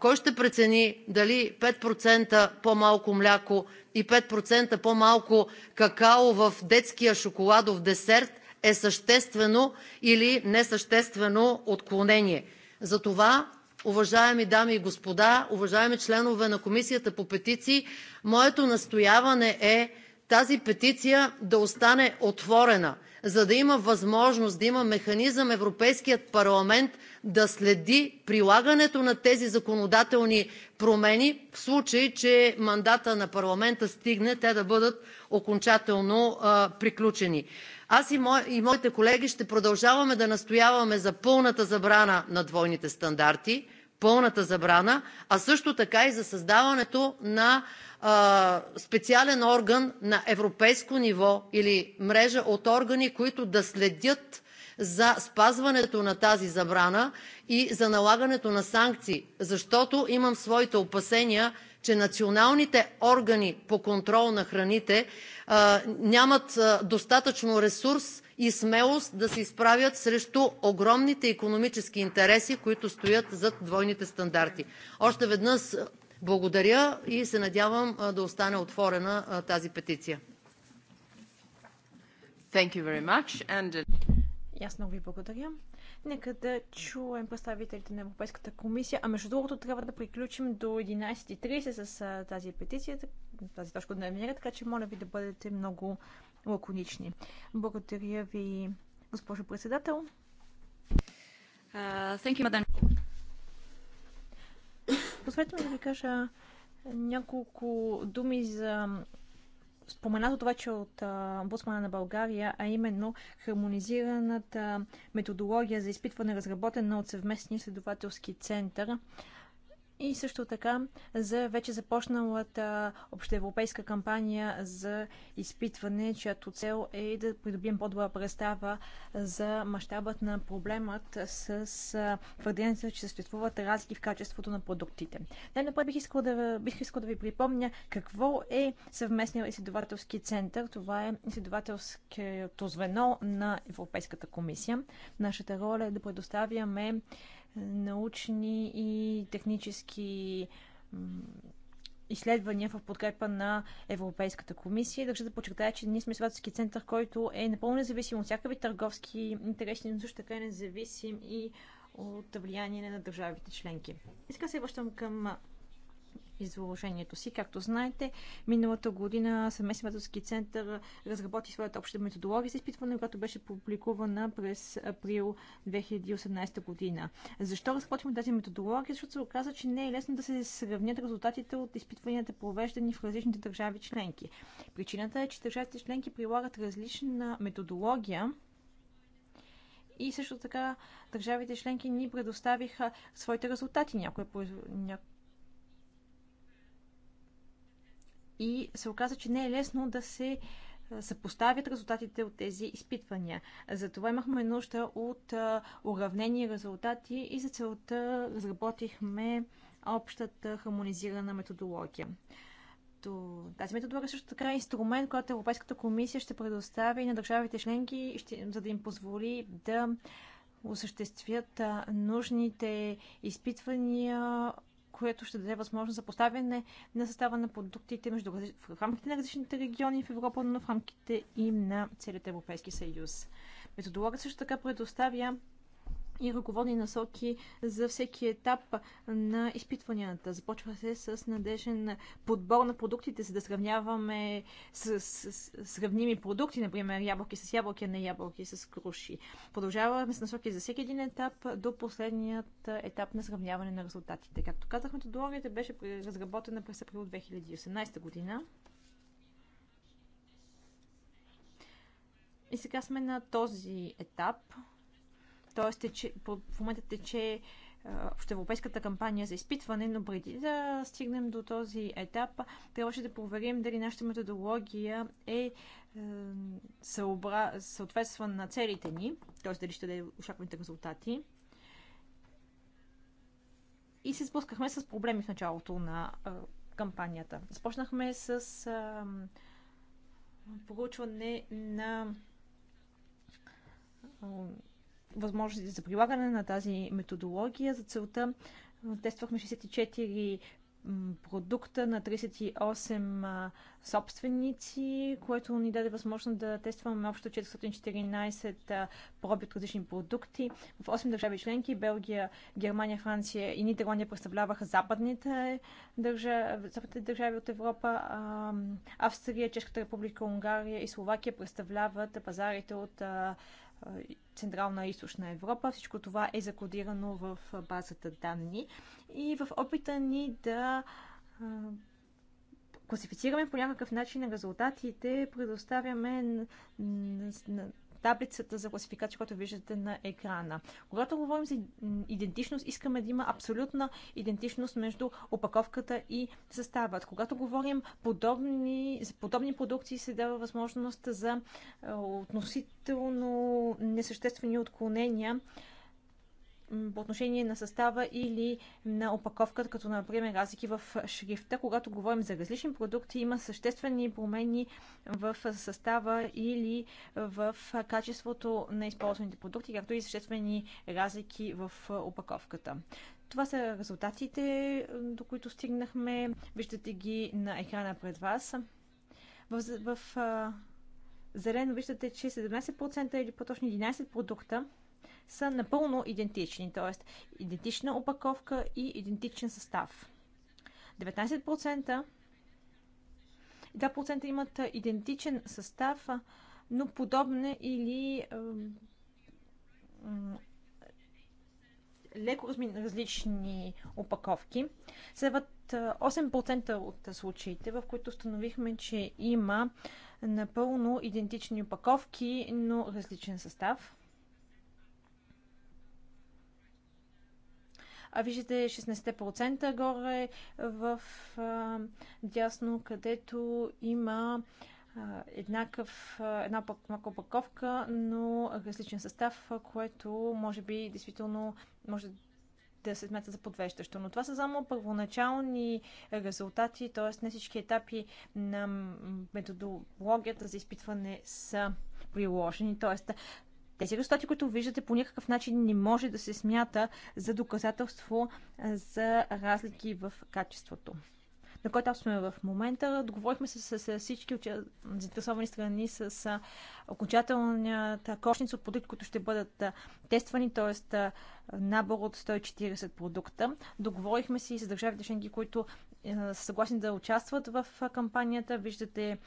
кой ще прецени дали 5% по-малко мляко и 5% по-малко какао в детския шоколадов десерт е съществено или несъществено отклонение? Затова, уважаеми дами и господа, уважаеми членове на Комисията по петиции, моето настояване е тази петиция да остане отворена, за да има възможност, да има механизъм Европейският парламент да следи прилагането на тези законодателни промени, в случай че мандатът на парламента стигне те да бъдат окончателно приключени. Аз и моите колеги ще продължаваме да настояваме за пълната забрана на двойните стандарти, пълната забрана, а също така и за създаването на специален орган на европейско ниво или мрежа от органи, които да следят за спазването на тази забрана и за налагането на санкции, защото имам своите опасения, че националните органи по контрол на храните нямат достатъчно ресурс и смелост да се изправят срещу огромните икономически интереси, които стоят зад двойните стандарти. Още веднъж благодаря и се надявам да остане отворена тази петиция. And... Ясно uh, ви благодаря. Нека да чуем представителите на Европейската комисия. А между другото, трябва да приключим до 11.30 с тази петиция, тази точка от дневния така че моля ви да бъдете много лаконични. Благодаря ви, госпожо председател. Позволете ми да ви кажа няколко думи за споменато вече от Бусмана на България, а именно хармонизираната методология за изпитване, разработена от съвместния следователски център и също така за вече започналата общоевропейска кампания за изпитване, чиято цел е да придобием по-добра представа за мащабът на проблемът с твърденията, че съществуват разлики в качеството на продуктите. Най-напред бих искал да, бих искал да ви припомня какво е съвместният изследователски център. Това е изследователското звено на Европейската комисия. Нашата роля е да предоставяме научни и технически изследвания в подкрепа на Европейската комисия. Държа да подчертая, че ние сме сватски център, който е напълно независим от всякакви търговски интереси, но също така е независим и от влияние на държавите членки. И сега се връщам към изложението си. Както знаете, миналата година съвместен методски център разработи своята обща методология за изпитване, която беше публикувана през април 2018 година. Защо разработим тази методология? Защото се оказа, че не е лесно да се сравнят резултатите от изпитванията, провеждани в различните държави членки. Причината е, че държавите членки прилагат различна методология и също така държавите членки ни предоставиха своите резултати. Някои, и се оказа, че не е лесно да се е, съпоставят резултатите от тези изпитвания. Затова имахме нужда от е, уравнени резултати и за целта разработихме общата хармонизирана методология. Тази методология е също така е инструмент, който Европейската комисия ще предостави на държавите членки, за да им позволи да осъществят нужните изпитвания което ще даде възможност за поставяне на състава на продуктите между, в рамките на различните региони в Европа, но в рамките и на целият Европейски съюз. Методологът също така предоставя и ръководни насоки за всеки етап на изпитванията. Започва се с надежен подбор на продуктите, за да сравняваме с, с, с сравними продукти, например ябълки с ябълки, а не ябълки с круши. Продължаваме с насоки за всеки един етап до последният етап на сравняване на резултатите. Както казах, методологията беше разработена през април 2018 година. И сега сме на този етап – Тоест, тече, в момента тече в европейската кампания за изпитване, но преди да стигнем до този етап, трябваше да проверим дали нашата методология е, е съобра... съответства на целите ни, т.е. дали ще даде очакваните резултати. И се спускахме с проблеми в началото на кампанията. Започнахме с е, проучване на възможности за прилагане на тази методология. За целта тествахме 64 продукта на 38 собственици, което ни даде възможност да тестваме общо 414 проби от различни продукти. В 8 държави членки Белгия, Германия, Франция и Нидерландия представляваха западните държави, западните държави от Европа. Австрия, Чешката република, Унгария и Словакия представляват пазарите от Централна и Източна Европа. Всичко това е закодирано в базата данни и в опита ни да класифицираме по някакъв начин резултатите, предоставяме таблицата за класификация, която виждате на екрана. Когато говорим за идентичност, искаме да има абсолютна идентичност между опаковката и съставът. Когато говорим подобни, за подобни продукции, се дава възможност за относително несъществени отклонения по отношение на състава или на опаковката, като например разлики в шрифта. Когато говорим за различни продукти, има съществени промени в състава или в качеството на използваните продукти, както и съществени разлики в опаковката. Това са резултатите, до които стигнахме. Виждате ги на екрана пред вас. В, в зелено виждате, че 17% или по-точно 11 продукта са напълно идентични, т.е. идентична опаковка и идентичен състав. 19% 2% имат идентичен състав, но подобна или леко различни опаковки. Следват 8% от случаите, в които установихме, че има напълно идентични опаковки, но различен състав. а виждате 16% горе в а, дясно, където има а, еднакъв, една опаковка, но различен състав, което може би действително може да се смята за подвеждащо. Но това са само първоначални резултати, т.е. не всички етапи на методологията за изпитване са приложени. Т.е. Тези резултати, които виждате, по никакъв начин не може да се смята за доказателство за разлики в качеството на който аз сме в момента. Договорихме се с, всички заинтересовани страни с окончателната кошница от продукти, които ще бъдат тествани, т.е. набор от 140 продукта. Договорихме се и с държавите членки, които са съгласни да участват в кампанията. Виждате,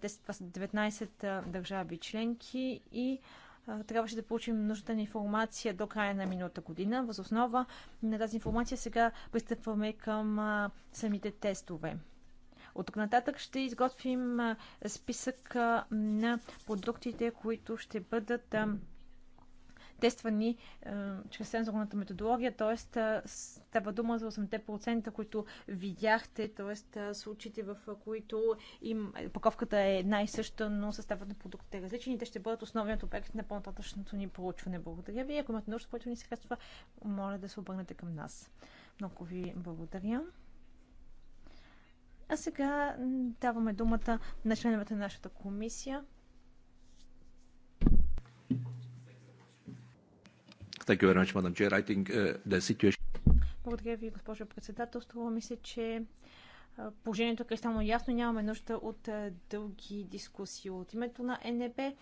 те са 19 държави членки и трябваше да получим нужната информация до края на миналата година. Въз основа на тази информация сега пристъпваме към самите тестове. От тук нататък ще изготвим списък на продуктите, които ще бъдат тествани е, чрез сензорната методология, т.е. Е, става дума за 80%, които видяхте, т.е. Е, случаите, в които им, паковката е една и съща, но съставът на продуктите е различен и те ще бъдат основният обект на по-нататъчното ни проучване. Благодаря ви. Ако имате нужда, което ни се харесва, моля да се обърнете към нас. Много ви благодаря. А сега даваме думата на членовете на нашата комисия. Thank you very much, Madam Chair. I think uh, the situation... Благодаря ви, госпожо председателство. Мисля, че положението е кристално ясно. Нямаме нужда от дълги дискусии. От името на НБ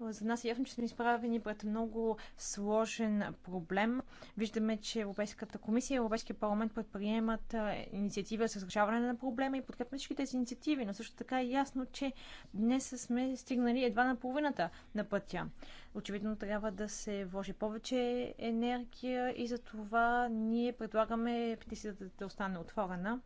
за нас е ясно, че сме изправени пред много сложен проблем. Виждаме, че Европейската комисия и Европейския парламент предприемат инициатива с разрешаване на проблема и подкрепят всички тези инициативи, но също така е ясно, че днес сме стигнали едва на половината на пътя. Очевидно трябва да се вложи повече енергия и за това ние предлагаме петицията да остане отворена.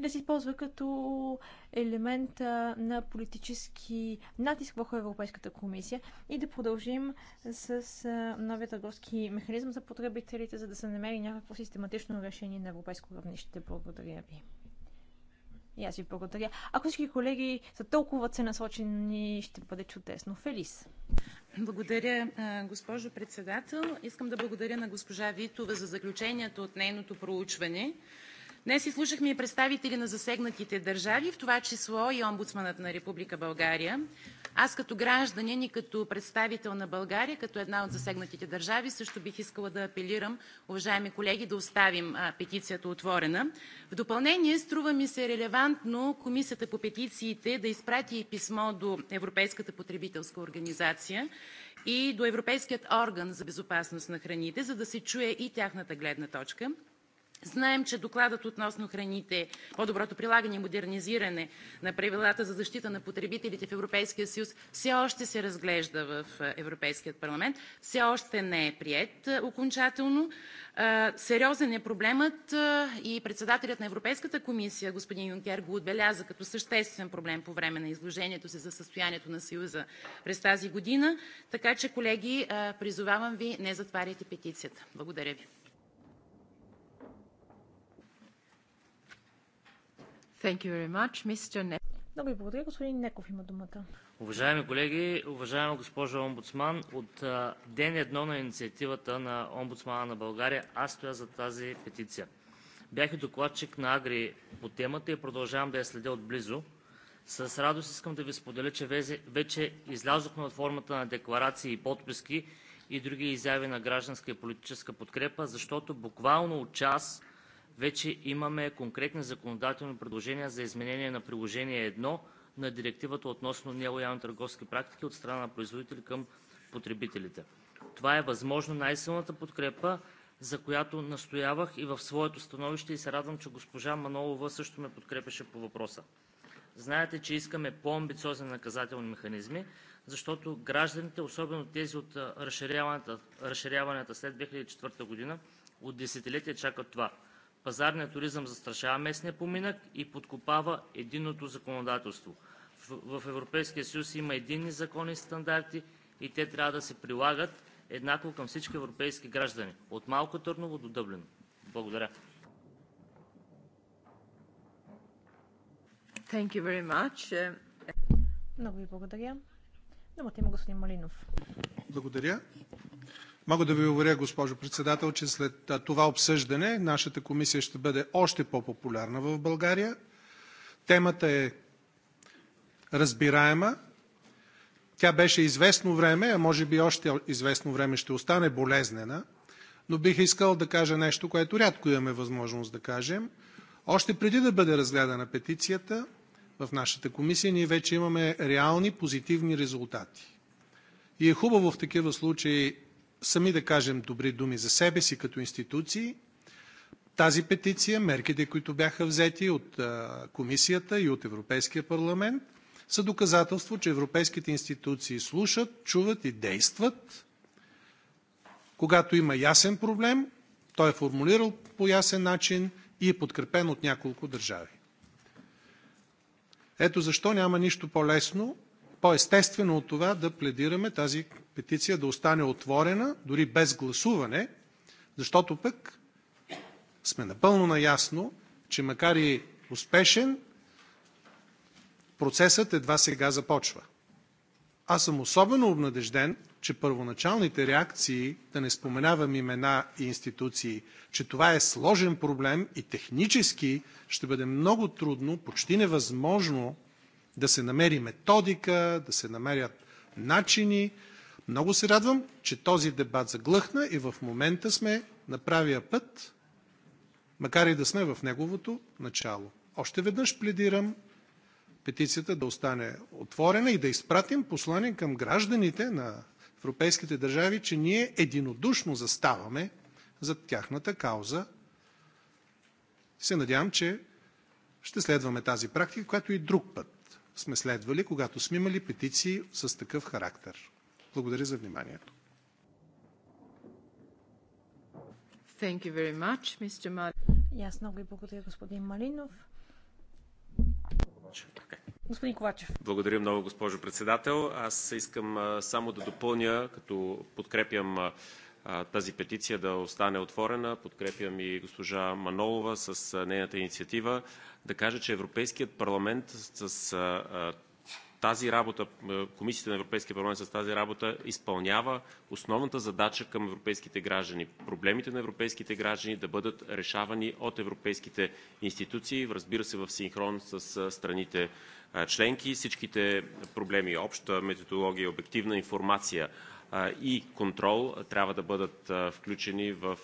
и да се използва като елемент на политически натиск върху Европейската комисия и да продължим с новия търговски механизъм за потребителите, за да се намери някакво систематично решение на европейско равнище. Благодаря ви. И аз ви благодаря. Ако всички колеги са толкова ценасочени, ще бъде чудесно. Фелис! Благодаря, госпожо председател. Искам да благодаря на госпожа Витова за заключението от нейното проучване. Днес изслушахме и представители на засегнатите държави, в това число и омбудсманът на Република България. Аз като гражданин и като представител на България, като една от засегнатите държави, също бих искала да апелирам, уважаеми колеги, да оставим петицията отворена. В допълнение, струва ми се релевантно Комисията по петициите да изпрати писмо до Европейската потребителска организация и до Европейският орган за безопасност на храните, за да се чуе и тяхната гледна точка. Знаем, че докладът относно храните, по-доброто прилагане и модернизиране на правилата за защита на потребителите в Европейския съюз все още се разглежда в Европейския парламент, все още не е приет окончателно. Сериозен е проблемът и председателят на Европейската комисия господин Юнкер го отбеляза като съществен проблем по време на изложението си за състоянието на Съюза през тази година. Така че, колеги, призовавам ви, не затваряйте петицията. Благодаря ви. Thank you very much, Mr. Ne- Много ви благодаря. Господин Неков има думата. Уважаеми колеги, уважаема госпожа омбудсман, от ден едно на инициативата на омбудсмана на България аз стоя за тази петиция. Бях и докладчик на Агри по темата и продължавам да я следя отблизо. С радост искам да ви споделя, че вече излязохме от формата на декларации и подписки и други изяви на гражданска и политическа подкрепа, защото буквално от час вече имаме конкретни законодателни предложения за изменение на Приложение 1 на Директивата относно нелоялни търговски практики от страна на производители към потребителите. Това е възможно най-силната подкрепа, за която настоявах и в своето становище и се радвам, че госпожа Манолова също ме подкрепяше по въпроса. Знаете, че искаме по-амбициозни наказателни механизми, защото гражданите, особено тези от разширяванията след 2004 година, от десетилетия чакат това пазарният туризъм застрашава местния поминък и подкопава единното законодателство. В Европейския съюз има единни закони и стандарти и те трябва да се прилагат еднакво към всички европейски граждани – от Малко Търново до Дъблин. Благодаря. Thank you very much. Много ви благодаря. Думата има господин Малинов. Благодаря. Мога да ви уверя, госпожо Председател, че след това обсъждане нашата комисия ще бъде още по-популярна в България. Темата е разбираема. Тя беше известно време, а може би още известно време ще остане болезнена, но бих искал да кажа нещо, което рядко имаме възможност да кажем. Още преди да бъде разгледана петицията в нашата комисия, ние вече имаме реални позитивни резултати. И е хубаво в такива случаи сами да кажем добри думи за себе си като институции. Тази петиция, мерките, които бяха взети от комисията и от Европейския парламент, са доказателство, че европейските институции слушат, чуват и действат. Когато има ясен проблем, той е формулирал по ясен начин и е подкрепен от няколко държави. Ето защо няма нищо по-лесно по-естествено от това да пледираме тази петиция да остане отворена, дори без гласуване, защото пък сме напълно наясно, че макар и успешен, процесът едва сега започва. Аз съм особено обнадежден, че първоначалните реакции, да не споменавам имена и институции, че това е сложен проблем и технически ще бъде много трудно, почти невъзможно да се намери методика, да се намерят начини. Много се радвам, че този дебат заглъхна и в момента сме на правия път, макар и да сме в неговото начало. Още веднъж пледирам петицията да остане отворена и да изпратим послание към гражданите на европейските държави, че ние единодушно заставаме за тяхната кауза. Се надявам, че ще следваме тази практика, която е и друг път сме следвали, когато сме имали петиции с такъв характер. Благодаря за вниманието. Thank you very much, Mr. Mar- И аз много ви благодаря, господин Малинов. Е. Господин Ковачев. Благодаря много, госпожо председател. Аз искам само да допълня, като подкрепям тази петиция да остане отворена. Подкрепям и госпожа Манолова с нейната инициатива. Да кажа, че Европейският парламент с тази работа, Комисията на Европейския парламент с тази работа изпълнява основната задача към европейските граждани. Проблемите на европейските граждани да бъдат решавани от европейските институции, разбира се, в синхрон с страните членки. Всичките проблеми, обща методология, обективна информация, и контрол трябва да бъдат включени в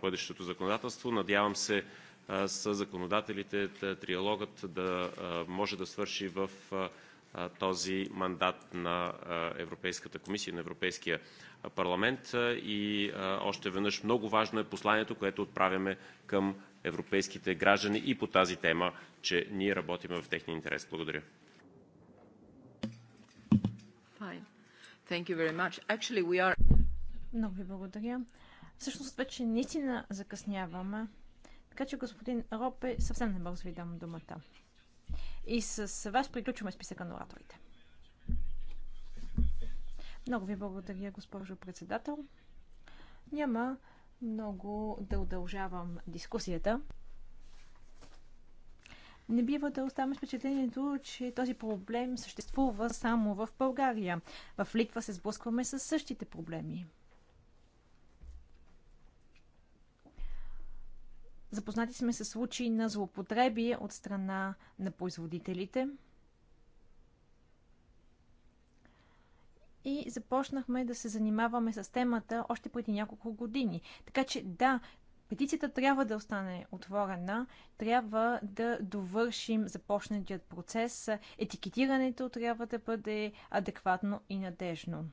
бъдещото законодателство. Надявам се с законодателите триалогът да може да свърши в този мандат на Европейската комисия, на Европейския парламент. И още веднъж много важно е посланието, което отправяме към европейските граждани и по тази тема, че ние работим в техния интерес. Благодаря. Fine. Thank you very much. Actually, we are... Много ви благодаря. Всъщност вече наистина закъсняваме. Така че господин Ропе, съвсем не да ви дам думата. И с вас приключваме списъка на ораторите. Много ви благодаря, госпожо председател. Няма много да удължавам дискусията. Не бива да оставаме впечатлението, че този проблем съществува само в България. В Литва се сблъскваме с същите проблеми. Запознати сме с случаи на злоупотреби от страна на производителите. И започнахме да се занимаваме с темата още преди няколко години. Така че да, Петицията трябва да остане отворена, трябва да довършим започнатият процес. Етикетирането трябва да бъде адекватно и надежно.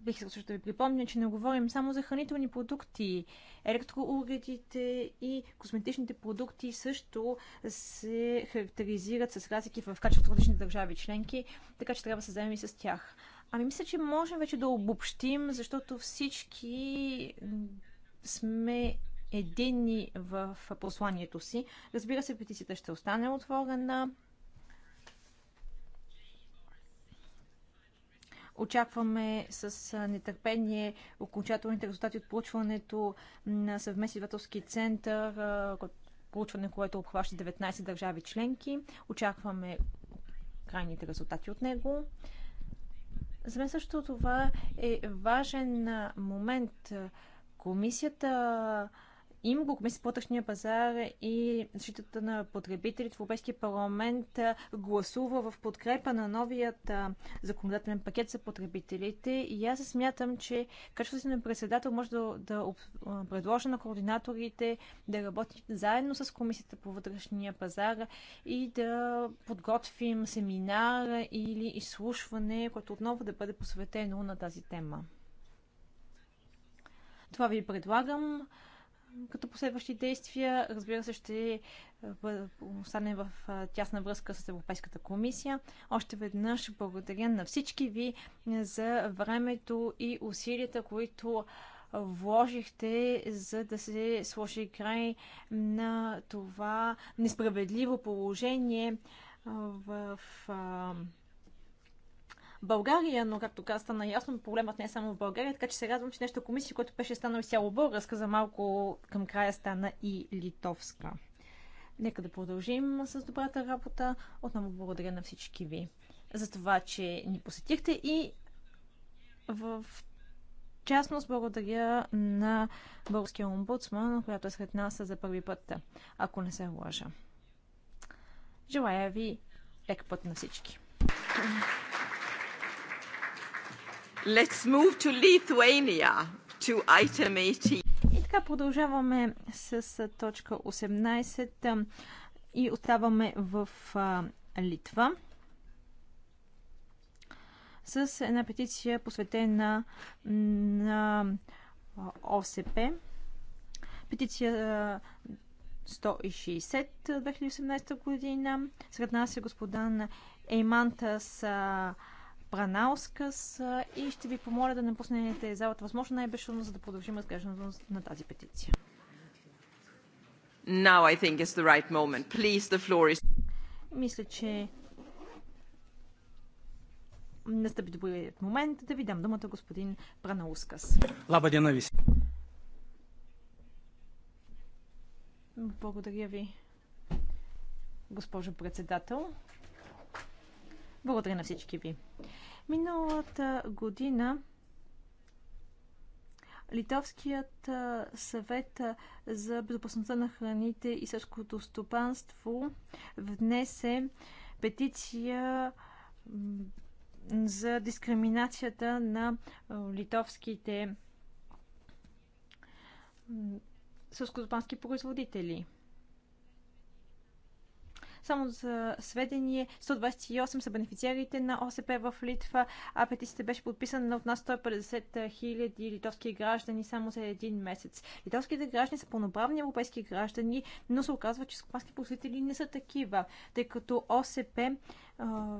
бих искал също да ви припомня, че не говорим само за хранителни продукти. Електроуредите и косметичните продукти също се характеризират с разлики в качеството в различни държави членки, така че трябва да се заемем и с тях. Ами мисля, че можем вече да обобщим, защото всички сме едини в посланието си. Разбира се, петицията ще остане отворена. Очакваме с нетърпение окончателните резултати от получването на съвместен изследователски център, получване, което обхваща 19 държави членки. Очакваме крайните резултати от него. За мен също това е важен момент. Комисията имко, Комисията по вътрешния пазар и защитата на потребителите в Европейския парламент гласува в подкрепа на новият законодателен пакет за потребителите. И аз се смятам, че качеството си на председател може да, да предложа на координаторите да работи заедно с Комисията по вътрешния пазар и да подготвим семинар или изслушване, което отново да бъде посветено на тази тема. Това ви предлагам като последващи действия. Разбира се, ще е, остане в тясна връзка с Европейската комисия. Още веднъж благодаря на всички ви е, за времето и усилията, които вложихте, за да се сложи край на това несправедливо положение в България, но както каза, стана ясно, проблемът не е само в България, така че се радвам, че нещо комисия, което беше станала изцяло българска, за малко към края стана и литовска. Нека да продължим с добрата работа. Отново благодаря на всички ви за това, че ни посетихте и в частност благодаря на българския омбудсман, която е сред нас за първи път, ако не се лъжа. Желая ви лек път на всички! Thank you. Let's move to Lithuania, to item 18. И така продължаваме с точка 18 и оставаме в Литва с една петиция посветена на ОСП. Петиция 160 2018 година. Сред нас е господан Еймантас Еймантас Пранаускас и ще ви помоля да напуснете залата възможно най-бешено, за да продължим разглеждането на тази петиция. Now I think it's the right moment. Please, the floor is... Мисля, че настъпи добрият момент да ви дам думата господин Пранаускас. Лаба дена ви. Благодаря ви, госпожо председател. Благодаря на всички ви. Миналата година Литовският съвет за безопасността на храните и сърското стопанство внесе петиция за дискриминацията на литовските сълскостопански производители. Само за сведение, 128 са бенефициарите на ОСП в Литва, а петицията беше подписана от нас 150 хиляди литовски граждани само за един месец. Литовските граждани са пълноправни европейски граждани, но се оказва, че скопански посетители не са такива, тъй като ОСП а,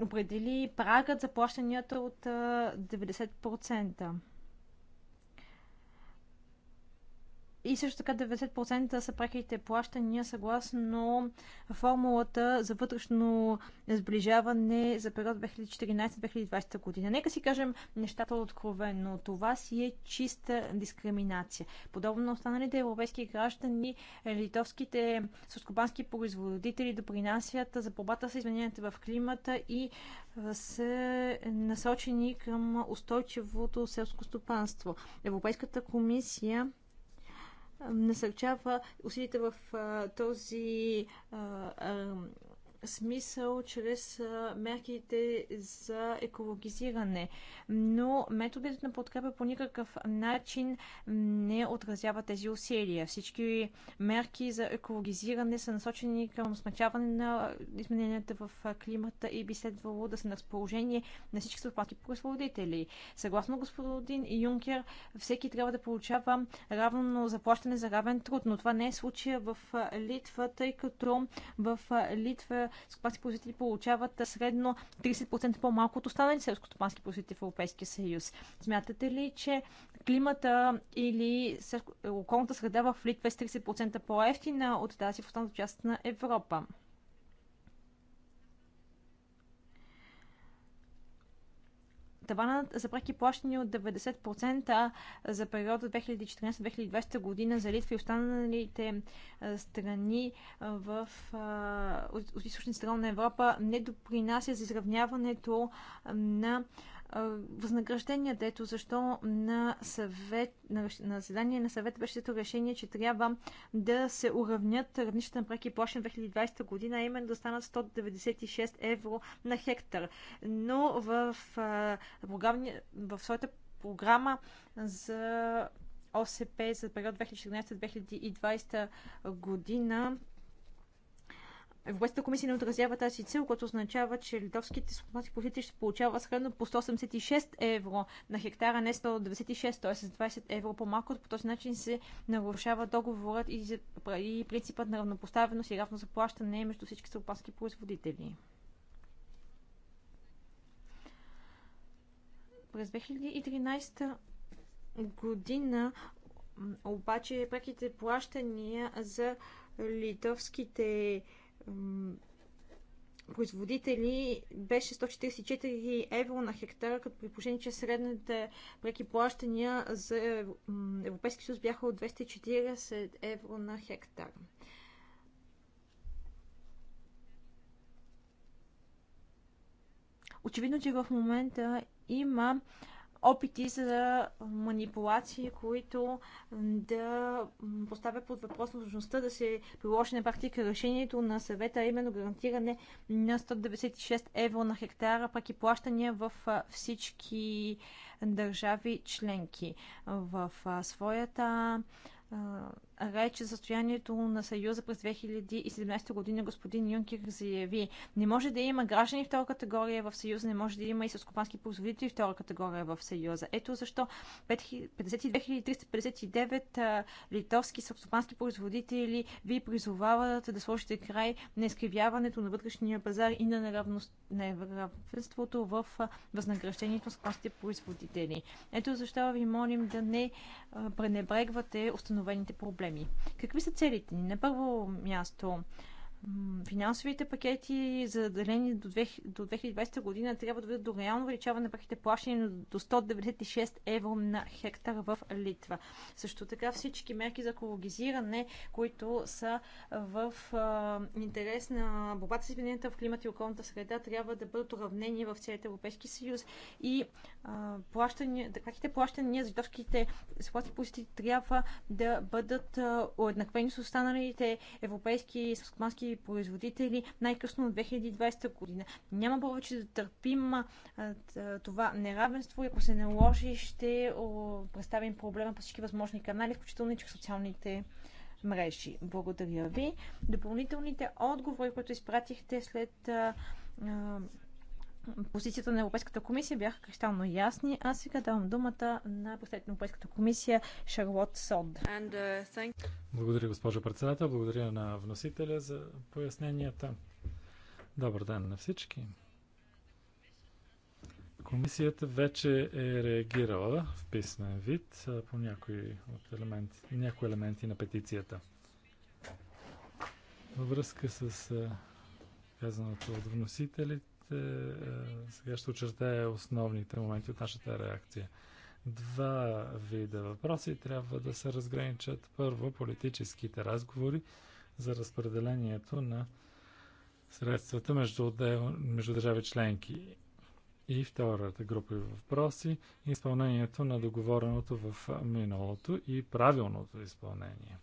определи прагът за плащанията от 90%. И също така 90% са преките плащания съгласно формулата за вътрешно сближаване за период 2014-2020 година. Нека си кажем нещата откровено. Това си е чиста дискриминация. Подобно на останалите европейски граждани, литовските сускобански производители допринасят за борбата с измененията в климата и са насочени към устойчивото селско стопанство. Европейската комисия насърчава усилите в този смисъл чрез мерките за екологизиране, но методът на подкрепа по никакъв начин не отразява тези усилия. Всички мерки за екологизиране са насочени към смачаване на измененията в климата и би следвало да са на разположение на всички стопански производители. Съгласно господин Юнкер, всеки трябва да получава равно заплащане за равен труд, но това не е случая в Литва, тъй като в Литва селскостопански производители получават средно 30% по-малко от останалите селскостопански производители в Европейския съюз. Смятате ли, че климата или околната среда в Литва е с 30% по-ефтина от тази в останалата част на Европа? Таванът за преки плащания е от 90% за периода 2014-2020 година за Литва и останалите страни в от източна Европа не допринася за изравняването на възнагражденията. Ето защо на, съвет, на, на заседание на съвет беше взето решение, че трябва да се уравнят равнищата на преки площ на 2020 година, а именно да станат 196 евро на хектар. Но в, в, в своята програма за ОСП за период 2014-2020 година Европейската комисия не отразява тази цел, което означава, че литовските сухопътни производители ще получават средно по 186 евро на хектара, не 196, т.е. с 20 евро по-малко. По този начин се нарушава договорът и, и принципът на равнопоставеност и равно заплащане между всички сухопътни производители. През 2013 година обаче преките плащания за литовските производители беше 144 евро на хектара, като при положение, че средните преки плащания за Европейски съюз бяха от 240 евро на хектар. Очевидно, че в момента има опити за манипулации, които да поставят под въпрос възможността да се приложи на практика решението на съвета, а именно гарантиране на 196 евро на хектара, пък и плащания в всички държави членки. В своята реч за състоянието на Съюза през 2017 година господин Юнкер заяви. Не може да има граждани втора категория в Съюза, не може да има и селскопански производители втора категория в Съюза. Ето защо 359 литовски селскопански производители ви призовават да сложите край на изкривяването на вътрешния пазар и на неравенството в възнаграждението на селскопанските производители. Ето защо ви молим да не пренебрегвате установените проблеми проблеми. Какви са целите ни? На първо място, финансовите пакети, заделени до 2020 година, трябва да бъдат до реално увеличаване на пакетите плащане до 196 евро на хектар в Литва. Също така всички мерки за екологизиране, които са в интерес на борбата с измененията в климата и околната среда, трябва да бъдат уравнени в целият Европейски съюз и пакетите плащания за литовските плати трябва да бъдат уеднаквени с останалите европейски и и производители най-късно от 2020 година. Няма повече да търпим това неравенство и ако се наложи, ще представим проблема по всички възможни канали, включително и чрез социалните мрежи. Благодаря ви. Допълнителните отговори, които изпратихте след позицията на Европейската комисия бяха кристално ясни, Аз сега давам думата на представител на Европейската комисия Шарлот Сод. And, uh, thank... Благодаря, госпожо председател. Благодаря на вносителя за поясненията. Добър ден на всички. Комисията вече е реагирала в писмен вид по някои, от елементи, някои елементи на петицията. Във връзка с казаното от вносителите, ще, е, сега ще очертая основните моменти от нашата реакция. Два вида въпроси трябва да се разграничат. Първо, политическите разговори за разпределението на средствата между, между държави членки. И втората група въпроси – изпълнението на договореното в миналото и правилното изпълнение.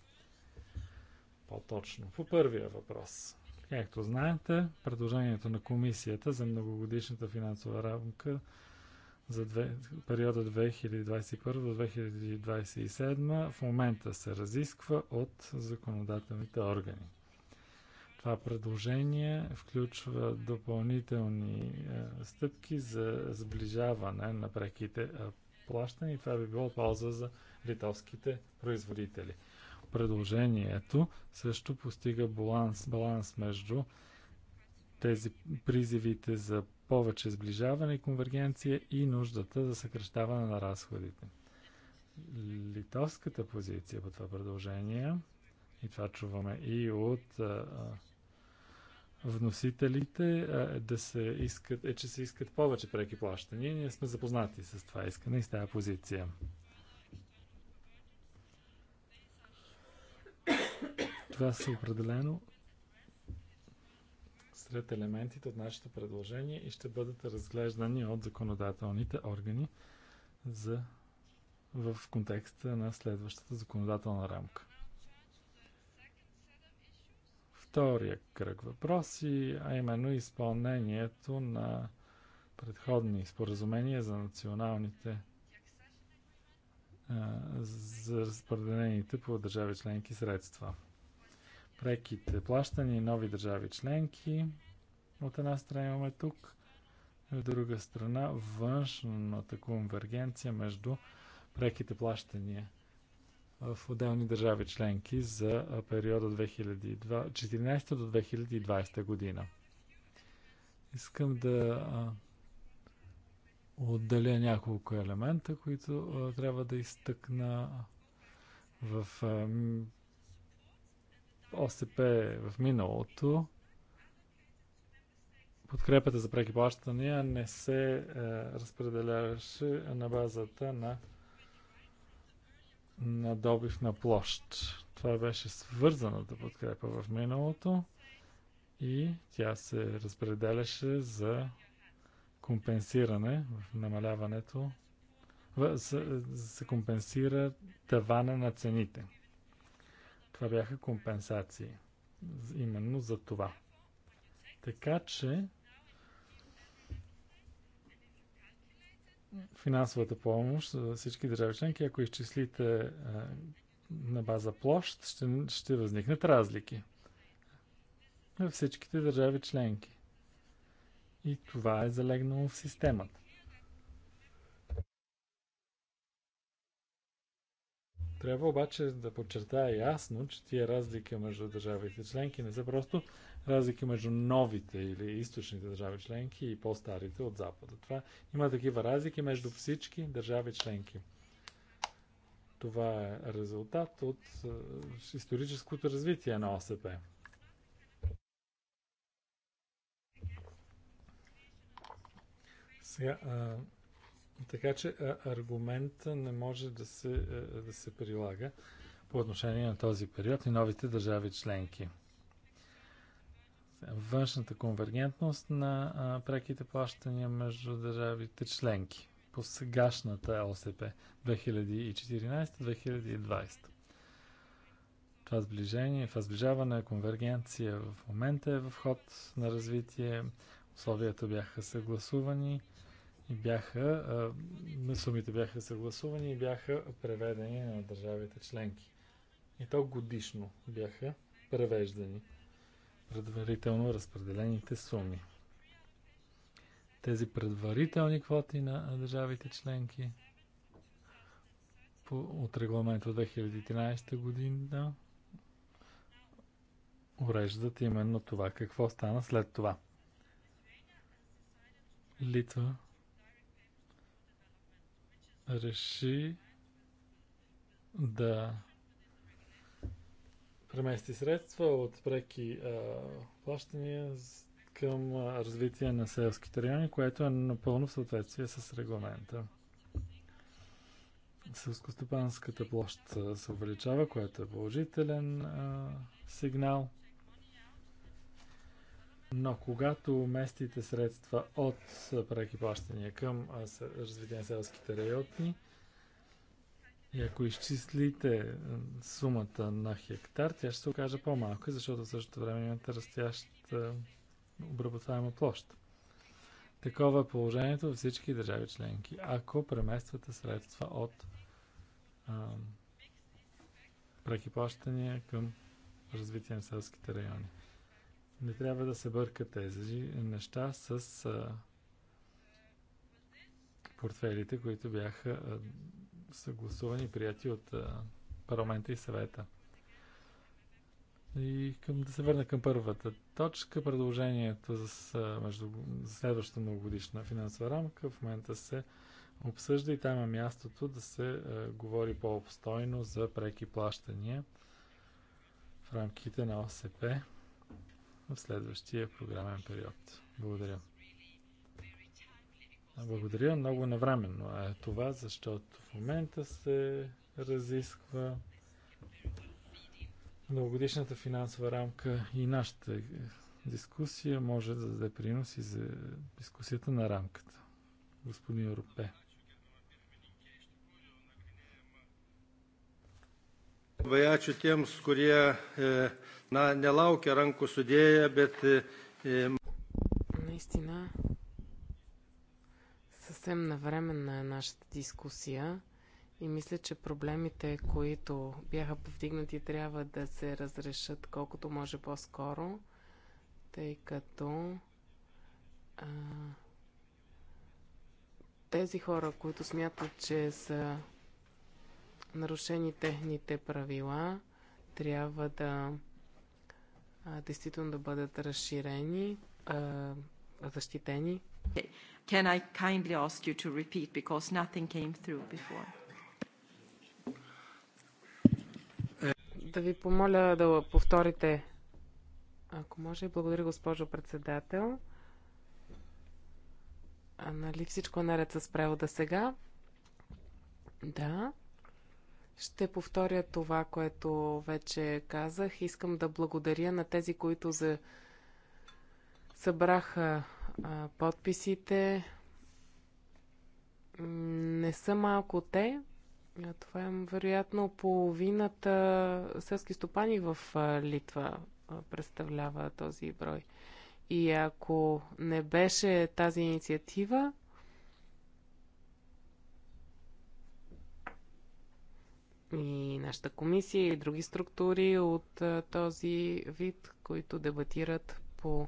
По-точно. По първия въпрос – Както знаете, предложението на комисията за многогодишната финансова рамка за две, периода 2021-2027 в момента се разисква от законодателните органи. Това предложение включва допълнителни е, стъпки за сближаване на преките е, плащания и това би било полза за литовските производители предложението също постига баланс, баланс между тези призивите за повече сближаване и конвергенция и нуждата за съкрещаване на разходите. Литовската позиция по това предложение, и това чуваме и от вносителите, е да се искат, е, че се искат повече преки плащания. Ние сме запознати с това искане и с тази позиция. Това са е определено сред елементите от нашето предложение и ще бъдат разглеждани от законодателните органи за, в контекста на следващата законодателна рамка. Втория кръг въпроси, а именно изпълнението на предходни споразумения за националните а, за разпределените по държави членки средства преките плащания и нови държави членки. От една страна имаме тук, от друга страна външната конвергенция между преките плащания в отделни държави членки за периода 2014 до 2020 година. Искам да отделя няколко елемента, които трябва да изтъкна в ОСП в миналото подкрепата за преки плащания не се е, разпределяваше на базата на, на добив на площ. Това беше свързаната подкрепа в миналото и тя се разпределяше за компенсиране в намаляването, в, се, компенсира тавана на цените. Това бяха компенсации. Именно за това. Така че финансовата помощ за всички държави членки, ако изчислите а, е, на база площ, ще, ще възникнат разлики във всичките държави членки. И това е залегнало в системата. Трябва обаче да подчертая ясно, че тия разлики между държавите членки не са просто разлики между новите или източните държави членки и по-старите от Запада. Това има такива разлики между всички държави членки. Това е резултат от е, историческото развитие на ОСП. Сега, така че аргумент не може да се, да се прилага по отношение на този период и новите държави членки. Външната конвергентност на а, преките плащания между държавите членки по сегашната ОСП 2014-2020. Това сближение, това сближаване, конвергенция в момента е в ход на развитие. Условията бяха съгласувани бяха, сумите бяха съгласувани и бяха преведени на държавите членки. И то годишно бяха превеждани предварително разпределените суми. Тези предварителни квоти на държавите членки от регламент от 2013 година уреждат именно това, какво стана след това. Литва реши да премести средства от преки а, плащания към а, развитие на селските райони, което е напълно в съответствие с регламента. Селскостопанската площ се увеличава, което е положителен а, сигнал – но когато местите средства от преки плащания към развитие на селските райони, и ако изчислите сумата на хектар, тя ще се окаже по-малка, защото в същото време имате растяща обработваема площ. Такова е положението във всички държави членки. Ако премествате средства от а, преки плащания към развитие на селските райони. Не трябва да се бърка тези неща с а, портфелите, които бяха а, съгласувани и прияти от а, парламента и съвета. И към, да се върна към първата точка. Предложението за, между, за следващата многогодишна финансова рамка в момента се обсъжда и там е мястото да се а, говори по-обстойно за преки плащания в рамките на ОСП в следващия програмен период. Благодаря. Благодаря. Много навременно е това, защото в момента се разисква многогодишната финансова рамка и нашата е, дискусия може да даде принос и за дискусията на рамката. Господин Рупе. Labai ačiū tiems, kurie e, na, nelaukia rankų sudėję, bet. E, e, Наистина, съвсем навременна е нашата дискусия и мисля, че проблемите, които бяха повдигнати, трябва да се разрешат колкото може по-скоро, тъй като а, тези хора, които смятат, че са нарушени техните правила, трябва да а, действително да бъдат разширени, а, защитени. Can I kindly ask you to repeat because nothing came through before? Да ви помоля да повторите. Ако може, благодаря, госпожо председател. А, нали всичко е наред с превода сега? Да. Ще повторя това, което вече казах. Искам да благодаря на тези, които за... събраха а, подписите. Не са малко те. А това е вероятно половината селски стопани в Литва представлява този брой. И ако не беше тази инициатива, и нашата комисия и други структури от а, този вид, които дебатират по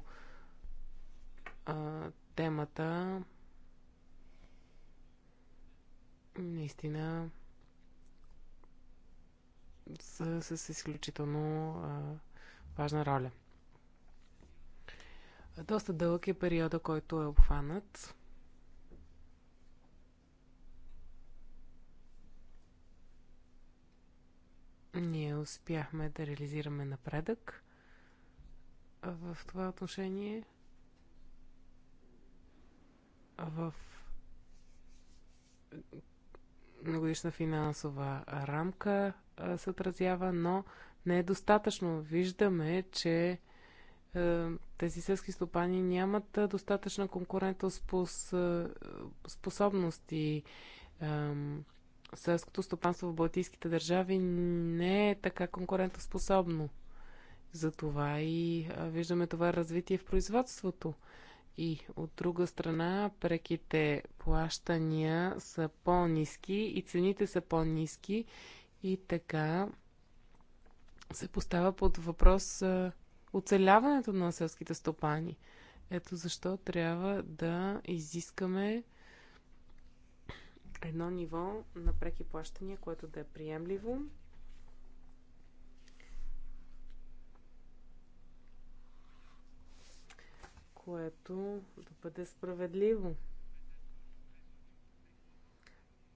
а, темата. Наистина с, с изключително а, важна роля. Доста дълъг е периода, който е обхванат. Ние успяхме да реализираме напредък в това отношение. В многодишна финансова рамка се отразява, но не е достатъчно. Виждаме, че тези селски стопани нямат достатъчна конкурентоспособност и селското стопанство в Балтийските държави не е така конкурентоспособно. Затова и виждаме това развитие в производството. И от друга страна, преките плащания са по-низки и цените са по-низки и така се поставя под въпрос оцеляването на селските стопани. Ето защо трябва да изискаме едно ниво на преки плащания, което да е приемливо. което да бъде справедливо.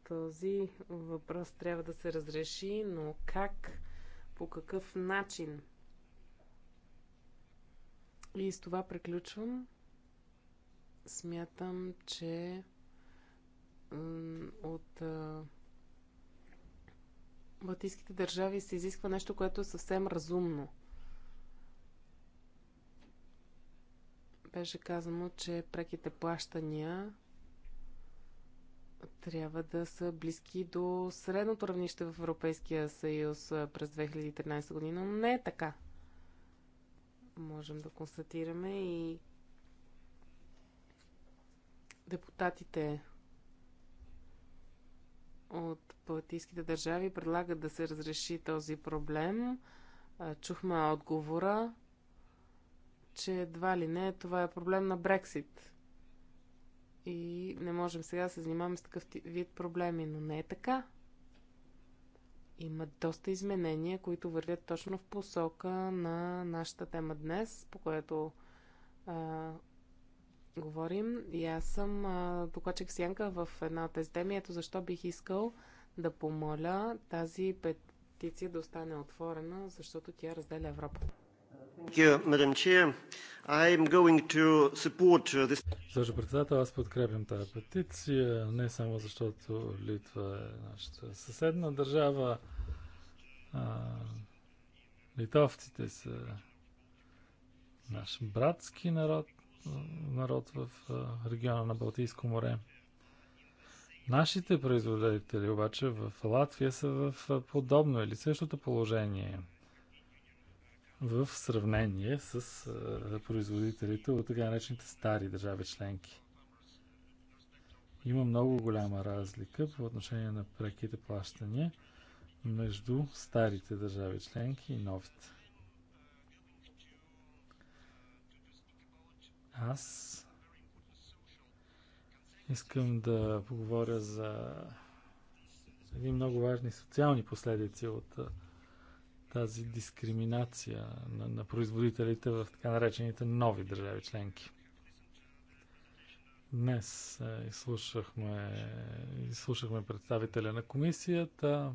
Този въпрос трябва да се разреши, но как, по какъв начин? И с това приключвам. Смятам, че от балтийските държави се изисква нещо, което е съвсем разумно. Беше казано, че преките плащания трябва да са близки до средното равнище в Европейския съюз през 2013 година, но не е така. Можем да констатираме и депутатите от балтийските държави предлагат да се разреши този проблем. Чухме отговора, че едва ли не това е проблем на Брексит. И не можем сега да се занимаваме с такъв вид проблеми, но не е така. Има доста изменения, които вървят точно в посока на нашата тема днес, по която говорим. И аз съм докладчик Сянка в една от тези теми. Ето защо бих искал да помоля тази петиция да остане отворена, защото тя разделя Европа. Uh, Също председател, аз подкрепям тази петиция, не само защото Литва е нашата съседна държава, а, литовците са наш братски народ, народ в региона на Балтийско море. Нашите производители обаче в Латвия са в подобно или същото положение в сравнение с производителите от така наречените стари държави членки. Има много голяма разлика по отношение на преките плащания между старите държави членки и новите. Аз искам да поговоря за едни много важни социални последици от тази дискриминация на, на производителите в така наречените нови държави членки. Днес изслушахме, изслушахме представителя на комисията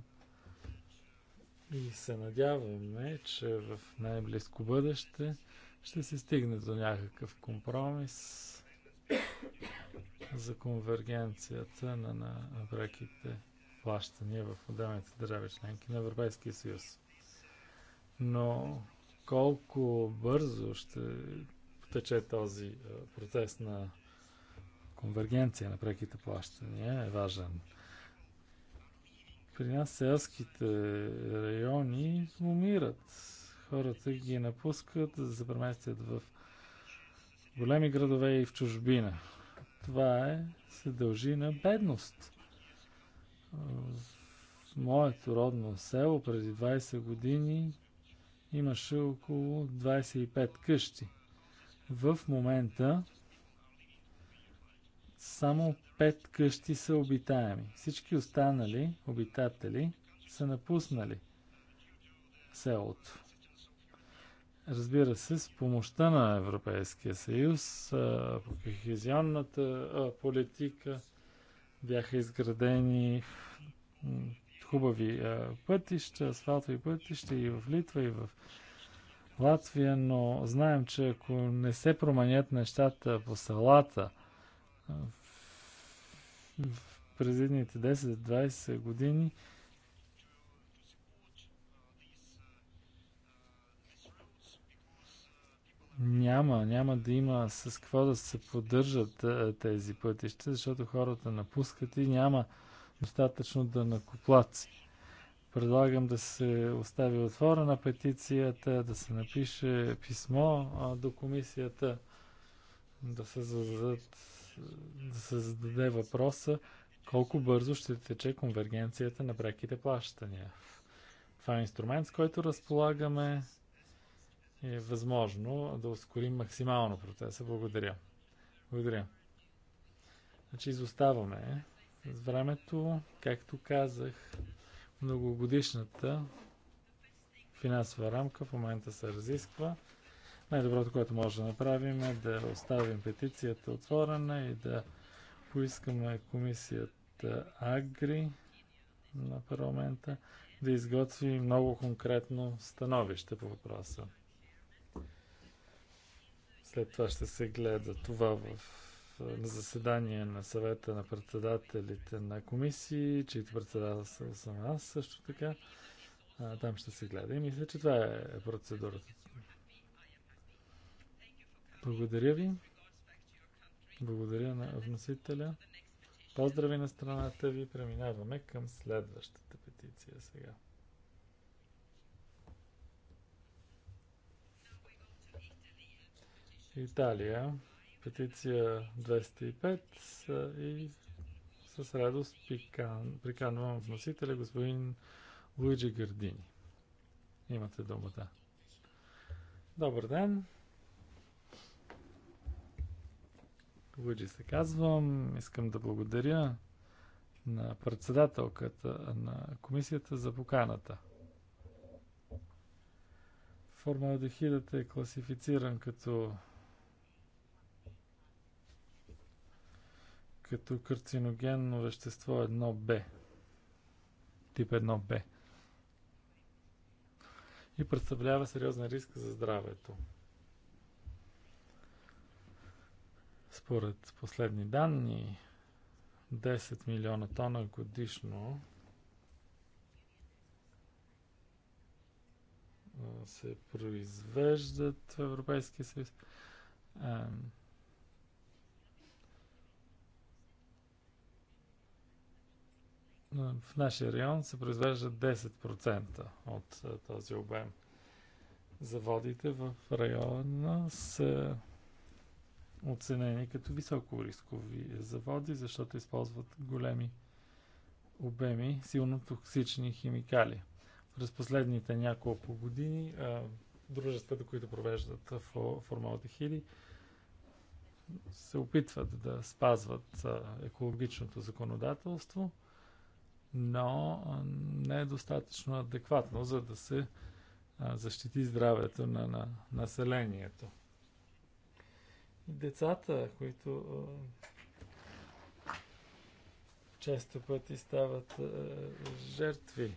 и се надяваме, че в най-близко бъдеще ще се стигне до някакъв компромис за конвергенцията на, на преките плащания в отделните държави членки на Европейския съюз. Но колко бързо ще тече този процес на конвергенция на преките плащания е важен. При нас селските райони умират Хората ги напускат, за да се преместят в големи градове и в чужбина. Това е, се дължи на бедност. В моето родно село преди 20 години имаше около 25 къщи. В момента само 5 къщи са обитаеми. Всички останали обитатели са напуснали селото. Разбира се, с помощта на Европейския съюз, по кохезионната политика бяха изградени хубави пътища, асфалтови пътища и в Литва, и в Латвия, но знаем, че ако не се променят нещата по салата в през едните 10-20 години, няма, няма да има с какво да се поддържат е, тези пътища, защото хората напускат и няма достатъчно да накоплаци. Предлагам да се остави отворена петицията, да се напише писмо до комисията, да се, зададат, да се зададе въпроса колко бързо ще тече конвергенцията на преките плащания. Това е инструмент, с който разполагаме е възможно да ускорим максимално процеса. Благодаря. Благодаря. Значи изоставаме с времето, както казах, многогодишната финансова рамка в момента се разисква. Най-доброто, което може да направим е да оставим петицията отворена и да поискаме комисията Агри на парламента да изготви много конкретно становище по въпроса. След това ще се гледа това в на заседание на съвета на председателите на комисии, чието председател съм аз също така. А, там ще се гледа и мисля, че това е, е процедурата. Благодаря ви. Благодаря на вносителя. Поздрави на страната ви. Преминаваме към следващата петиция сега. Италия, петиция 205 и с радост приканвам вносителя господин Луиджи Гърдини. Имате думата. Добър ден! Луиджи се казвам. Искам да благодаря на председателката на комисията за поканата. Формалдехидът е класифициран като като карциногенно вещество 1Б. Тип 1Б. И представлява сериозен риск за здравето. Според последни данни, 10 милиона тона годишно се произвеждат в Европейския съюз. в нашия район се произвежда 10% от е, този обем. Заводите в района са оценени като високо рискови заводи, защото използват големи обеми силно токсични химикали. През последните няколко години е, дружествата, които провеждат формалдехиди, се опитват да спазват е, екологичното законодателство но не е достатъчно адекватно, за да се защити здравето на, на населението. И децата, които често пъти стават жертви.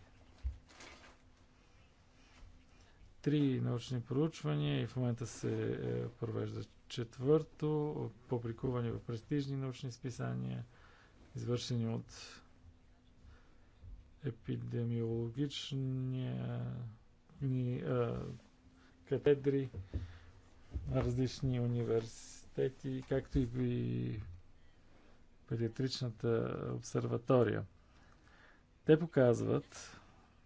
Три научни проучвания и в момента се е, провежда четвърто, публикувани в престижни научни списания, извършени от епидемиологични е, катедри на различни университети, както и при педиатричната обсерватория. Те показват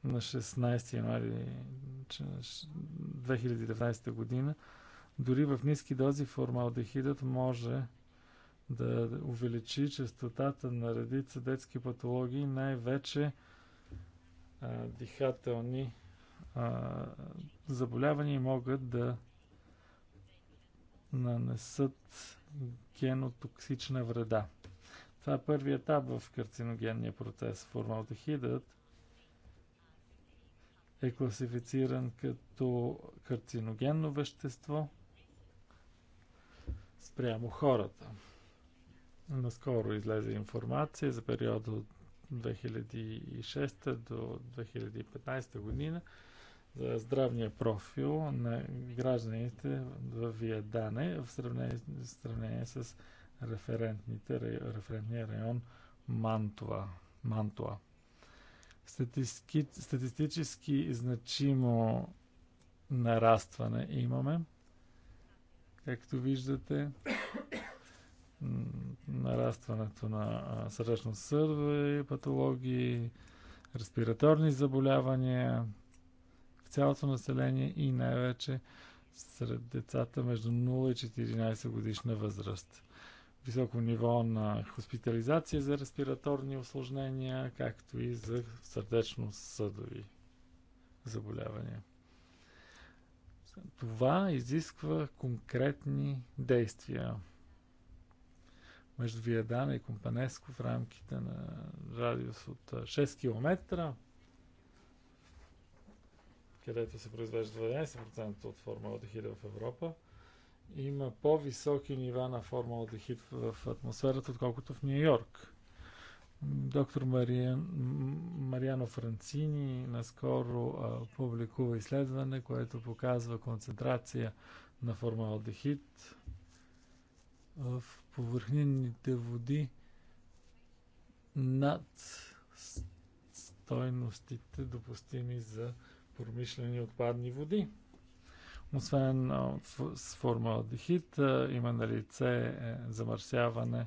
на 16 януари 2019 година, дори в ниски дози формалдехидът може да увеличи частотата на редица детски патологии, най-вече дихателни заболявания могат да нанесат генотоксична вреда. Това е първият етап в карциногенния процес. Формалдехидът е класифициран като карциногенно вещество спрямо хората. Наскоро излезе информация за периода от 2006 до 2015 година за здравния профил на гражданите в Виядане в сравнение, в сравнение с референтните, референтния район Мантуа. Мантуа. статистически значимо нарастване имаме, както виждате нарастването на сърдечно-съдови патологии, респираторни заболявания в цялото население и най-вече сред децата между 0 и 14 годишна възраст. Високо ниво на хоспитализация за респираторни осложнения, както и за сърдечно-съдови заболявания. Това изисква конкретни действия между Виедана и Компанеско в рамките на радиус от 6 км, където се произвежда 12% от формалдехида в Европа, има по-високи нива на формалдехид в атмосферата, отколкото в Нью Йорк. Доктор Мариан, Мариано Францини наскоро а, публикува изследване, което показва концентрация на формалдехид в повърхнените води над стойностите, допустими за промишлени отпадни води. Освен с формалдехид, има на лице е, замърсяване,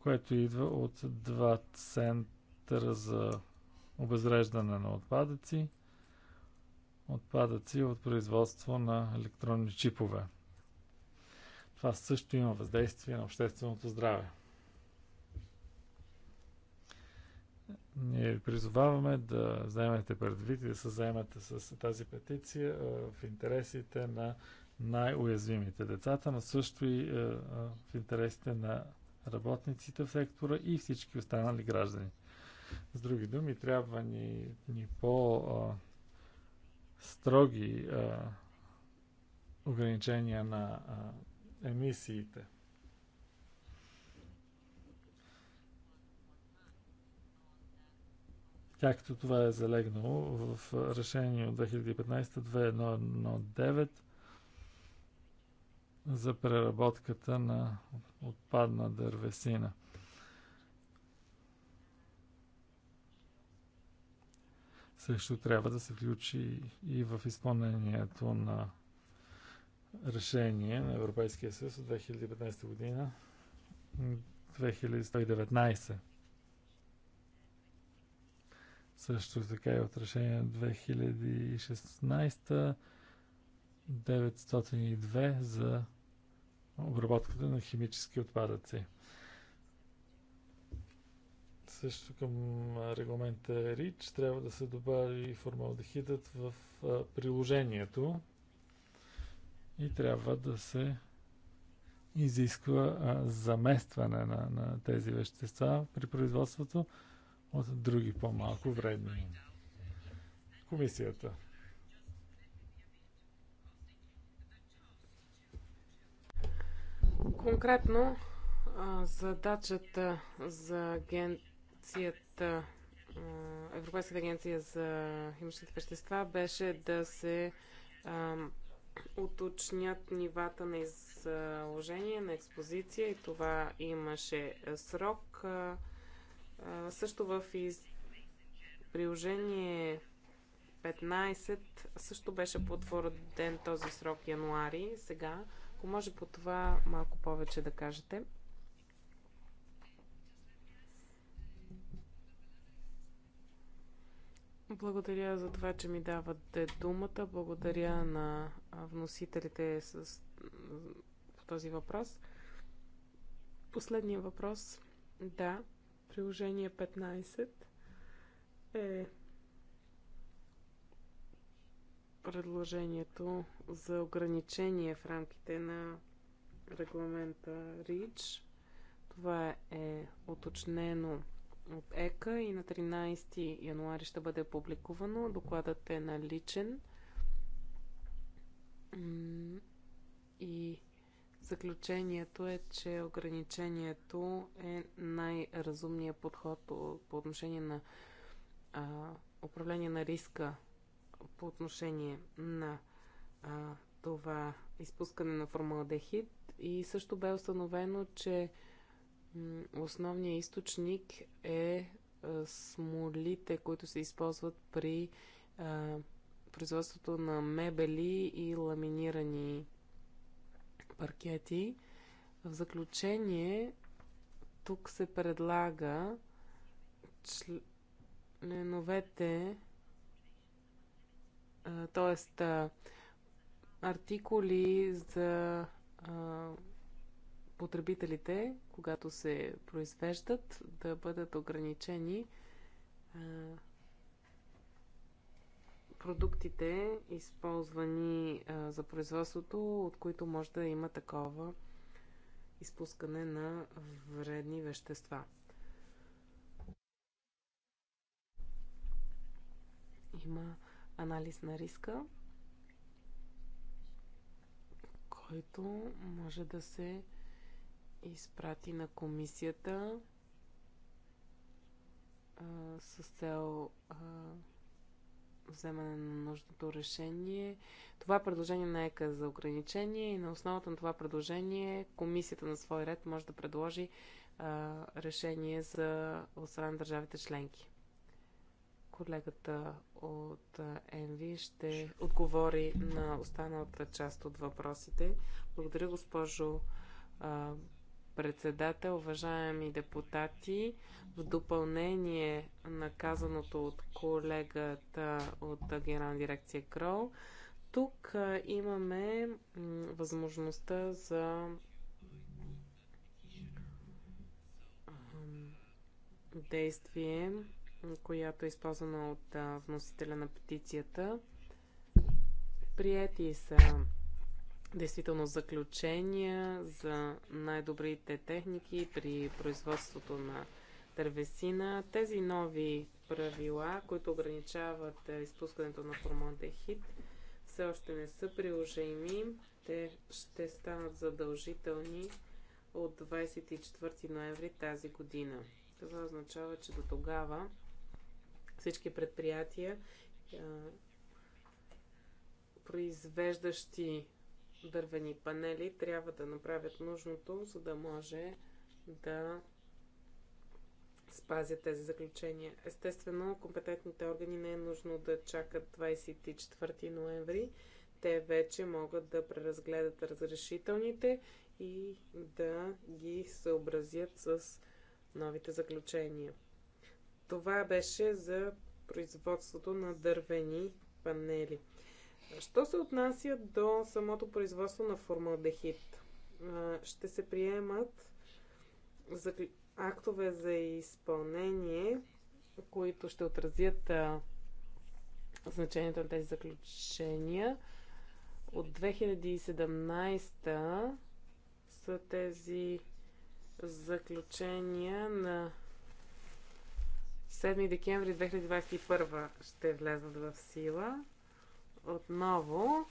което идва от два центъра за обезреждане на отпадъци, отпадъци от производство на електронни чипове. Това също има въздействие на общественото здраве. Ние ви призоваваме да вземете предвид и да се заемете с тази петиция в интересите на най-уязвимите децата, но също и в интересите на работниците в сектора и всички останали граждани. С други думи, трябва ни, ни по-строги ограничения на а, емисиите. Както това е залегнало в решение от 2015-2119 за преработката на отпадна дървесина. Също трябва да се включи и в изпълнението на решение на Европейския съюз от 2015 година 2019. Също така и от решение 2016 902 за обработката на химически отпадъци. Също към регламента РИЧ трябва да се добави формалдехидът в приложението и трябва да се изисква а, заместване на, на тези вещества при производството от други по-малко вредни. Комисията. Конкретно задачата за агенцията, Европейската агенция за химичните вещества беше да се уточнят нивата на изложение, на експозиция и това имаше срок. Също в из... приложение 15 също беше потвърден този срок януари. Сега, ако може по това малко повече да кажете. Благодаря за това, че ми давате думата. Благодаря на вносителите с, по този въпрос. Последния въпрос. Да, приложение 15 е предложението за ограничение в рамките на регламента РИЧ. Това е уточнено от ЕКА и на 13 януари ще бъде публикувано. Докладът е наличен. И заключението е, че ограничението е най-разумният подход по отношение на а, управление на риска, по отношение на а, това изпускане на формалдехид. И също бе установено, че Основният източник е смолите, които се използват при а, производството на мебели и ламинирани паркети. В заключение, тук се предлага членовете, т.е. артикули за а, потребителите, когато се произвеждат, да бъдат ограничени а, продуктите, използвани а, за производството, от които може да има такова изпускане на вредни вещества. Има анализ на риска, който може да се изпрати на комисията а, с цел а, вземане на нужното решение. Това е предложение на ЕКА за ограничение и на основата на това предложение комисията на свой ред може да предложи а, решение за от на държавите членки. Колегата от ЕНВИ ще отговори на останалата част от въпросите. Благодаря, госпожо председател, уважаеми депутати, в допълнение на казаното от колегата от Генерална дирекция КРОЛ, тук имаме възможността за действие, която е използвана от вносителя на петицията. Приети са действително заключения за най-добрите техники при производството на дървесина. Тези нови правила, които ограничават е, изпускането на формалдехид, все още не са приложими. Те ще станат задължителни от 24 ноември тази година. Това означава, че до тогава всички предприятия, е, произвеждащи дървени панели трябва да направят нужното, за да може да спазят тези заключения. Естествено, компетентните органи не е нужно да чакат 24 ноември. Те вече могат да преразгледат разрешителните и да ги съобразят с новите заключения. Това беше за производството на дървени панели. Що се отнася до самото производство на формалдехид? Ще се приемат актове за изпълнение, които ще отразят значението на тези заключения. От 2017 са тези заключения на 7 декември 2021 ще влезнат в сила. Отново,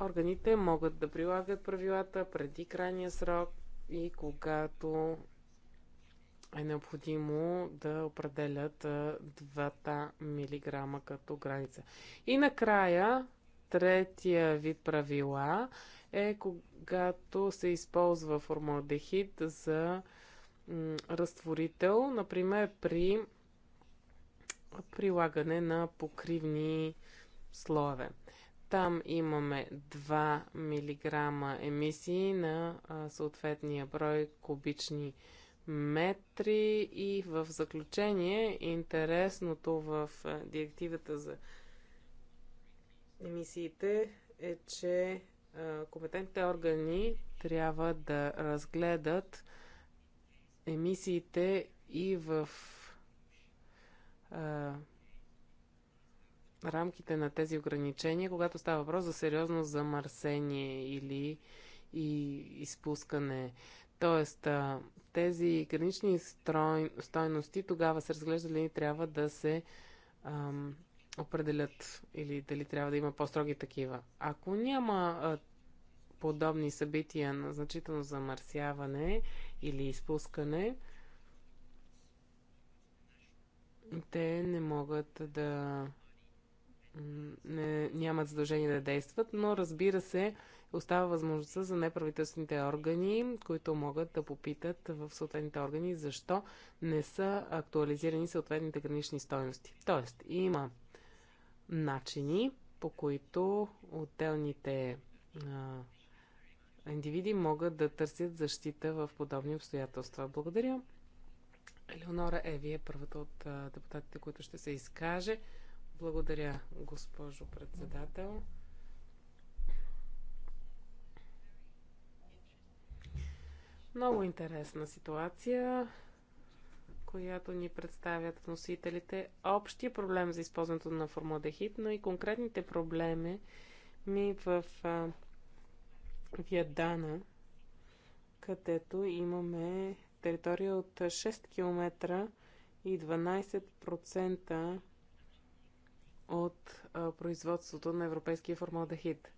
органите могат да прилагат правилата преди крайния срок и когато е необходимо да определят 2 милиграма като граница. И накрая, третия вид правила е когато се използва формалдехид за разтворител, например при прилагане на покривни слоеве. Там имаме 2 мг емисии на съответния брой кубични метри и в заключение интересното в директивата за емисиите е, че компетентните органи трябва да разгледат емисиите и в рамките на тези ограничения, когато става въпрос за сериозно замърсение или и изпускане. Тоест, а, тези гранични строй, стойности тогава се разглежда дали трябва да се ам, определят или дали трябва да има по-строги такива. Ако няма а, подобни събития на значително замърсяване или изпускане, те не могат да. Не, нямат задължение да действат, но разбира се, остава възможността за неправителствените органи, които могат да попитат в съответните органи защо не са актуализирани съответните гранични стоености. Тоест, има начини, по които отделните а, индивиди могат да търсят защита в подобни обстоятелства. Благодаря. Елеонора е, е първата от депутатите, които ще се изкаже. Благодаря, госпожо председател. Много интересна ситуация, която ни представят вносителите. Общия проблем за използването на формалдехид, но и конкретните проблеми ми в Виадана, Вядана, където имаме територия от 6 км и 12% от производството на европейския формалдехид.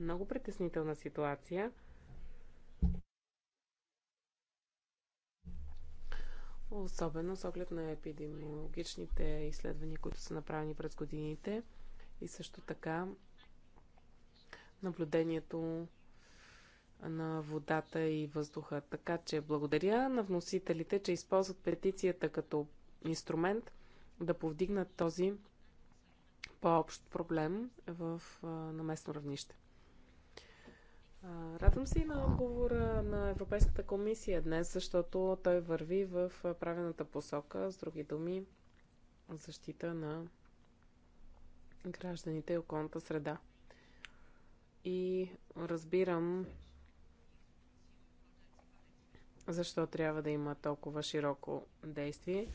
Много притеснителна ситуация. Особено с оглед на епидемиологичните изследвания, които са направени през годините и също така наблюдението на водата и въздуха. Така че благодаря на вносителите, че използват петицията като инструмент да повдигнат този по-общ проблем в, на местно равнище. Радвам се и на отговора на Европейската комисия днес, защото той върви в правилната посока, с други думи, защита на гражданите и околната среда. И разбирам защо трябва да има толкова широко действие.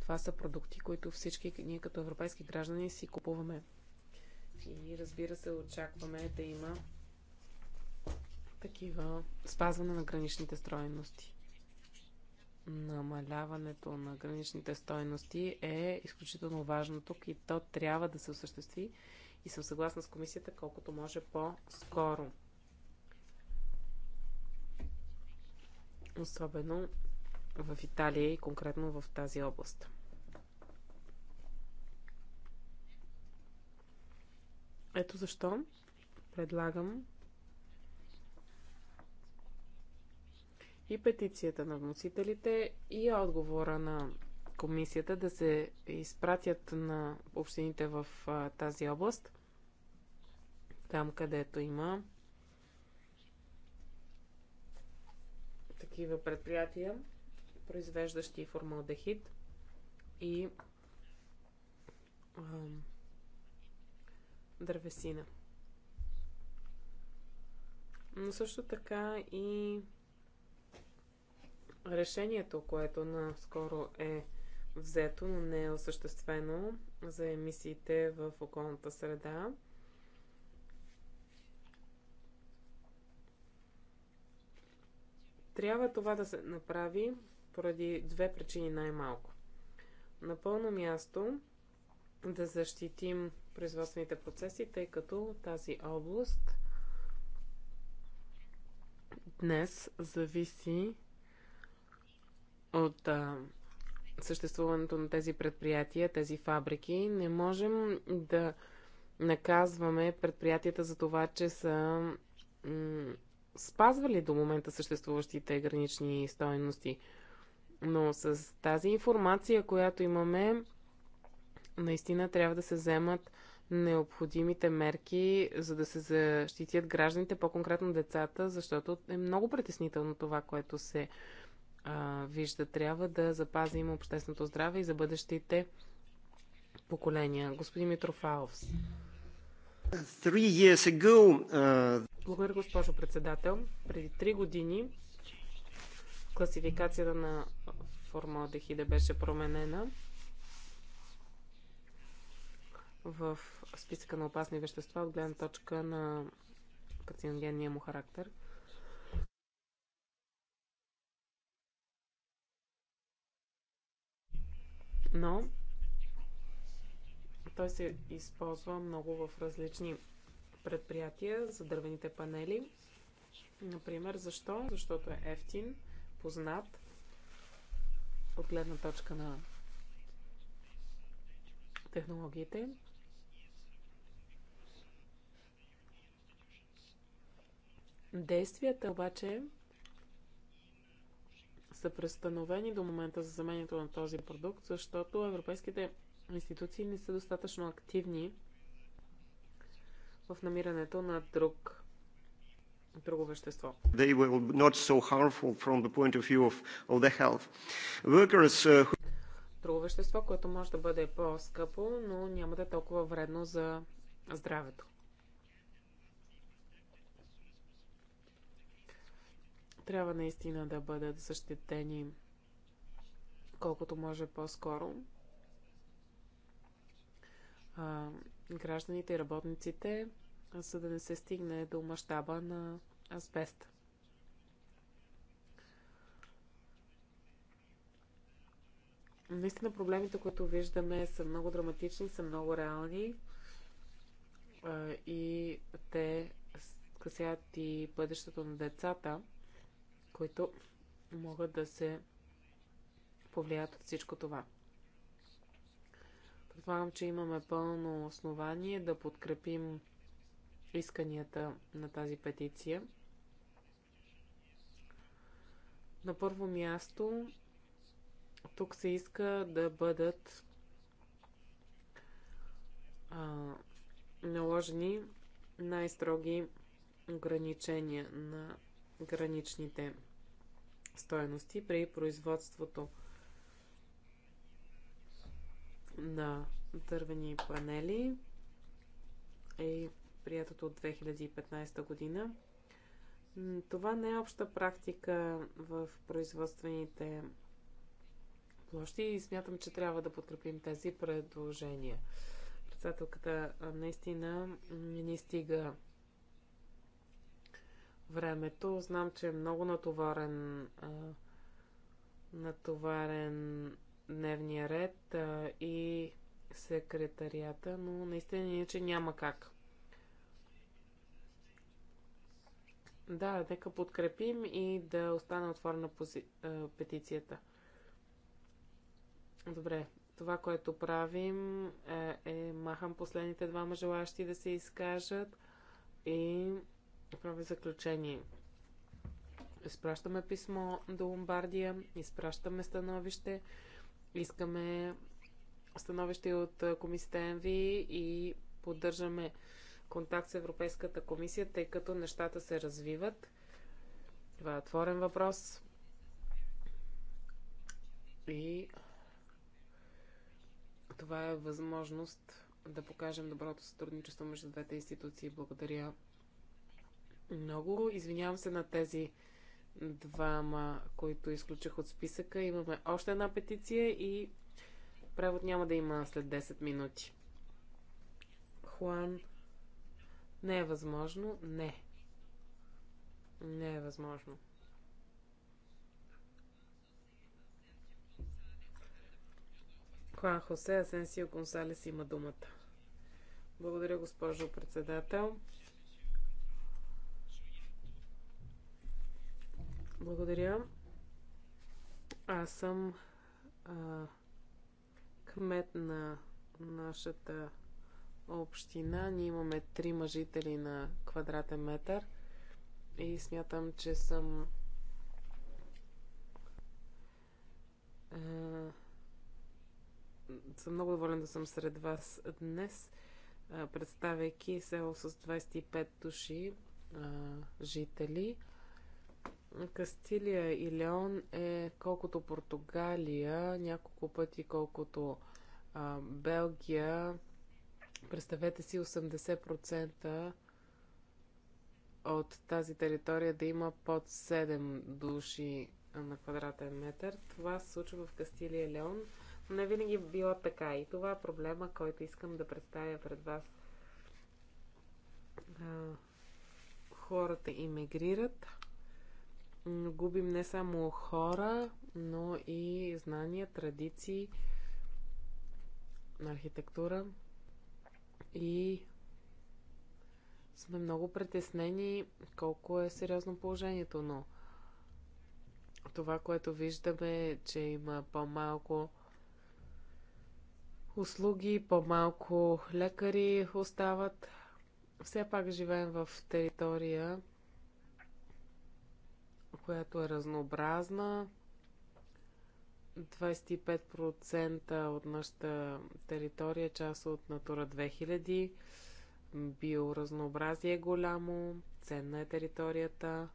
Това са продукти, които всички ние като европейски граждани си купуваме. И разбира се, очакваме да има такива спазване на граничните стройности. Намаляването на граничните стойности е изключително важно тук и то трябва да се осъществи и съм съгласна с комисията колкото може по-скоро. Особено в Италия и конкретно в тази област. Ето защо предлагам и петицията на вносителите и отговора на комисията да се изпратят на общините в а, тази област, там където има такива предприятия, произвеждащи формалдехид и а, дървесина. Но също така и решението, което наскоро е взето, но не е осъществено за емисиите в околната среда. Трябва това да се направи поради две причини най-малко. На пълно място да защитим производствените процеси, тъй като тази област днес зависи от а, съществуването на тези предприятия, тези фабрики. Не можем да наказваме предприятията за това, че са спазвали до момента съществуващите гранични стоености. Но с тази информация, която имаме, наистина трябва да се вземат необходимите мерки, за да се защитят гражданите, по-конкретно децата, защото е много притеснително това, което се а, вижда, трябва да запазим общественото здраве и за бъдещите поколения. Господин Митрофаус. Uh, Благодаря, госпожо председател. Преди три години класификацията на формалдехида беше променена в списъка на опасни вещества от гледна точка на пациентгенния му характер – но той се използва много в различни предприятия за дървените панели. Например, защо? Защото е ефтин, познат от гледна точка на технологиите. Действията обаче са престановени до момента за заменянето на този продукт, защото европейските институции не са достатъчно активни в намирането на друг друго вещество. They will not so harmful from the point of view of, of the health. Workers, uh... Друго вещество, което може да бъде по-скъпо, но няма да е толкова вредно за здравето. трябва наистина да бъдат защитени колкото може по-скоро. гражданите и работниците, за да не се стигне до мащаба на асбест. Наистина проблемите, които виждаме, са много драматични, са много реални и те скъсят и бъдещето на децата които могат да се повлияят от всичко това. Предполагам, че имаме пълно основание да подкрепим исканията на тази петиция. На първо място, тук се иска да бъдат а, наложени най-строги ограничения на граничните стойности при производството на дървени панели е приятото от 2015 година. Това не е обща практика в производствените площи и смятам, че трябва да подкрепим тези предложения. Председателката наистина не ни стига времето. Знам, че е много натоварен, а, натоварен дневния ред а, и секретарията, но наистина иначе няма как. Да, нека подкрепим и да остане отворена пози... а, петицията. Добре, това, което правим е, е махам последните двама желащи да се изкажат и прави заключение. Изпращаме писмо до Ломбардия, изпращаме становище, искаме становище от комисията МВ и поддържаме контакт с Европейската комисия, тъй като нещата се развиват. Това е отворен въпрос. И това е възможност да покажем доброто сътрудничество между двете институции. Благодаря много. Извинявам се на тези двама, които изключих от списъка. Имаме още една петиция и превод няма да има след 10 минути. Хуан. Не е възможно. Не. Не е възможно. Хуан Хосе Асенсио Гонсалес има думата. Благодаря, госпожо председател. Благодаря. Аз съм а, кмет на нашата община. Ние имаме три мъжители на квадратен метър и смятам, че съм а, съм много доволен да съм сред вас днес, представяйки село с 25 души а, жители. Кастилия и Леон е колкото Португалия, няколко пъти колкото а, Белгия. Представете си 80% от тази територия да има под 7 души на квадратен метър. Това се случва в Кастилия и Леон, но не винаги е било така. И това е проблема, който искам да представя пред вас. А, хората иммигрират губим не само хора, но и знания, традиции, архитектура и сме много притеснени колко е сериозно положението, но това, което виждаме, че има по-малко услуги, по-малко лекари остават. Все пак живеем в територия, която е разнообразна. 25% от нашата територия част от Натура 2000. Биоразнообразие е голямо, ценна е територията.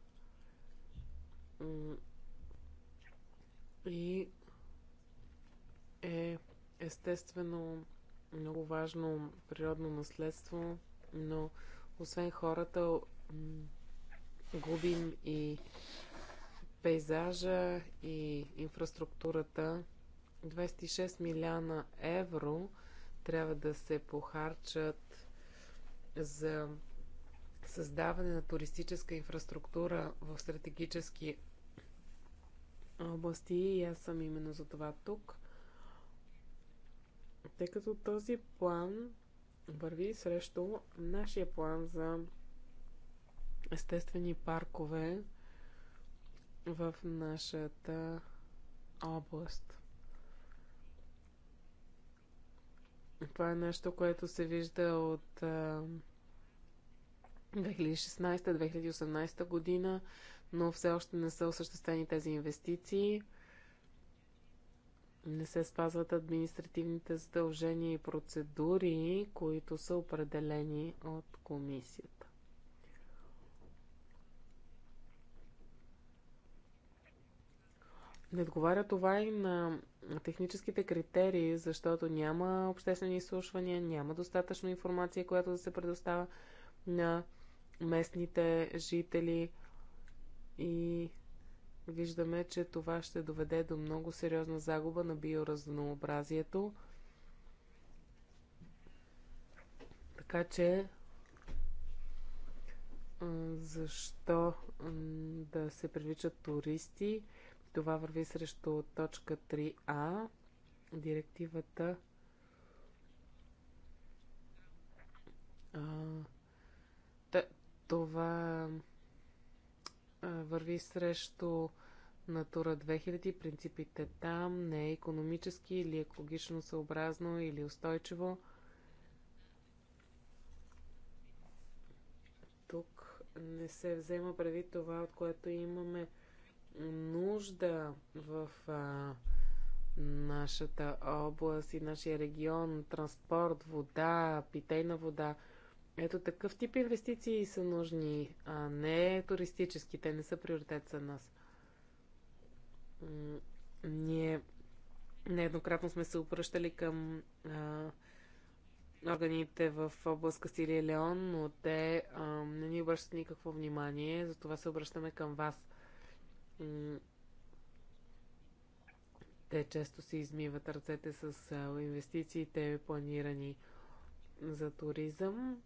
И е естествено много важно природно наследство, но освен хората, губим и пейзажа и инфраструктурата. 26 милиона евро трябва да се похарчат за създаване на туристическа инфраструктура в стратегически области и аз съм именно за това тук. Тъй като този план върви срещу нашия план за естествени паркове, в нашата област. Това е нещо, което се вижда от 2016-2018 година, но все още не са осъществени тези инвестиции. Не се спазват административните задължения и процедури, които са определени от комисията. Не отговаря това и на техническите критерии, защото няма обществени изслушвания, няма достатъчно информация, която да се предоставя на местните жители и виждаме, че това ще доведе до много сериозна загуба на биоразнообразието. Така че защо да се привличат туристи? Това върви срещу точка 3а. Директивата а, това а, върви срещу Натура 2000, принципите там не е економически или екологично съобразно или устойчиво. Тук не се взема преди това, от което имаме нужда в а, нашата област и нашия регион, транспорт, вода, питейна вода. Ето такъв тип инвестиции са нужни, а не туристически. Те не са приоритет за нас. Ние нееднократно сме се обръщали към а, органите в област Кастилия Леон, но те а, не ни обръщат никакво внимание, затова се обръщаме към вас те често си измиват ръцете с инвестициите, планирани за туризъм,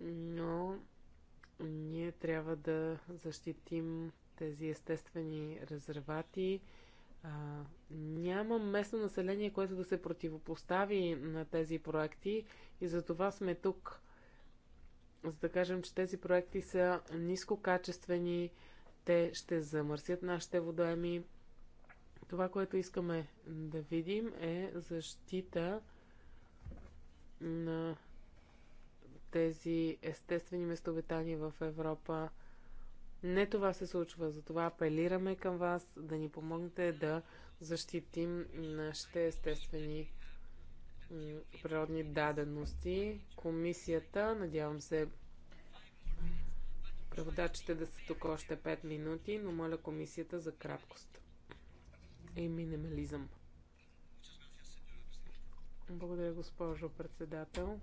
но ние трябва да защитим тези естествени резервати. А, няма местно население, което да се противопостави на тези проекти и за това сме тук. За да кажем, че тези проекти са нискокачествени, те ще замърсят нашите водоеми. Това, което искаме да видим е защита на тези естествени местообитания в Европа. Не това се случва, затова апелираме към вас да ни помогнете да защитим нашите естествени природни дадености. Комисията, надявам се, Преводачите да са тук още 5 минути, но моля комисията за краткост и минимализъм. Благодаря, госпожо председател.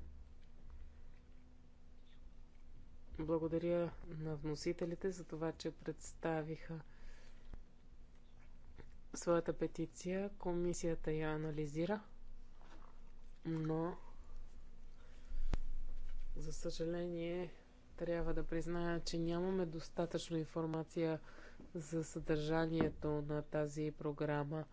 Благодаря на вносителите за това, че представиха своята петиция. Комисията я анализира, но за съжаление трябва да призная, че нямаме достатъчно информация за съдържанието на тази програма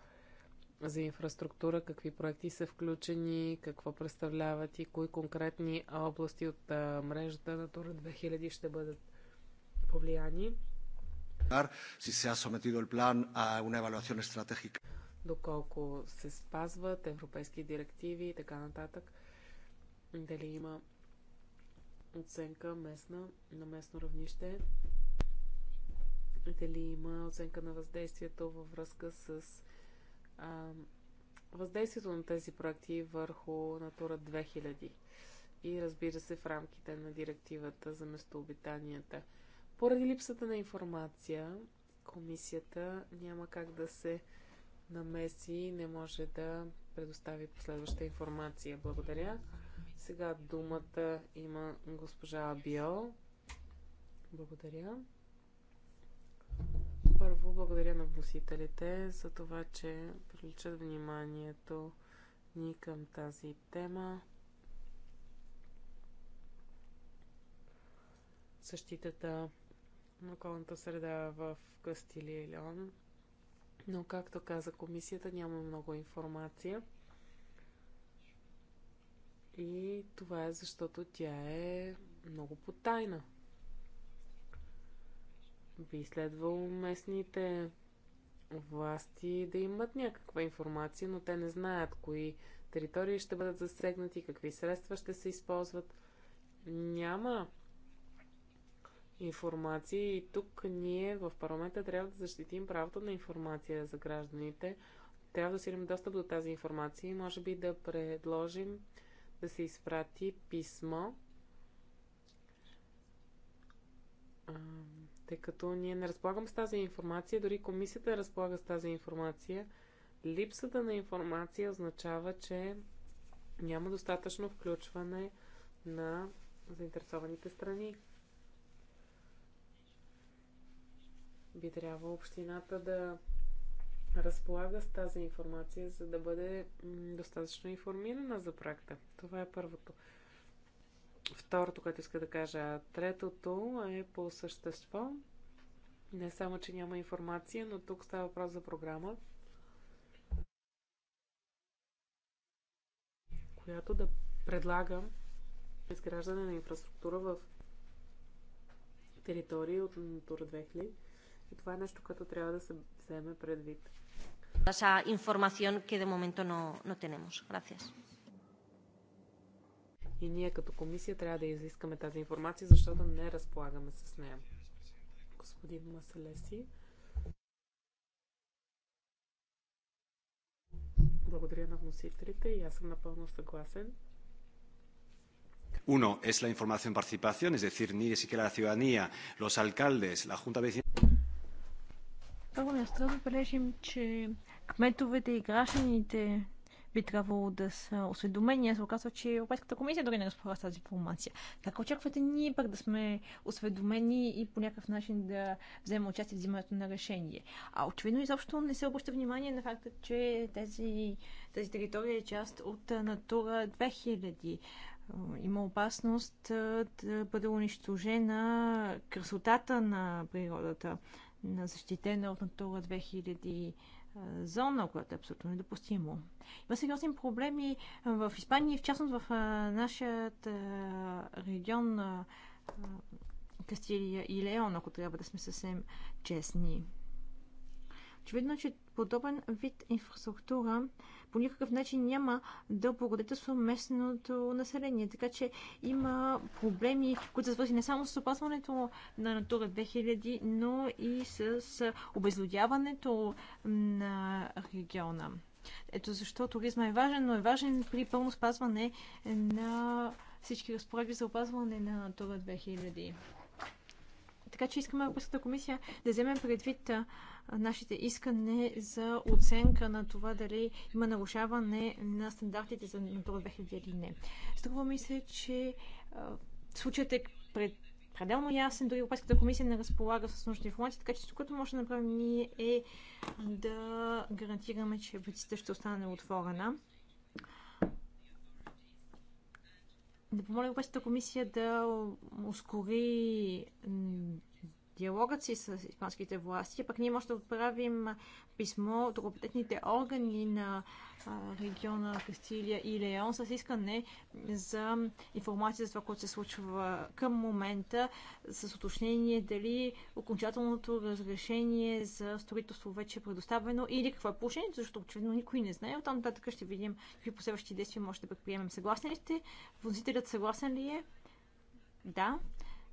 за инфраструктура, какви проекти са включени, какво представляват и кои конкретни области от мрежата на Тура 2000 ще бъдат повлияни. Доколко се спазват европейски директиви и така нататък. Дали има оценка местна, на местно равнище. Дали има оценка на въздействието във връзка с а, въздействието на тези проекти върху Натура 2000 и разбира се в рамките на директивата за местообитанията. Поради липсата на информация, комисията няма как да се намеси и не може да предостави последваща информация. Благодаря. Сега думата има госпожа Абиел. Благодаря. Първо, благодаря на вносителите за това, че приличат вниманието ни към тази тема. Същитата на околната среда в Кастилия и Леон. Но, както каза комисията, няма много информация. И това е защото тя е много потайна. Би следвало местните власти да имат някаква информация, но те не знаят кои територии ще бъдат засегнати, какви средства ще се използват. Няма информация и тук ние в парламента трябва да защитим правото на информация за гражданите. Трябва да имаме достъп до тази информация и може би да предложим да се изпрати писмо, тъй като ние не разполагам с тази информация, дори комисията разполага с тази информация. Липсата на информация означава, че няма достатъчно включване на заинтересованите страни. Би трябвало общината да разполага с тази информация, за да бъде достатъчно информирана за проекта. Това е първото. Второто, което иска да кажа. Третото е по същество. Не само, че няма информация, но тук става въпрос за програма, която да предлага изграждане на инфраструктура в територии от Натура 2000 и това е нещо, което трябва да се вземе предвид. Esa información que de momento no, no tenemos. Gracias. И ние като комисия трябва да изискаме тази информация, защото не разполагаме с нея. Господин Маселеси. Благодаря на вносителите и аз съм напълно съгласен. Uno es la información participación, es decir, ni siquiera la ciudadanía, los alcaldes, la Junta Vecinal. Първо не да отбележим, че кметовете и гражданите би трябвало да са осведомени. Аз оказва, че Европейската комисия дори не разполага с тази информация. Как очаквате ние пък да сме осведомени и по някакъв начин да вземем участие в взимането на решение? А очевидно изобщо не се обръща внимание на факта, че тези, тази територия е част от Натура 2000 има опасност да бъде унищожена красотата на природата на защитена от Натура 2000 зона, което е абсолютно недопустимо. Има сериозни проблеми в Испания и в частност в нашият регион Кастилия и Леон, ако трябва да сме съвсем честни. Очевидно, е, че подобен вид инфраструктура по никакъв начин няма да с местното население. Така че има проблеми, които са свързани не само с опазването на Натура 2000, но и с обезлюдяването на региона. Ето защо туризма е важен, но е важен при пълно спазване на всички разпоредби за опазване на Натура 2000. Така че искаме Европейската комисия да вземе предвид нашите искане за оценка на това дали има нарушаване на стандартите за Натура 2000 или не. Струва ми се, че случаят е пред пределно ясен, дори Европейската комисия не разполага с нужната информация, така че това, което може да направим ние е да гарантираме, че вътрешността ще остане отворена. да помоля Европейската комисия да ускори диалогът си с испанските власти, пък ние може да отправим писмо до компетентните органи на региона Кастилия и Леон с искане за информация за това, което се случва към момента, с уточнение дали окончателното разрешение за строителство вече е предоставено или какво е положението, защото очевидно никой не знае. Оттам нататък ще видим какви последващи действия може да предприемем. Съгласен ли сте? Вносителят съгласен ли е? Да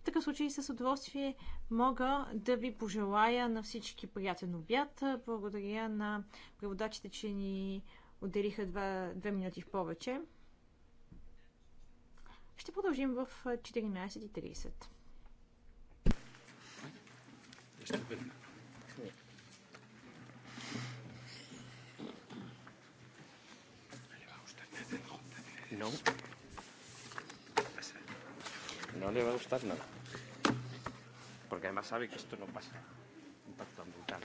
такъв случай с удоволствие мога да ви пожелая на всички приятен обяд. Благодаря на преводачите, че ни отделиха два, две минути в повече. Ще продължим в 14.30. No. No le va a gustar nada porque además sabe que esto no pasa. Impacto ambiental.